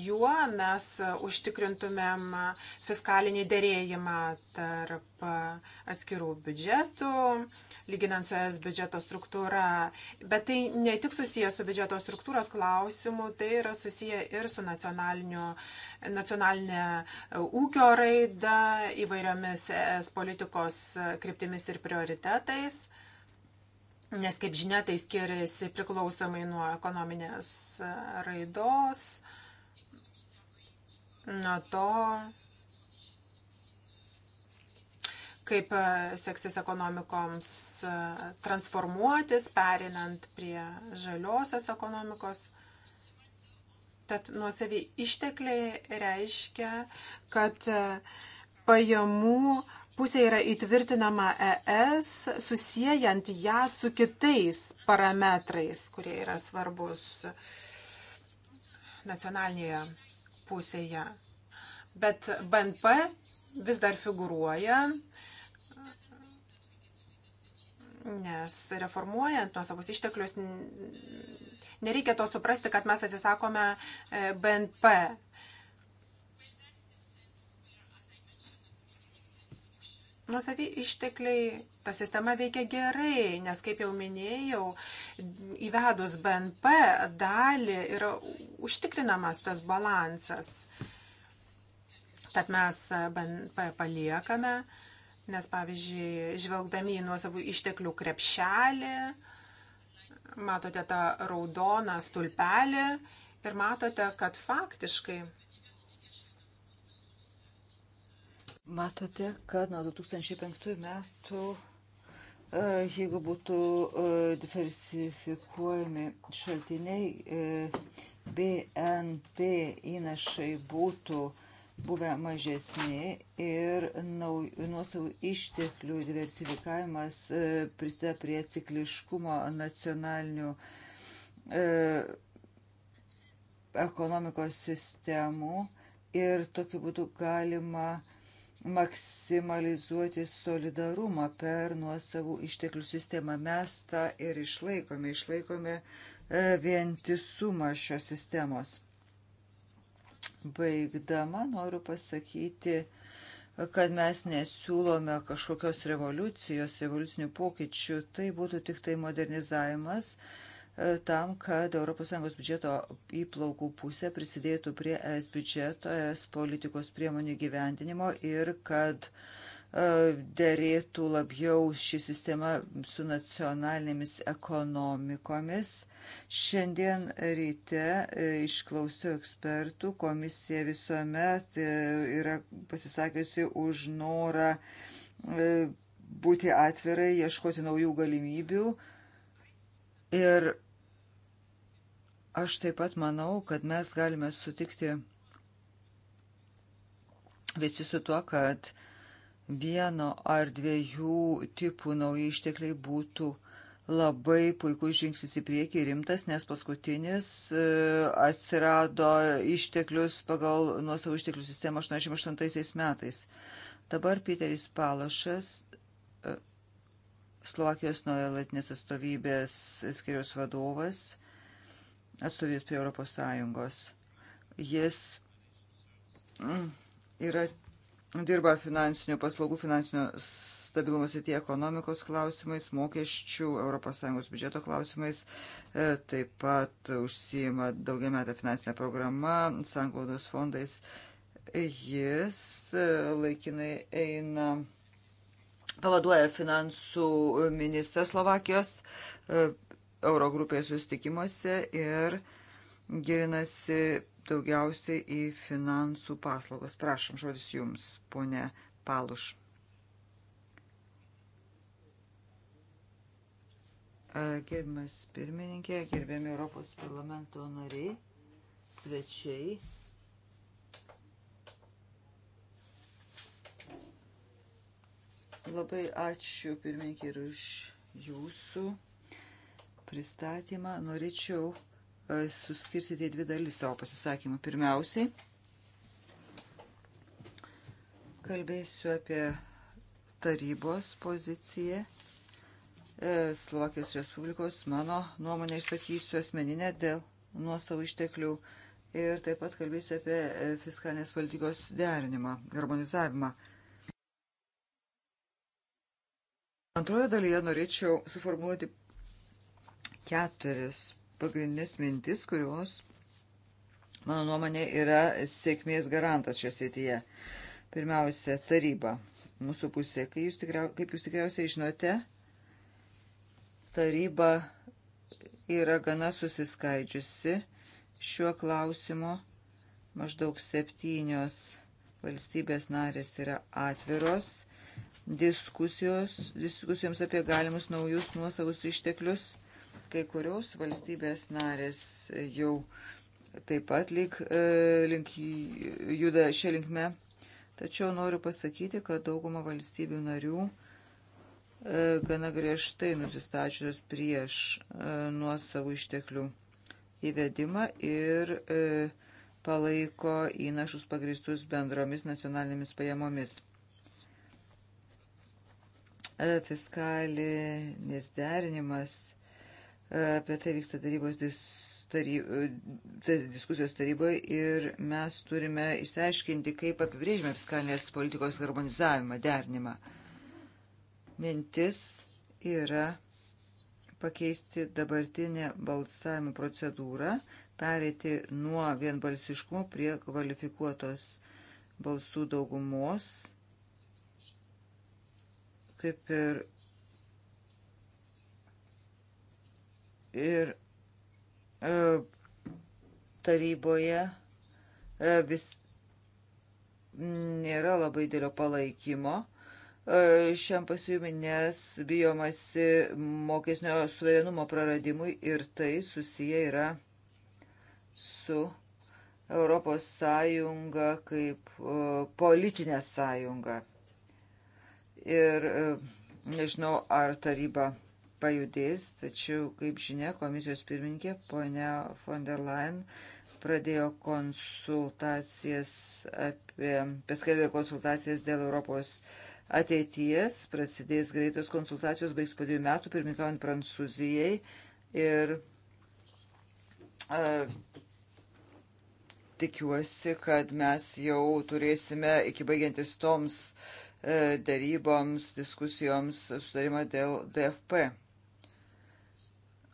Juo mes užtikrintumėm fiskalinį dėrėjimą tarp atskirų biudžetų, lyginant su es biudžeto struktūra. Bet tai ne tik susijęs su biudžeto struktūros klausimu, tai yra susiję ir su nacionalinė e, ūkio raida, įvairiomis es politikos kryptimis ir prioritetais nes, kaip žinia, tai skiriasi priklausomai nuo ekonominės e, raidos, nuo to, kaip e, seksis ekonomikoms e, transformuotis, perinant prie žaliosios ekonomikos. Tad nuosaviai ištekliai reiškia, kad pajamų pusė yra įtvirtinama ES, susijęjant ją su kitais parametrais, kurie yra svarbus nacionalinėje pusėje. Bet BNP vis dar figuruoja, nes reformuojant nuo savus išteklius nereikia to suprasti, kad mes atsisakome e, BNP Nusavi ištekliai, ta sistema veikia gerai, nes, kaip jau minėjau, įvedus BNP dalį yra užtikrinamas tas balansas. Tad mes BNP paliekame, nes, pavyzdžiui, žvelgdami į nuosavų išteklių krepšelį, matote tą raudoną stulpelį ir matote, kad faktiškai Matote, kad nuo 2005 metų, e, jeigu būtų e, diversifikuojami šaltiniai, e, BNP įnašai būtų buvę mažesni ir nuosavų išteklių diversifikavimas prisideda prie cikliškumo nacionalinių ekonomikos sistemų ir tokiu būdu galima uh, maksimalizuoti solidarumą per nuosavų išteklių sistemą. Mes tą ir išlaikome, išlaikome e, vientisumą šios sistemos. Baigdama noriu pasakyti, kad mes nesiūlome kažkokios revoliucijos, revoliucinių pokyčių, tai būtų tik tai modernizavimas, uh, tam, kad ES biudžeto įplaukų pusė prisidėtų prie ES biudžeto, ES politikos priemonių gyvendinimo ir kad e, dėrėtų labiau ši sistema su nacionalinėmis ekonomikomis. Šiandien ryte e, išklausiau ekspertų, komisija visuomet e, yra pasisakiusi už norą būti atvirai, ieškoti naujų galimybių. Ir Aš taip pat manau, kad mes galime sutikti visi su tuo, kad vieno ar dviejų tipų nauji ištekliai būtų labai puikus žingsnis į priekį rimtas, nes paskutinis e, atsirado išteklius pagal nuosavų išteklių sistemą 88 metais. Dabar Piteris Palašas, e, Slovakijos nuolatinės atstovybės skiriaus vadovas, atstovės prie Europos Sąjungos. Jis mm, yra, dirba finansinių paslaugų, finansinio stabilumo srityje ekonomikos klausimais, mokesčių, Europos Sąjungos biudžeto klausimais, e, taip pat užsijima daugiametę finansinę programą, sanglaudos fondais. Jis e, laikinai eina pavaduoja finansų ministrą Slovakijos, e, Eurogrupėje sustikimuose ir gilinasi daugiausiai į finansų paslaugas. Prašom, žodis jums, ponė Paluš. Gerbimas pirmininkė, gerbiami Europos parlamento nariai, svečiai. Labai ačiū pirmininkė ir už jūsų pristatymą, norėčiau e, suskirstyti į dvi dalis savo pasisakymą. Pirmiausiai, kalbėsiu apie tarybos poziciją e, Slovakijos Respublikos, mano nuomonę išsakysiu asmeninę dėl nuosavų išteklių ir taip pat kalbėsiu apie e, fiskalinės politikos derinimą, harmonizavimą. Antrojo dalyje norėčiau suformuoluoti keturias pagrindinės mintis, kurios, mano nuomonė, yra sėkmės garantas šios srityje. Pirmiausia, taryba mūsų pusė. Kai jūs tikriau, kaip jūs tikriausiai žinote, taryba yra gana susiskaidžiusi šiuo klausimu. Maždaug septynios valstybės narės yra atviros diskusijos, diskusijoms apie galimus naujus nuosavus išteklius Kai kurios valstybės narės jau taip pat e, link, link juda šią linkmę. Tačiau noriu pasakyti, kad dauguma valstybių narių e, gana griežtai nusistačiusios prieš e, nuo savo išteklių įvedimą ir palaiko įnašus pagristus bendromis nacionalinėmis pajamomis. Fiskalinis derinimas Apie tai vyksta darybos dis, tary, tai diskusijos taryboje ir mes turime išsiaiškinti, kaip apibrėžime fiskalinės politikos harmonizavimą, dernimą. Mintis yra pakeisti dabartinę balsavimo procedūrą, pereiti nuo vienbalsiškumo prie kvalifikuotos balsų daugumos, kaip ir ir e, taryboje e, vis nėra labai dėlio palaikymo e, šiam pasiūlymui, nes bijomasi mokesnio suverenumo praradimui ir tai susiję yra su Europos sąjunga kaip e, politinė sąjunga. Ir e, nežinau, ar taryba pajudės, tačiau, kaip žinia, komisijos pirmininkė ponia von der Leyen pradėjo konsultacijas apie, paskelbė konsultacijas dėl Europos ateities, prasidės greitos konsultacijos, baigs po dviejų metų, pirmininkaujant Prancūzijai ir a, tikiuosi, kad mes jau turėsime iki baigiantis toms e, daryboms, diskusijoms sutarimą dėl DFP.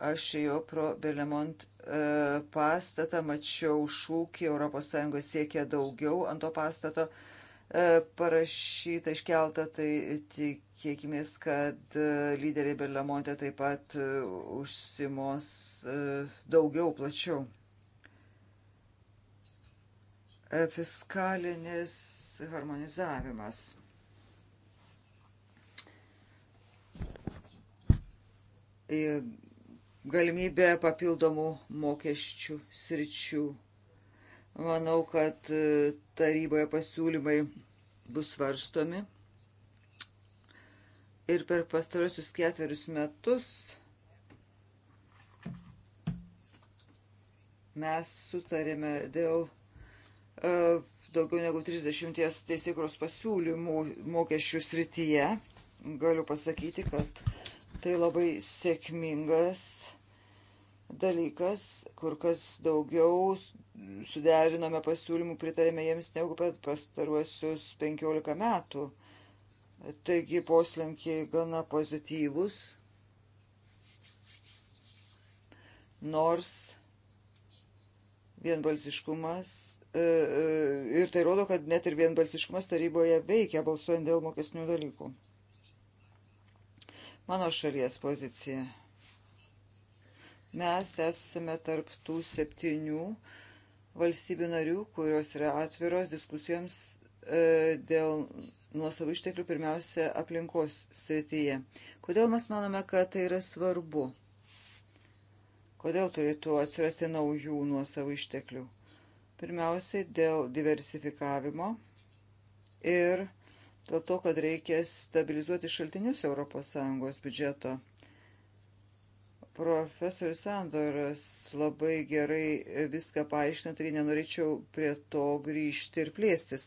Aš ėjau pro Belemont e, pastatą, mačiau šūkį ES siekia daugiau ant to pastato e, parašyta, iškelta, tai tikėkime, kad e, lyderiai Berlemonte taip pat užsimos daugiau plačiau. Fiskalinis harmonizavimas galimybę papildomų mokesčių sričių. Manau, kad e, taryboje pasiūlymai bus svarstomi. Ir per pastarosius ketverius metus mes sutarėme dėl uh, daugiau negu 30 teisėkros pasiūlymų mokesčių srityje. Galiu pasakyti, kad tai labai sėkmingas dalykas, kur kas daugiau suderinome pasiūlymų, pritarėme jiems negu per pastaruosius 15 metų. Taigi poslinkiai gana pozityvus, nors vienbalsiškumas e, e, ir tai rodo, kad net ir vienbalsiškumas taryboje veikia balsuojant dėl mokesnių dalykų. Mano šalies pozicija Mes esame tarptų septynių valstybių narių, kurios yra atviros diskusijoms e, dėl nuosavų išteklių, pirmiausia, aplinkos srityje. Kodėl mes manome, kad tai yra svarbu? Kodėl turėtų atsirasti naujų nuosavų išteklių? Pirmiausiai dėl diversifikavimo ir dėl to, kad reikia stabilizuoti šaltinius ES biudžeto. Profesorius Sandoras labai gerai viską paaiškino, taigi nenorėčiau prie to grįžti ir plėstis.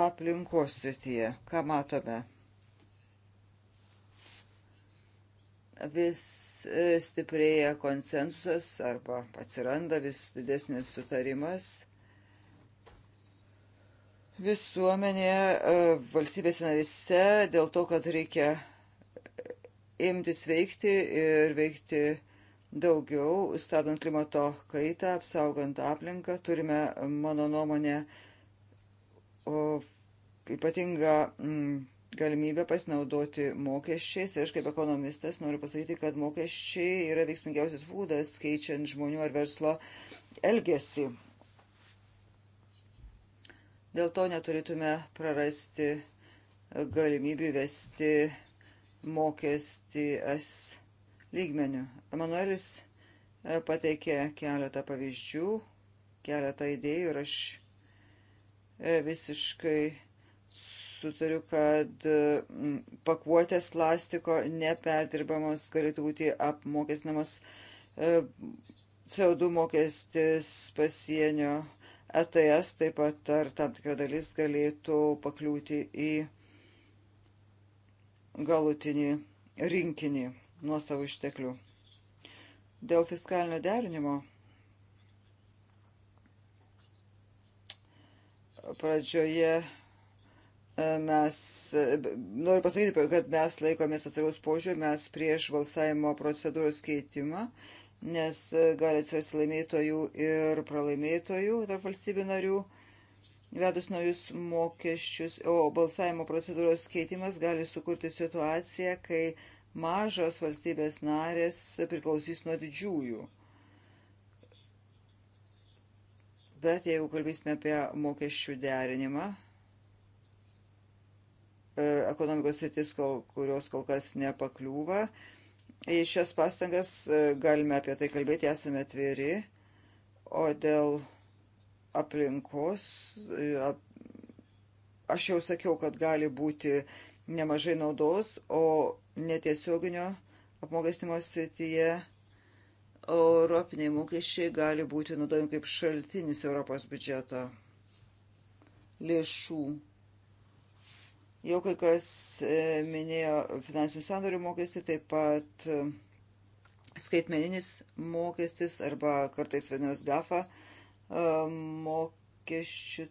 Aplinkos srityje, ką matome? Vis e, stiprėja konsensusas arba atsiranda vis didesnis sutarimas visuomenė e, valstybės narise dėl to, kad reikia imtis veikti ir veikti daugiau, stabdant klimato kaitą, apsaugant aplinką. Turime, mano nuomonė, ypatingą mm, galimybę pasinaudoti mokesčiais. Ir aš kaip ekonomistas noriu pasakyti, kad mokesčiai yra veiksmingiausias būdas keičiant žmonių ar verslo elgesį. Dėl to neturėtume prarasti galimybių vesti mokestį S lygmenių. Emanuelis e, pateikė keletą pavyzdžių, keletą idėjų ir aš e, visiškai sutariu, kad e, pakuotės plastiko neperdirbamos galėtų būti apmokestinamos CO2 mokestis pasienio ETS, taip pat ar tam tikra dalis galėtų pakliūti į galutinį rinkinį nuo savo išteklių. Dėl fiskalinio derinimo pradžioje e, mes, e, noriu pasakyti, kad mes laikomės atsargaus požiūrį, mes prieš balsavimo procedūros keitimą, nes e, gali atsirasti laimėtojų ir pralaimėtojų tarp valstybių narių vedus naujus mokesčius, o balsavimo procedūros keitimas gali sukurti situaciją, kai mažos valstybės narės priklausys nuo didžiųjų. Bet jeigu kalbėsime apie mokesčių derinimą, e, ekonomikos sritis, kurios kol kas nepakliūva, į šias pastangas e, galime apie tai kalbėti, esame atviri, o dėl aplinkos. E, aš jau sakiau, kad gali būti nemažai naudos, o netiesioginio apmokestimo srityje europiniai mokesčiai gali būti naudojami kaip šaltinis Europos biudžeto lėšų. Jau kai kas e, minėjo finansinių sandorių mokestį, taip pat e, skaitmeninis mokestis arba kartais vadinamas GAFA mokesčių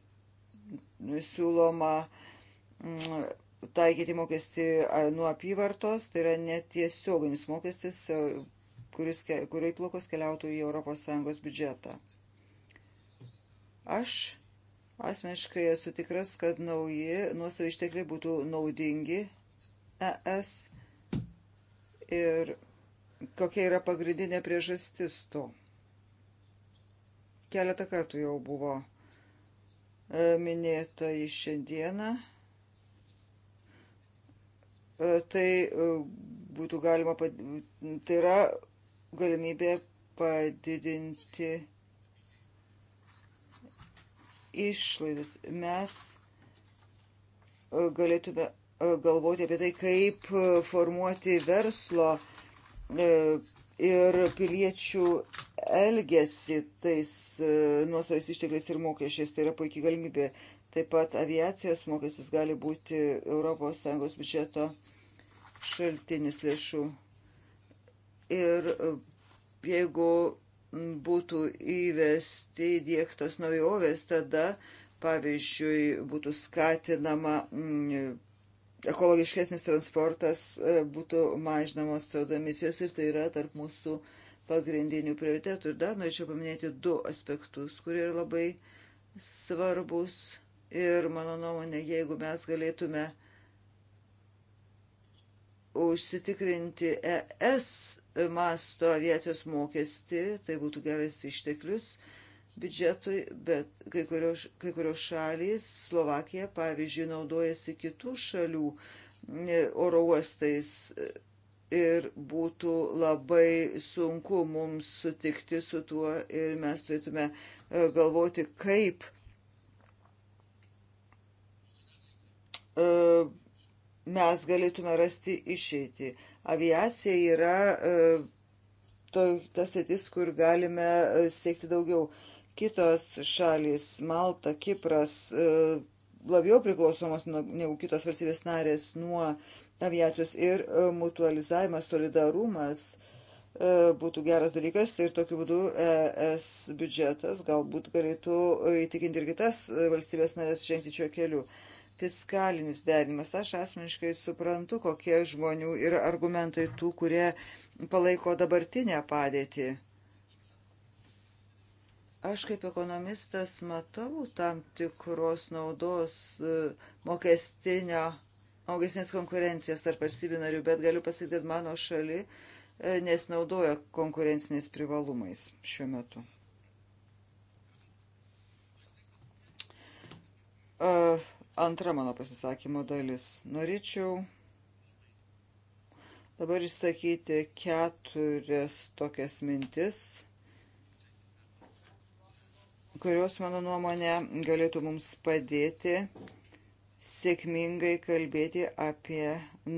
siūloma mm, taikyti mokestį nuo apyvartos, tai yra netiesioginis mokestis, kuris, kurio įplaukos keliautų į ES biudžetą. Aš asmeniškai esu tikras, kad nauji nuosavai ištekliai būtų naudingi ES ir kokia yra pagrindinė priežastis to keletą kartų jau buvo e, minėta į šiandieną. E, tai e, būtų galima, tai yra galimybė padidinti išlaidas. Mes galėtume galvoti apie tai, kaip formuoti verslo ir piliečių elgesį tais e, nuosavais ištekliais ir mokesčiais. Tai yra puikiai galimybė. Taip pat aviacijos mokestis gali būti ES biudžeto šaltinis lėšų. Ir e, jeigu būtų įvesti, dėktos naujovės, tada, pavyzdžiui, būtų skatinama mm, ekologiškesnis transportas, e, būtų mažinamos CO2 emisijos ir tai yra tarp mūsų pagrindinių prioritetų. Ir dar norėčiau paminėti du aspektus, kurie yra labai svarbus ir mano nuomonė, jeigu mes galėtume užsitikrinti ES masto aviacijos mokestį, tai būtų geras išteklius biudžetui, bet kai kurios, kai kurios šalys, Slovakija, pavyzdžiui, naudojasi kitų šalių e, oro uostais e, ir būtų labai sunku mums sutikti su tuo ir mes turėtume e, galvoti, kaip mes galėtume rasti išeitį. Aviacija yra to, tas sėtis, kur galime siekti daugiau. Kitos šalys, Malta, Kipras, e, labiau priklausomos negu kitos valstybės narės nuo aviacijos ir e, mutualizavimas, solidarumas e, būtų geras dalykas ir tokiu būdu ES biudžetas galbūt galėtų įtikinti ir kitas valstybės narės žengti šio keliu. Fiskalinis derinimas. Aš asmeniškai suprantu, kokie žmonių yra argumentai tų, kurie palaiko dabartinę padėtį. Aš kaip ekonomistas matau tam tikros naudos e, mokestinio, mokestinės konkurencijas tarp valstybių narių, bet galiu pasakyti, kad mano šali e, nesinaudoja konkurenciniais privalumais šiuo metu. E, antra mano pasisakymo dalis. Norėčiau dabar išsakyti keturias tokias mintis kurios, mano nuomonė, galėtų mums padėti sėkmingai kalbėti apie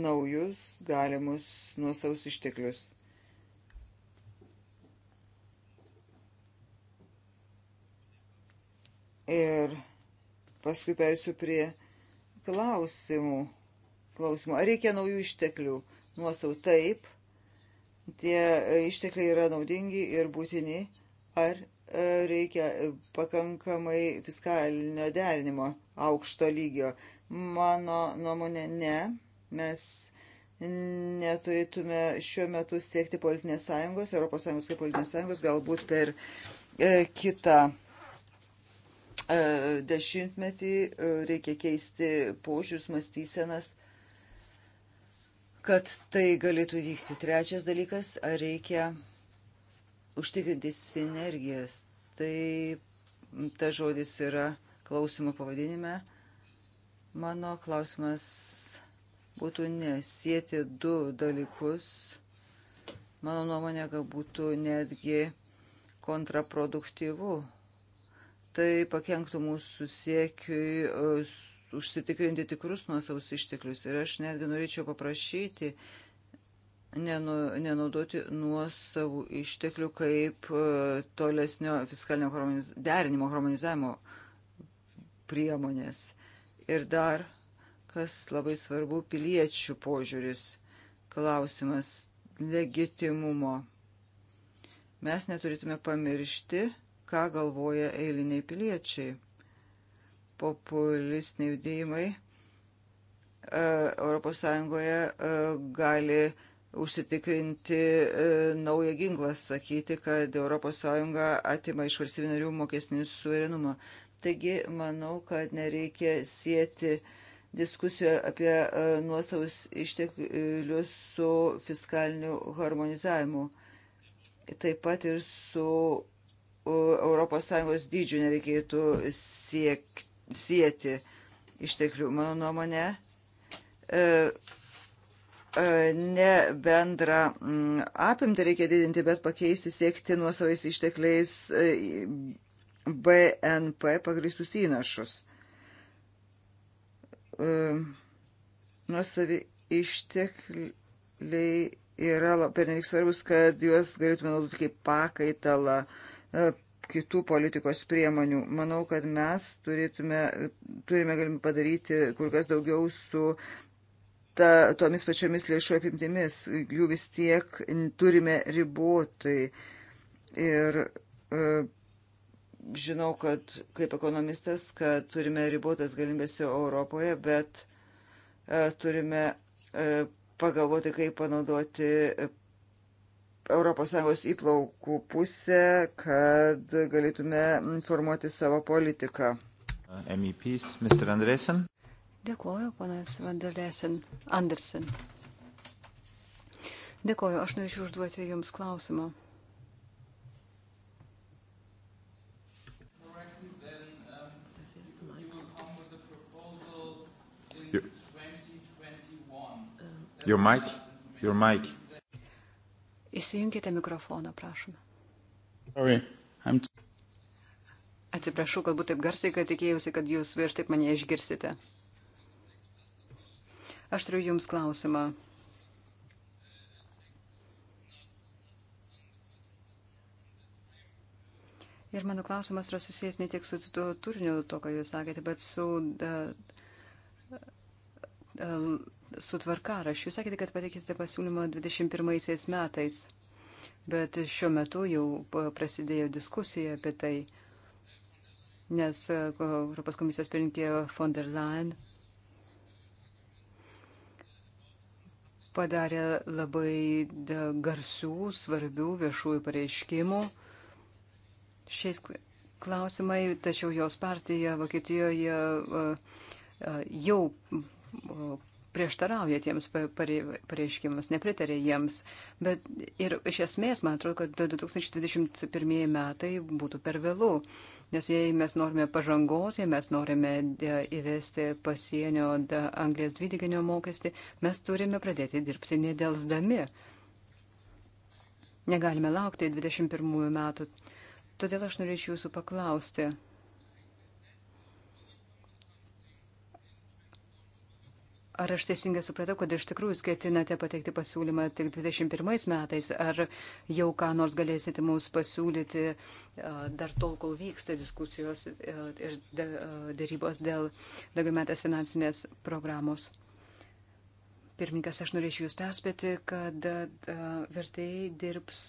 naujus galimus nuosaus išteklius. Ir paskui persiu prie klausimų. klausimų. Ar reikia naujų išteklių? Nuosau taip. Tie ištekliai yra naudingi ir būtini. Ar reikia e, pakankamai fiskalinio derinimo aukšto lygio. Mano nuomonė ne, mes neturėtume šiuo metu siekti politinės sąjungos, ES kaip politinės sąjungos, galbūt per e, kitą e, dešimtmetį e, reikia keisti požiūrius, mąstysenas kad tai galėtų vykti. Trečias dalykas, ar reikia užtikrinti sinergijas. Tai ta žodis yra klausimo pavadinime. Mano klausimas būtų nesėti du dalykus. Mano nuomonė, kad būtų netgi kontraproduktyvu. Tai pakenktų mūsų siekiui e, užsitikrinti tikrus nuosaus išteklius. Ir aš netgi norėčiau paprašyti nenaudoti nuo savų išteklių kaip e, tolesnio fiskalinio harmoniz derinimo, harmonizavimo priemonės. Ir dar, kas labai svarbu, piliečių požiūris, klausimas legitimumo. Mes neturėtume pamiršti, ką galvoja eiliniai piliečiai. Populistiniai judėjimai ES e, gali užsitikrinti e, naują ginklą, sakyti, kad ES atima iš valstybių narių mokestinį suverenumą. Taigi, manau, kad nereikia sieti diskusijų apie e, nuosavus išteklius su fiskaliniu harmonizavimu. Taip pat ir su ES dydžiu nereikėtų siek, sieti išteklių. Mano nuomonė, e, E, ne bendrą mm, apimtį reikia didinti, bet pakeisti siekti nuosavais ištekliais e, BNP pagristus įnašus. E, nuosavi ištekliai yra pernelik svarbus, kad juos galėtume naudoti kaip pakaitalą kitų politikos priemonių. Manau, kad mes turėtume, turime galim padaryti kur kas daugiau su ta, tomis pačiomis lėšų apimtimis, jų vis tiek turime ribotai. Ir e, žinau, kad kaip ekonomistas, kad turime ribotas galimybės Europoje, bet e, turime e, pagalvoti, kaip panaudoti ES įplaukų pusę, kad galėtume formuoti savo politiką. Uh, MEPs, Mr. Andresen. Dėkuoju, ponas Vandelėsin Andersen. Dėkuoju, aš norėčiau užduoti Jums klausimą. Your mic, your mic. Įsijunkite mikrofoną, prašom. Sorry, I'm... Atsiprašau, galbūt taip garsiai, kad tikėjausi, kad jūs virš taip mane išgirsite. Aš turiu Jums klausimą. Ir mano klausimas yra susijęs ne tiek su tuo turiniu, to, ką Jūs sakėte, bet su, da, da, su tvarkarašiu. Jūs sakėte, kad pateikėsite pasiūlymą 21 metais, bet šiuo metu jau prasidėjo diskusija apie tai, nes Europos komisijos pirinkė von der Leyen padarė labai garsių, svarbių viešųjų pareiškimų šiais klausimai, tačiau jos partija Vokietijoje jau prieštarauja tiems pareiškimams, nepritarė jiems. Bet ir iš esmės, man atrodo, kad 2021 metai būtų per vėlų. Nes jei mes norime pažangos, jei mes norime e, įvesti pasienio anglės dvideginio mokestį, mes turime pradėti dirbti nedelsdami. Negalime laukti 21 metų. Todėl aš norėčiau jūsų paklausti, Ar aš teisingai supratau, kad iš tikrųjų ketinate pateikti pasiūlymą tik 21 metais, ar jau ką nors galėsite mums pasiūlyti dar tol, kol vyksta diskusijos ir dėrybos dėl daugiametės finansinės programos? Pirmininkas, aš norėčiau Jūs perspėti, kad vertėjai dirbs,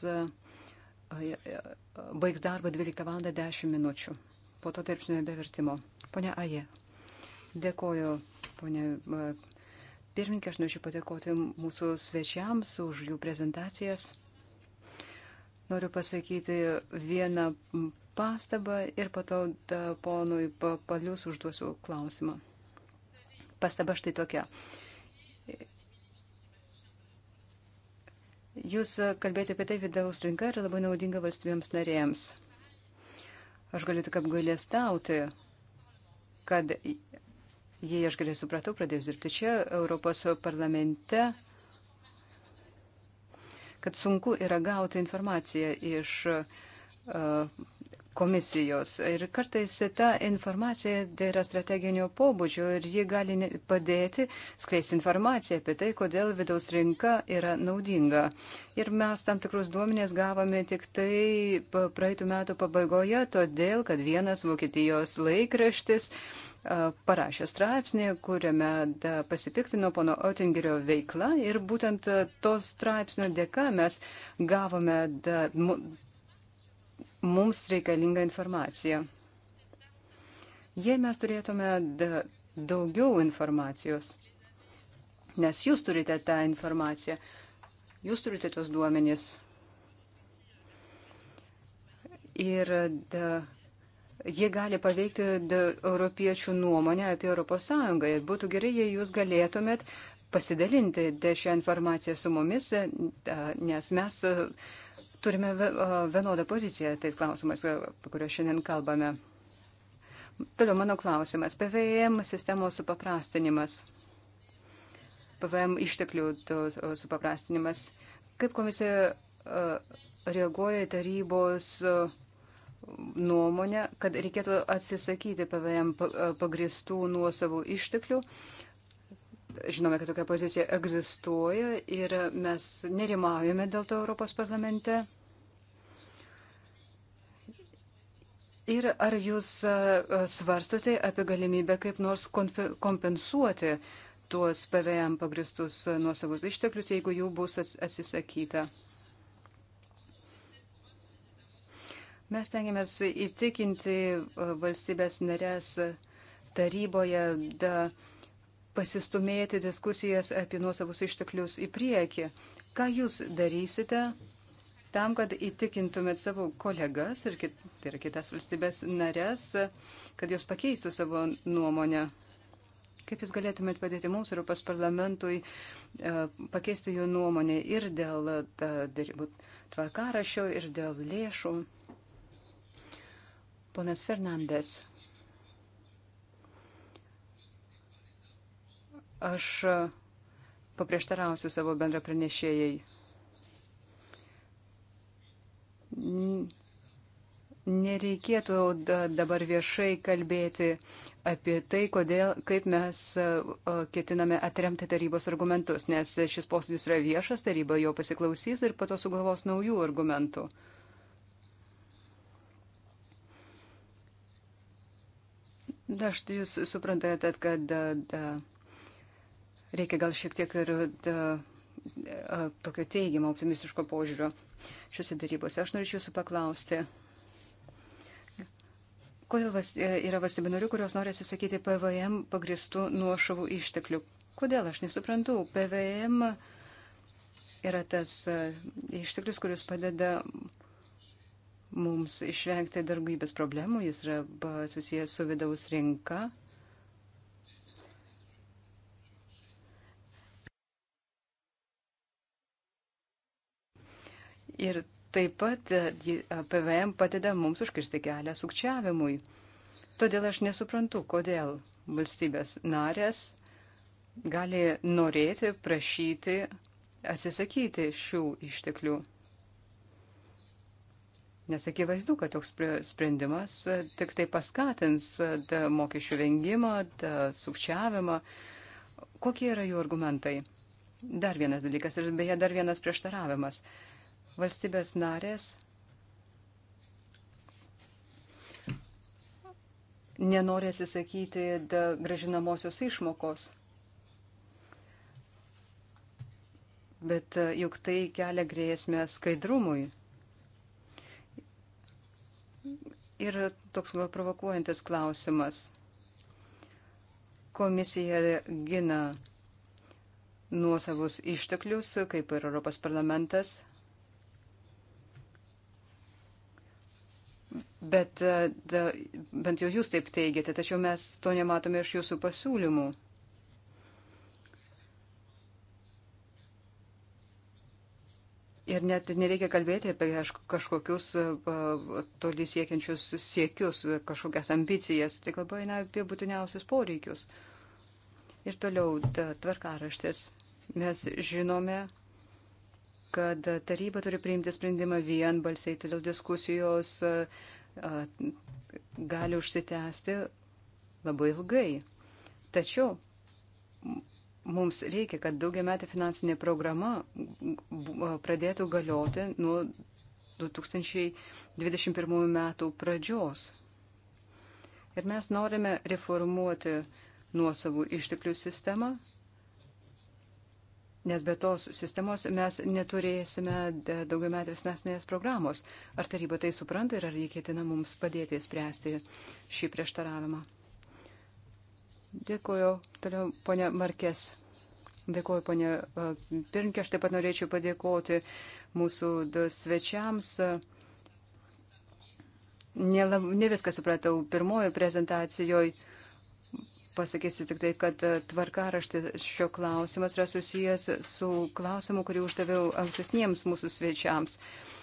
baigs darbą 12 val. 10 minučių. Po to dirbsime be vertimo. Pone Aje, dėkoju, pone Pirmininkė, aš norėčiau padėkoti mūsų svečiams už jų prezentacijas. Noriu pasakyti vieną pastabą ir po to ponui Palius užduosiu klausimą. Pastaba štai tokia. Jūs kalbėjote apie tai vidaus rinka yra labai naudinga valstybėms narėms. Aš galiu tik apgailėstauti, kad jei aš gerai supratau, pradėjus dirbti čia Europos parlamente, kad sunku yra gauti informaciją iš e, komisijos. Ir kartais ta informacija tai yra strateginio pobūdžio ir ji gali padėti skleisti informaciją apie tai, kodėl vidaus rinka yra naudinga. Ir mes tam tikrus duomenės gavome tik tai praeitų metų pabaigoje, todėl kad vienas Vokietijos laikraštis E, parašė straipsnį, kuriame pasipiktino pono Oettingerio veikla ir būtent e, to straipsnio dėka mes gavome da, mums reikalingą informaciją. Jei mes turėtume da, daugiau informacijos, nes jūs turite tą informaciją, jūs turite tos duomenys. Ir da, jie gali paveikti europiečių nuomonę apie ES. Ir būtų gerai, jei jūs galėtumėt pasidalinti šią informaciją su mumis, e, nes mes e, turime vienodą poziciją tais klausimais, e, apie kuriuos šiandien kalbame. Toliau mano klausimas. PVM sistemos supaprastinimas. PVM išteklių supaprastinimas. Kaip komisija reaguoja tarybos uh, nuomonę, kad reikėtų atsisakyti PVM e, pagristų nuosavų išteklių. Žinome, kad tokia pozicija egzistuoja ir mes nerimaujame dėl to Europos parlamente. Ir ar jūs e, e, svarstote apie galimybę kaip nors kompensuoti tuos PVM pagristus nuosavus išteklius, jeigu jų bus atsisakyta? Mes tengiamės įtikinti e, valstybės narės taryboje da, pasistumėti diskusijas apie nuosavus išteklius į priekį. Ką jūs darysite tam, kad įtikintumėt savo kolegas ir kit, tai yra kitas valstybės narės, kad jos pakeistų savo nuomonę? Kaip jūs galėtumėt padėti mums Europos parlamentui e, pakeisti jų nuomonę ir dėl e, darybų tvarkarašio, ir dėl lėšų? Ponas Fernandes. Aš paprieštarausiu savo bendra pranešėjai. Nereikėtų dabar viešai kalbėti apie tai, kodėl, kaip mes ketiname atremti tarybos argumentus, nes šis posėdis yra viešas, taryba jo pasiklausys ir po to sugalvos naujų argumentų. Uh, Aš jūs suprantate, kad da, da, reikia gal šiek tiek ir da, a, tokio teigiamo, optimistiško požiūrio šiuose darybose. Aš norėčiau jūsų paklausti. Kodėl vas, e, yra valstybių narių, kurios nori atsisakyti PVM pagristų nuošavų išteklių? Kodėl aš nesuprantu? PVM yra tas e, išteklius, kuris padeda mums išvengti dargybės problemų, jis yra susijęs su vidaus rinka. Ir taip pat e, PVM padeda mums užkirsti kelią sukčiavimui. Todėl aš nesuprantu, kodėl valstybės narės gali norėti prašyti atsisakyti šių išteklių. Nes akivaizdu, kad toks sprendimas e, tik tai paskatins e, mokesčių vengimą, sukčiavimą. Kokie yra jų argumentai? Dar vienas dalykas ir beje dar vienas prieštaravimas. Valstybės narės nenori atsisakyti gražinamosios išmokos. Bet e, juk tai kelia grėsmę skaidrumui ir toks gal provokuojantis klausimas. Komisija gina nuosavus išteklius, kaip ir Europos parlamentas. Bet e, da, bent jau jūs taip teigiate, tačiau mes to nematome iš jūsų pasiūlymų. Ir net nereikia kalbėti apie kažkokius toli siekiančius siekius, kažkokias ambicijas, tik labai eina apie būtiniausius poreikius. Ir toliau da, tvarkaraštis. Mes žinome, kad taryba turi priimti sprendimą vien balsiai, todėl diskusijos a, gali užsitęsti labai ilgai. Tačiau mums reikia, kad daugiametė finansinė programa pradėtų galioti nuo 2021 metų pradžios. Ir mes norime reformuoti nuosavų išteklių sistemą, nes be tos sistemos mes neturėsime daugiametės finansinės programos. Ar taryba tai supranta ir ar jie ketina mums padėti spręsti šį prieštaravimą? Dėkuoju. Toliau, ponė Markės. Dėkuoju, ponė e, Pirinkė. Aš taip pat norėčiau padėkoti mūsų svečiams. Nelab, ne viską supratau pirmojo prezentacijoje. Pasakysiu tik tai, kad e, tvarkaraštis šio klausimas yra susijęs su klausimu, kurį uždaviau ankstesniems mūsų svečiams. Uh,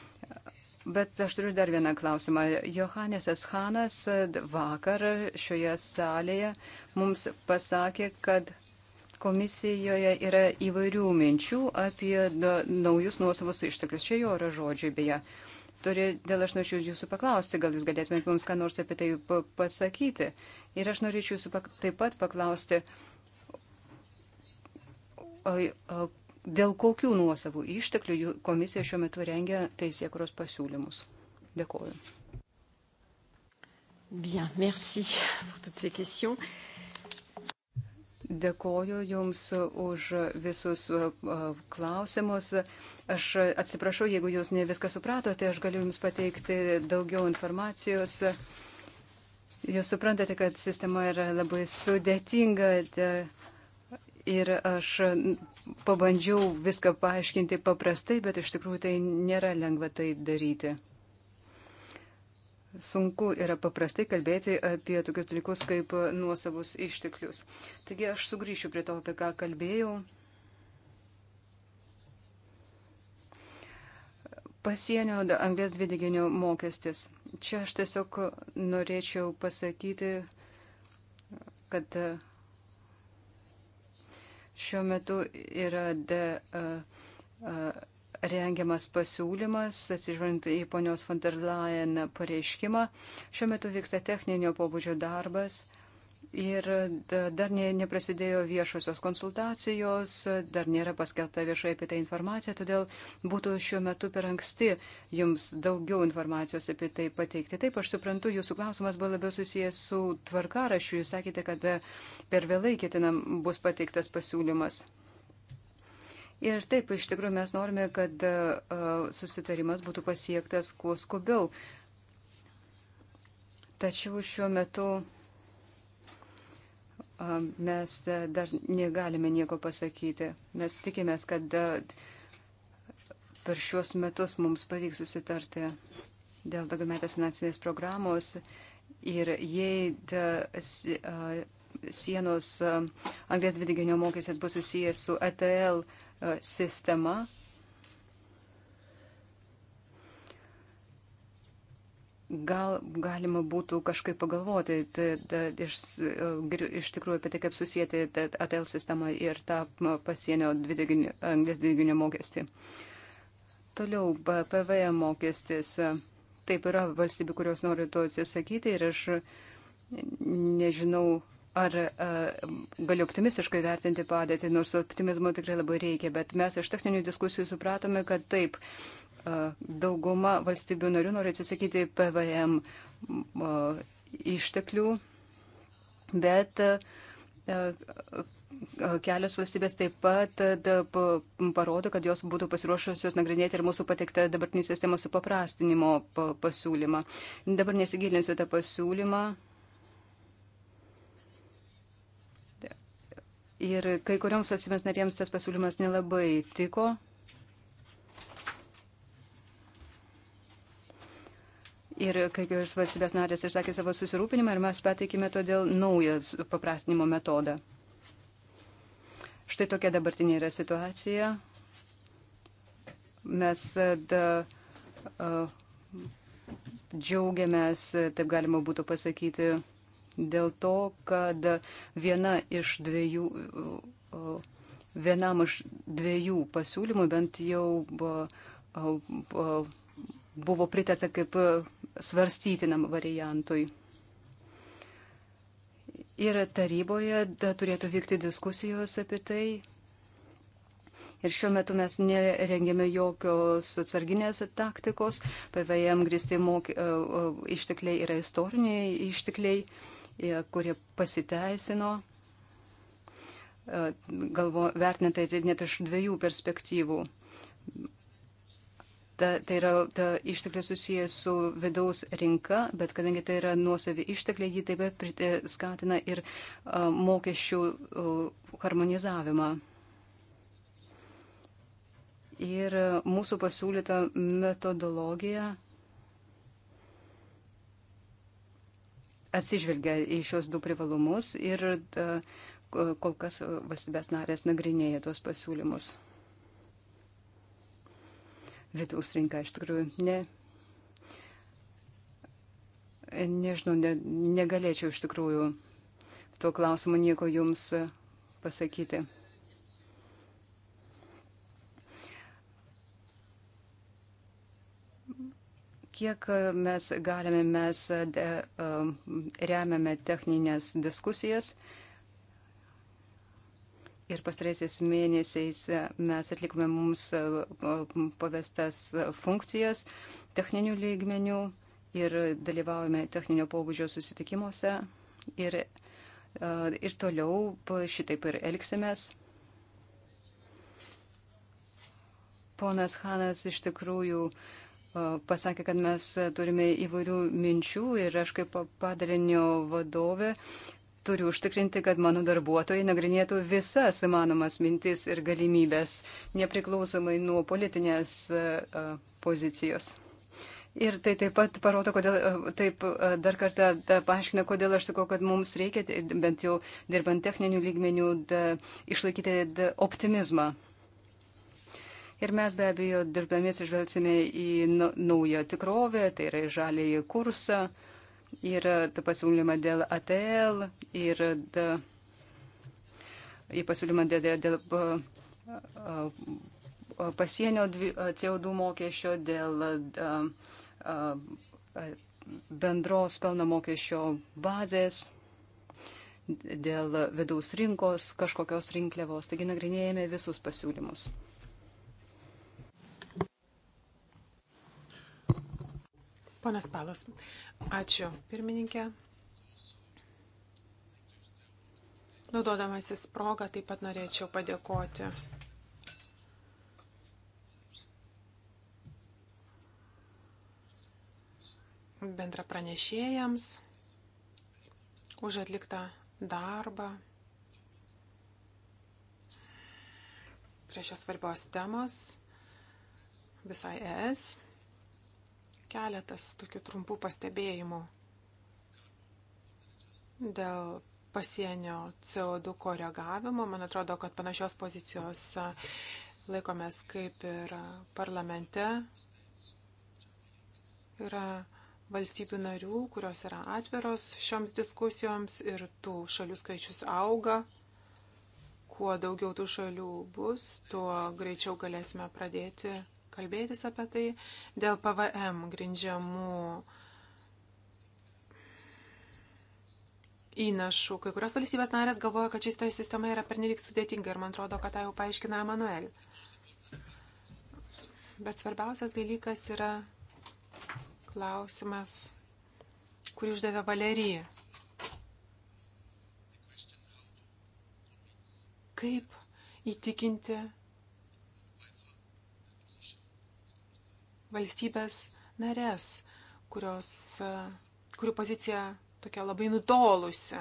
Bet aš turiu dar vieną klausimą. Johannesas Hanas e, vakar šioje salėje mums pasakė, kad komisijoje yra įvairių minčių apie naujus nuosavus išteklius. Čia jo yra žodžiai beje. Turi, dėl aš norėčiau jūsų paklausti, gal jūs galėtumėte mums ką nors apie tai pasakyti. Ir aš norėčiau jūsų taip pat paklausti, o, o, dėl kokių nuosavų išteklių komisija šiuo metu rengia teisėkuros pasiūlymus. Dėkuoju. Bien, merci pour toutes ces questions. Dėkoju Jums už visus uh, uh, klausimus. Aš atsiprašau, jeigu Jūs ne viską supratote, aš galiu Jums pateikti daugiau informacijos. Jūs suprantate, kad sistema yra labai sudėtinga. De ir aš pabandžiau viską paaiškinti paprastai, bet iš tikrųjų tai nėra lengva tai daryti. Sunku yra paprastai kalbėti apie tokius dalykus kaip nuosavus išteklius. Taigi aš sugrįšiu prie to, apie ką kalbėjau. Pasienio anglės dvideginio mokestis. Čia aš tiesiog norėčiau pasakyti, kad Šiuo metu yra de, uh, uh, rengiamas pasiūlymas, atsižvelgiant į ponios von der Leyen pareiškimą. Šiuo metu vyksta techninio pobūdžio darbas. Uh, Ir e, dar ne, neprasidėjo viešosios konsultacijos, dar nėra paskelbta viešai apie tai informacija, todėl būtų šiuo metu per anksti jums daugiau informacijos apie tai pateikti. Taip, aš suprantu, jūsų klausimas buvo labiau susijęs su tvarkarašiu. Jūs sakėte, kad e, per vėlai ketinam bus pateiktas pasiūlymas. Ir taip, iš tikrųjų, mes norime, kad e, susitarimas būtų pasiektas kuo skubiau. Tačiau šiuo metu mes e, dar negalime nieko pasakyti. Mes tikimės, kad e, per šiuos metus mums pavyks susitarti dėl daugiametės finansinės programos ir jei da, sienos anglės dvideginio mokestis bus susijęs su ETL sistema, Gal galima būtų kažkaip pagalvoti tai, tai, iš, iš tikrųjų apie tai, kaip susijęti tai, ATL sistemą ir tą pasienio anglės dvideginio mokestį. Toliau PVM mokestis. Taip yra valstybių, kurios nori to atsisakyti ir aš nežinau, ar a, galiu optimistiškai vertinti padėtį, nors optimizmo tikrai labai reikia, bet mes iš techninių diskusijų supratome, kad taip. A, dauguma valstybių narių nori atsisakyti PVM išteklių, bet kelios valstybės taip pat parodo, kad jos būtų pasiruošusios nagrinėti ir mūsų pateiktą dabartinį sistemos supaprastinimo pasiūlymą. Dabar nesigilinsiu tą pasiūlymą. Ir kai kurioms valstybės narėms tas pasiūlymas nelabai tiko. Ir kai kurios valstybės narės išsakė savo susirūpinimą ir mes pateikime todėl naują paprastinimo metodą. Štai tokia dabartinė yra situacija. Mes e, da, e, džiaugiamės, taip galima būtų pasakyti, dėl to, kad viena iš dviejų, vienam iš dviejų pasiūlymų bent jau buvo, buvo pritarta kaip svarstytinam variantui. Ir taryboje da, turėtų vykti diskusijos apie tai. Ir šiuo metu mes nerengėme jokios atsarginės taktikos. PVM grįsti e, e, ištekliai yra istoriniai ištekliai, e, kurie pasiteisino. Galvo, vertinate tai net iš dviejų perspektyvų. Ta, tai yra ta ištekliai susijęs su vidaus rinka, bet kadangi tai yra nuosavi ištekliai, jį taip pat skatina ir a, mokesčių a, harmonizavimą. Ir mūsų pasiūlyta metodologija atsižvelgia į šios du privalumus ir da, kol kas valstybės narės nagrinėja tuos pasiūlymus vidaus rinką. Iš tikrųjų, ne, nežinau, ne, negalėčiau iš tikrųjų tuo klausimu nieko jums pasakyti. kiek mes galime, mes um, remiame techninės diskusijas, Ir pastaraisiais mėnesiais e, mes atlikome mums e, pavestas e, funkcijas techninių lygmenių ir dalyvaujame techninio pobūdžio susitikimuose. Ir, ir toliau šitaip ir elgsimės. Ponas Hanas iš tikrųjų pasakė, kad mes turime įvairių minčių ir aš kaip padalinio vadovė turiu užtikrinti, kad mano darbuotojai nagrinėtų visas įmanomas mintis ir galimybės, nepriklausomai nuo politinės e, e, pozicijos. Ir tai taip pat parodo, kodėl, e, taip dar kartą paaiškina, kodėl aš sakau, kad mums reikia, bent jau dirbant techninių lygmenių, da, išlaikyti da, optimizmą. Ir mes be abejo dirbdami atsižvelgsime į naują tikrovę, tai yra į žalį kursą. Uh, ir e, pasiūlymą dėl ATL, ir da, e, į pasiūlymą dėl, dėl, dėl e, pasienio CO2 mokesčio, dėl da, bendros pelno mokesčio bazės dėl vidaus rinkos, kažkokios rinkliavos. Taigi nagrinėjame visus pasiūlymus. Ponas Palas, ačiū pirmininkė. Naudodamasis progą taip pat norėčiau padėkoti bendra pranešėjams už atliktą darbą prie šios svarbios temos visai ES. Keletas tokių trumpų pastebėjimų dėl pasienio CO2 koregavimo. Man atrodo, kad panašios pozicijos laikomės kaip ir parlamente. Yra valstybių narių, kurios yra atviros šioms diskusijoms ir tų šalių skaičius auga. Kuo daugiau tų šalių bus, tuo greičiau galėsime pradėti kalbėtis apie tai dėl PVM grindžiamų įnašų. Kai kurios valstybės narės galvoja, kad šita sistema yra pernelyg sudėtinga ir man atrodo, kad tą jau paaiškina Emanuel. Bet svarbiausias dalykas yra klausimas, kurį uždavė Valerija. Kaip įtikinti valstybės narės, kurios, e, kurių pozicija tokia labai nutolusi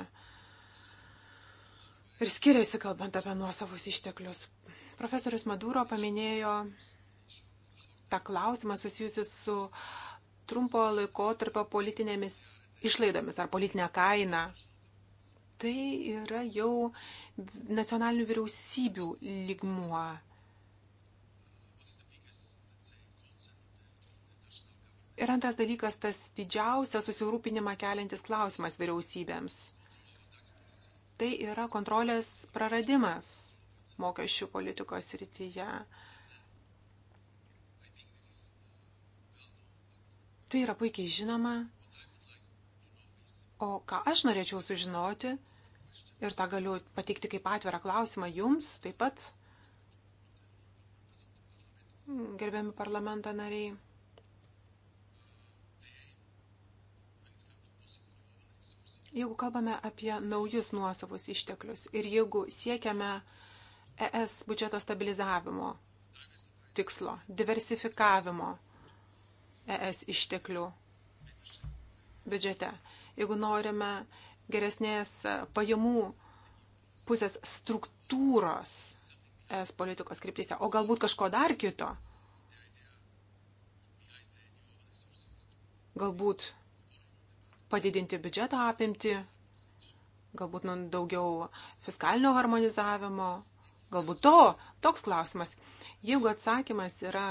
ir skiriasi, kalbant apie nuosavus išteklius. Profesorius Maduro paminėjo tą klausimą susijusiu su trumpo laiko tarp politinėmis išlaidomis ar politinė kaina. Tai yra jau nacionalinių vyriausybių lygmuo. Ir antras dalykas, tas didžiausia susirūpinimą keliantis klausimas vyriausybėms. Tai yra kontrolės praradimas mokesčių politikos rytyje. Tai yra puikiai žinoma. O ką aš norėčiau sužinoti, ir tą galiu pateikti kaip atvirą klausimą jums taip pat, gerbiami parlamento nariai. Jeigu kalbame apie naujus nuosavus išteklius ir jeigu siekiame ES biudžeto stabilizavimo tikslo, diversifikavimo ES išteklių biudžete, jeigu norime geresnės pajamų pusės struktūros es politikos kryptyse, o galbūt kažko dar kito. Galbūt padidinti biudžeto apimti, galbūt nu, daugiau fiskalinio harmonizavimo, galbūt to, toks klausimas. Jeigu atsakymas yra,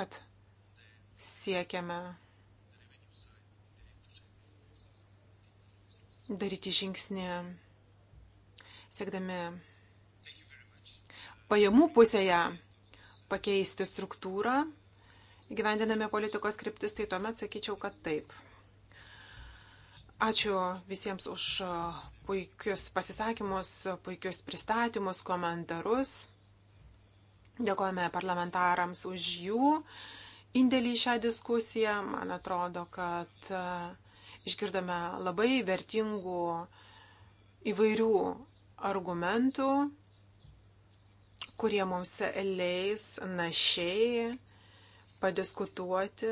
kad siekiame daryti žingsnį, siekdami pajamų pusėje pakeisti struktūrą, įgyvendiname politikos kryptis, tai tuomet sakyčiau, kad taip. Ačiū visiems už puikius pasisakymus, puikius pristatymus, komentarus. Dėkojame parlamentarams už jų indėlį į šią diskusiją. Man atrodo, kad e, išgirdome labai vertingų įvairių argumentų, kurie mums leis našiai padiskutuoti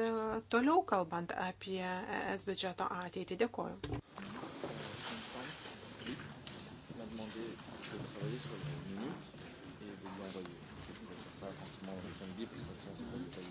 toliau, kalbant apie ES biudžeto ateitį. Dėkuoju. Ça, quand tout le monde me dit, parce que sinon, c'est pas du tout.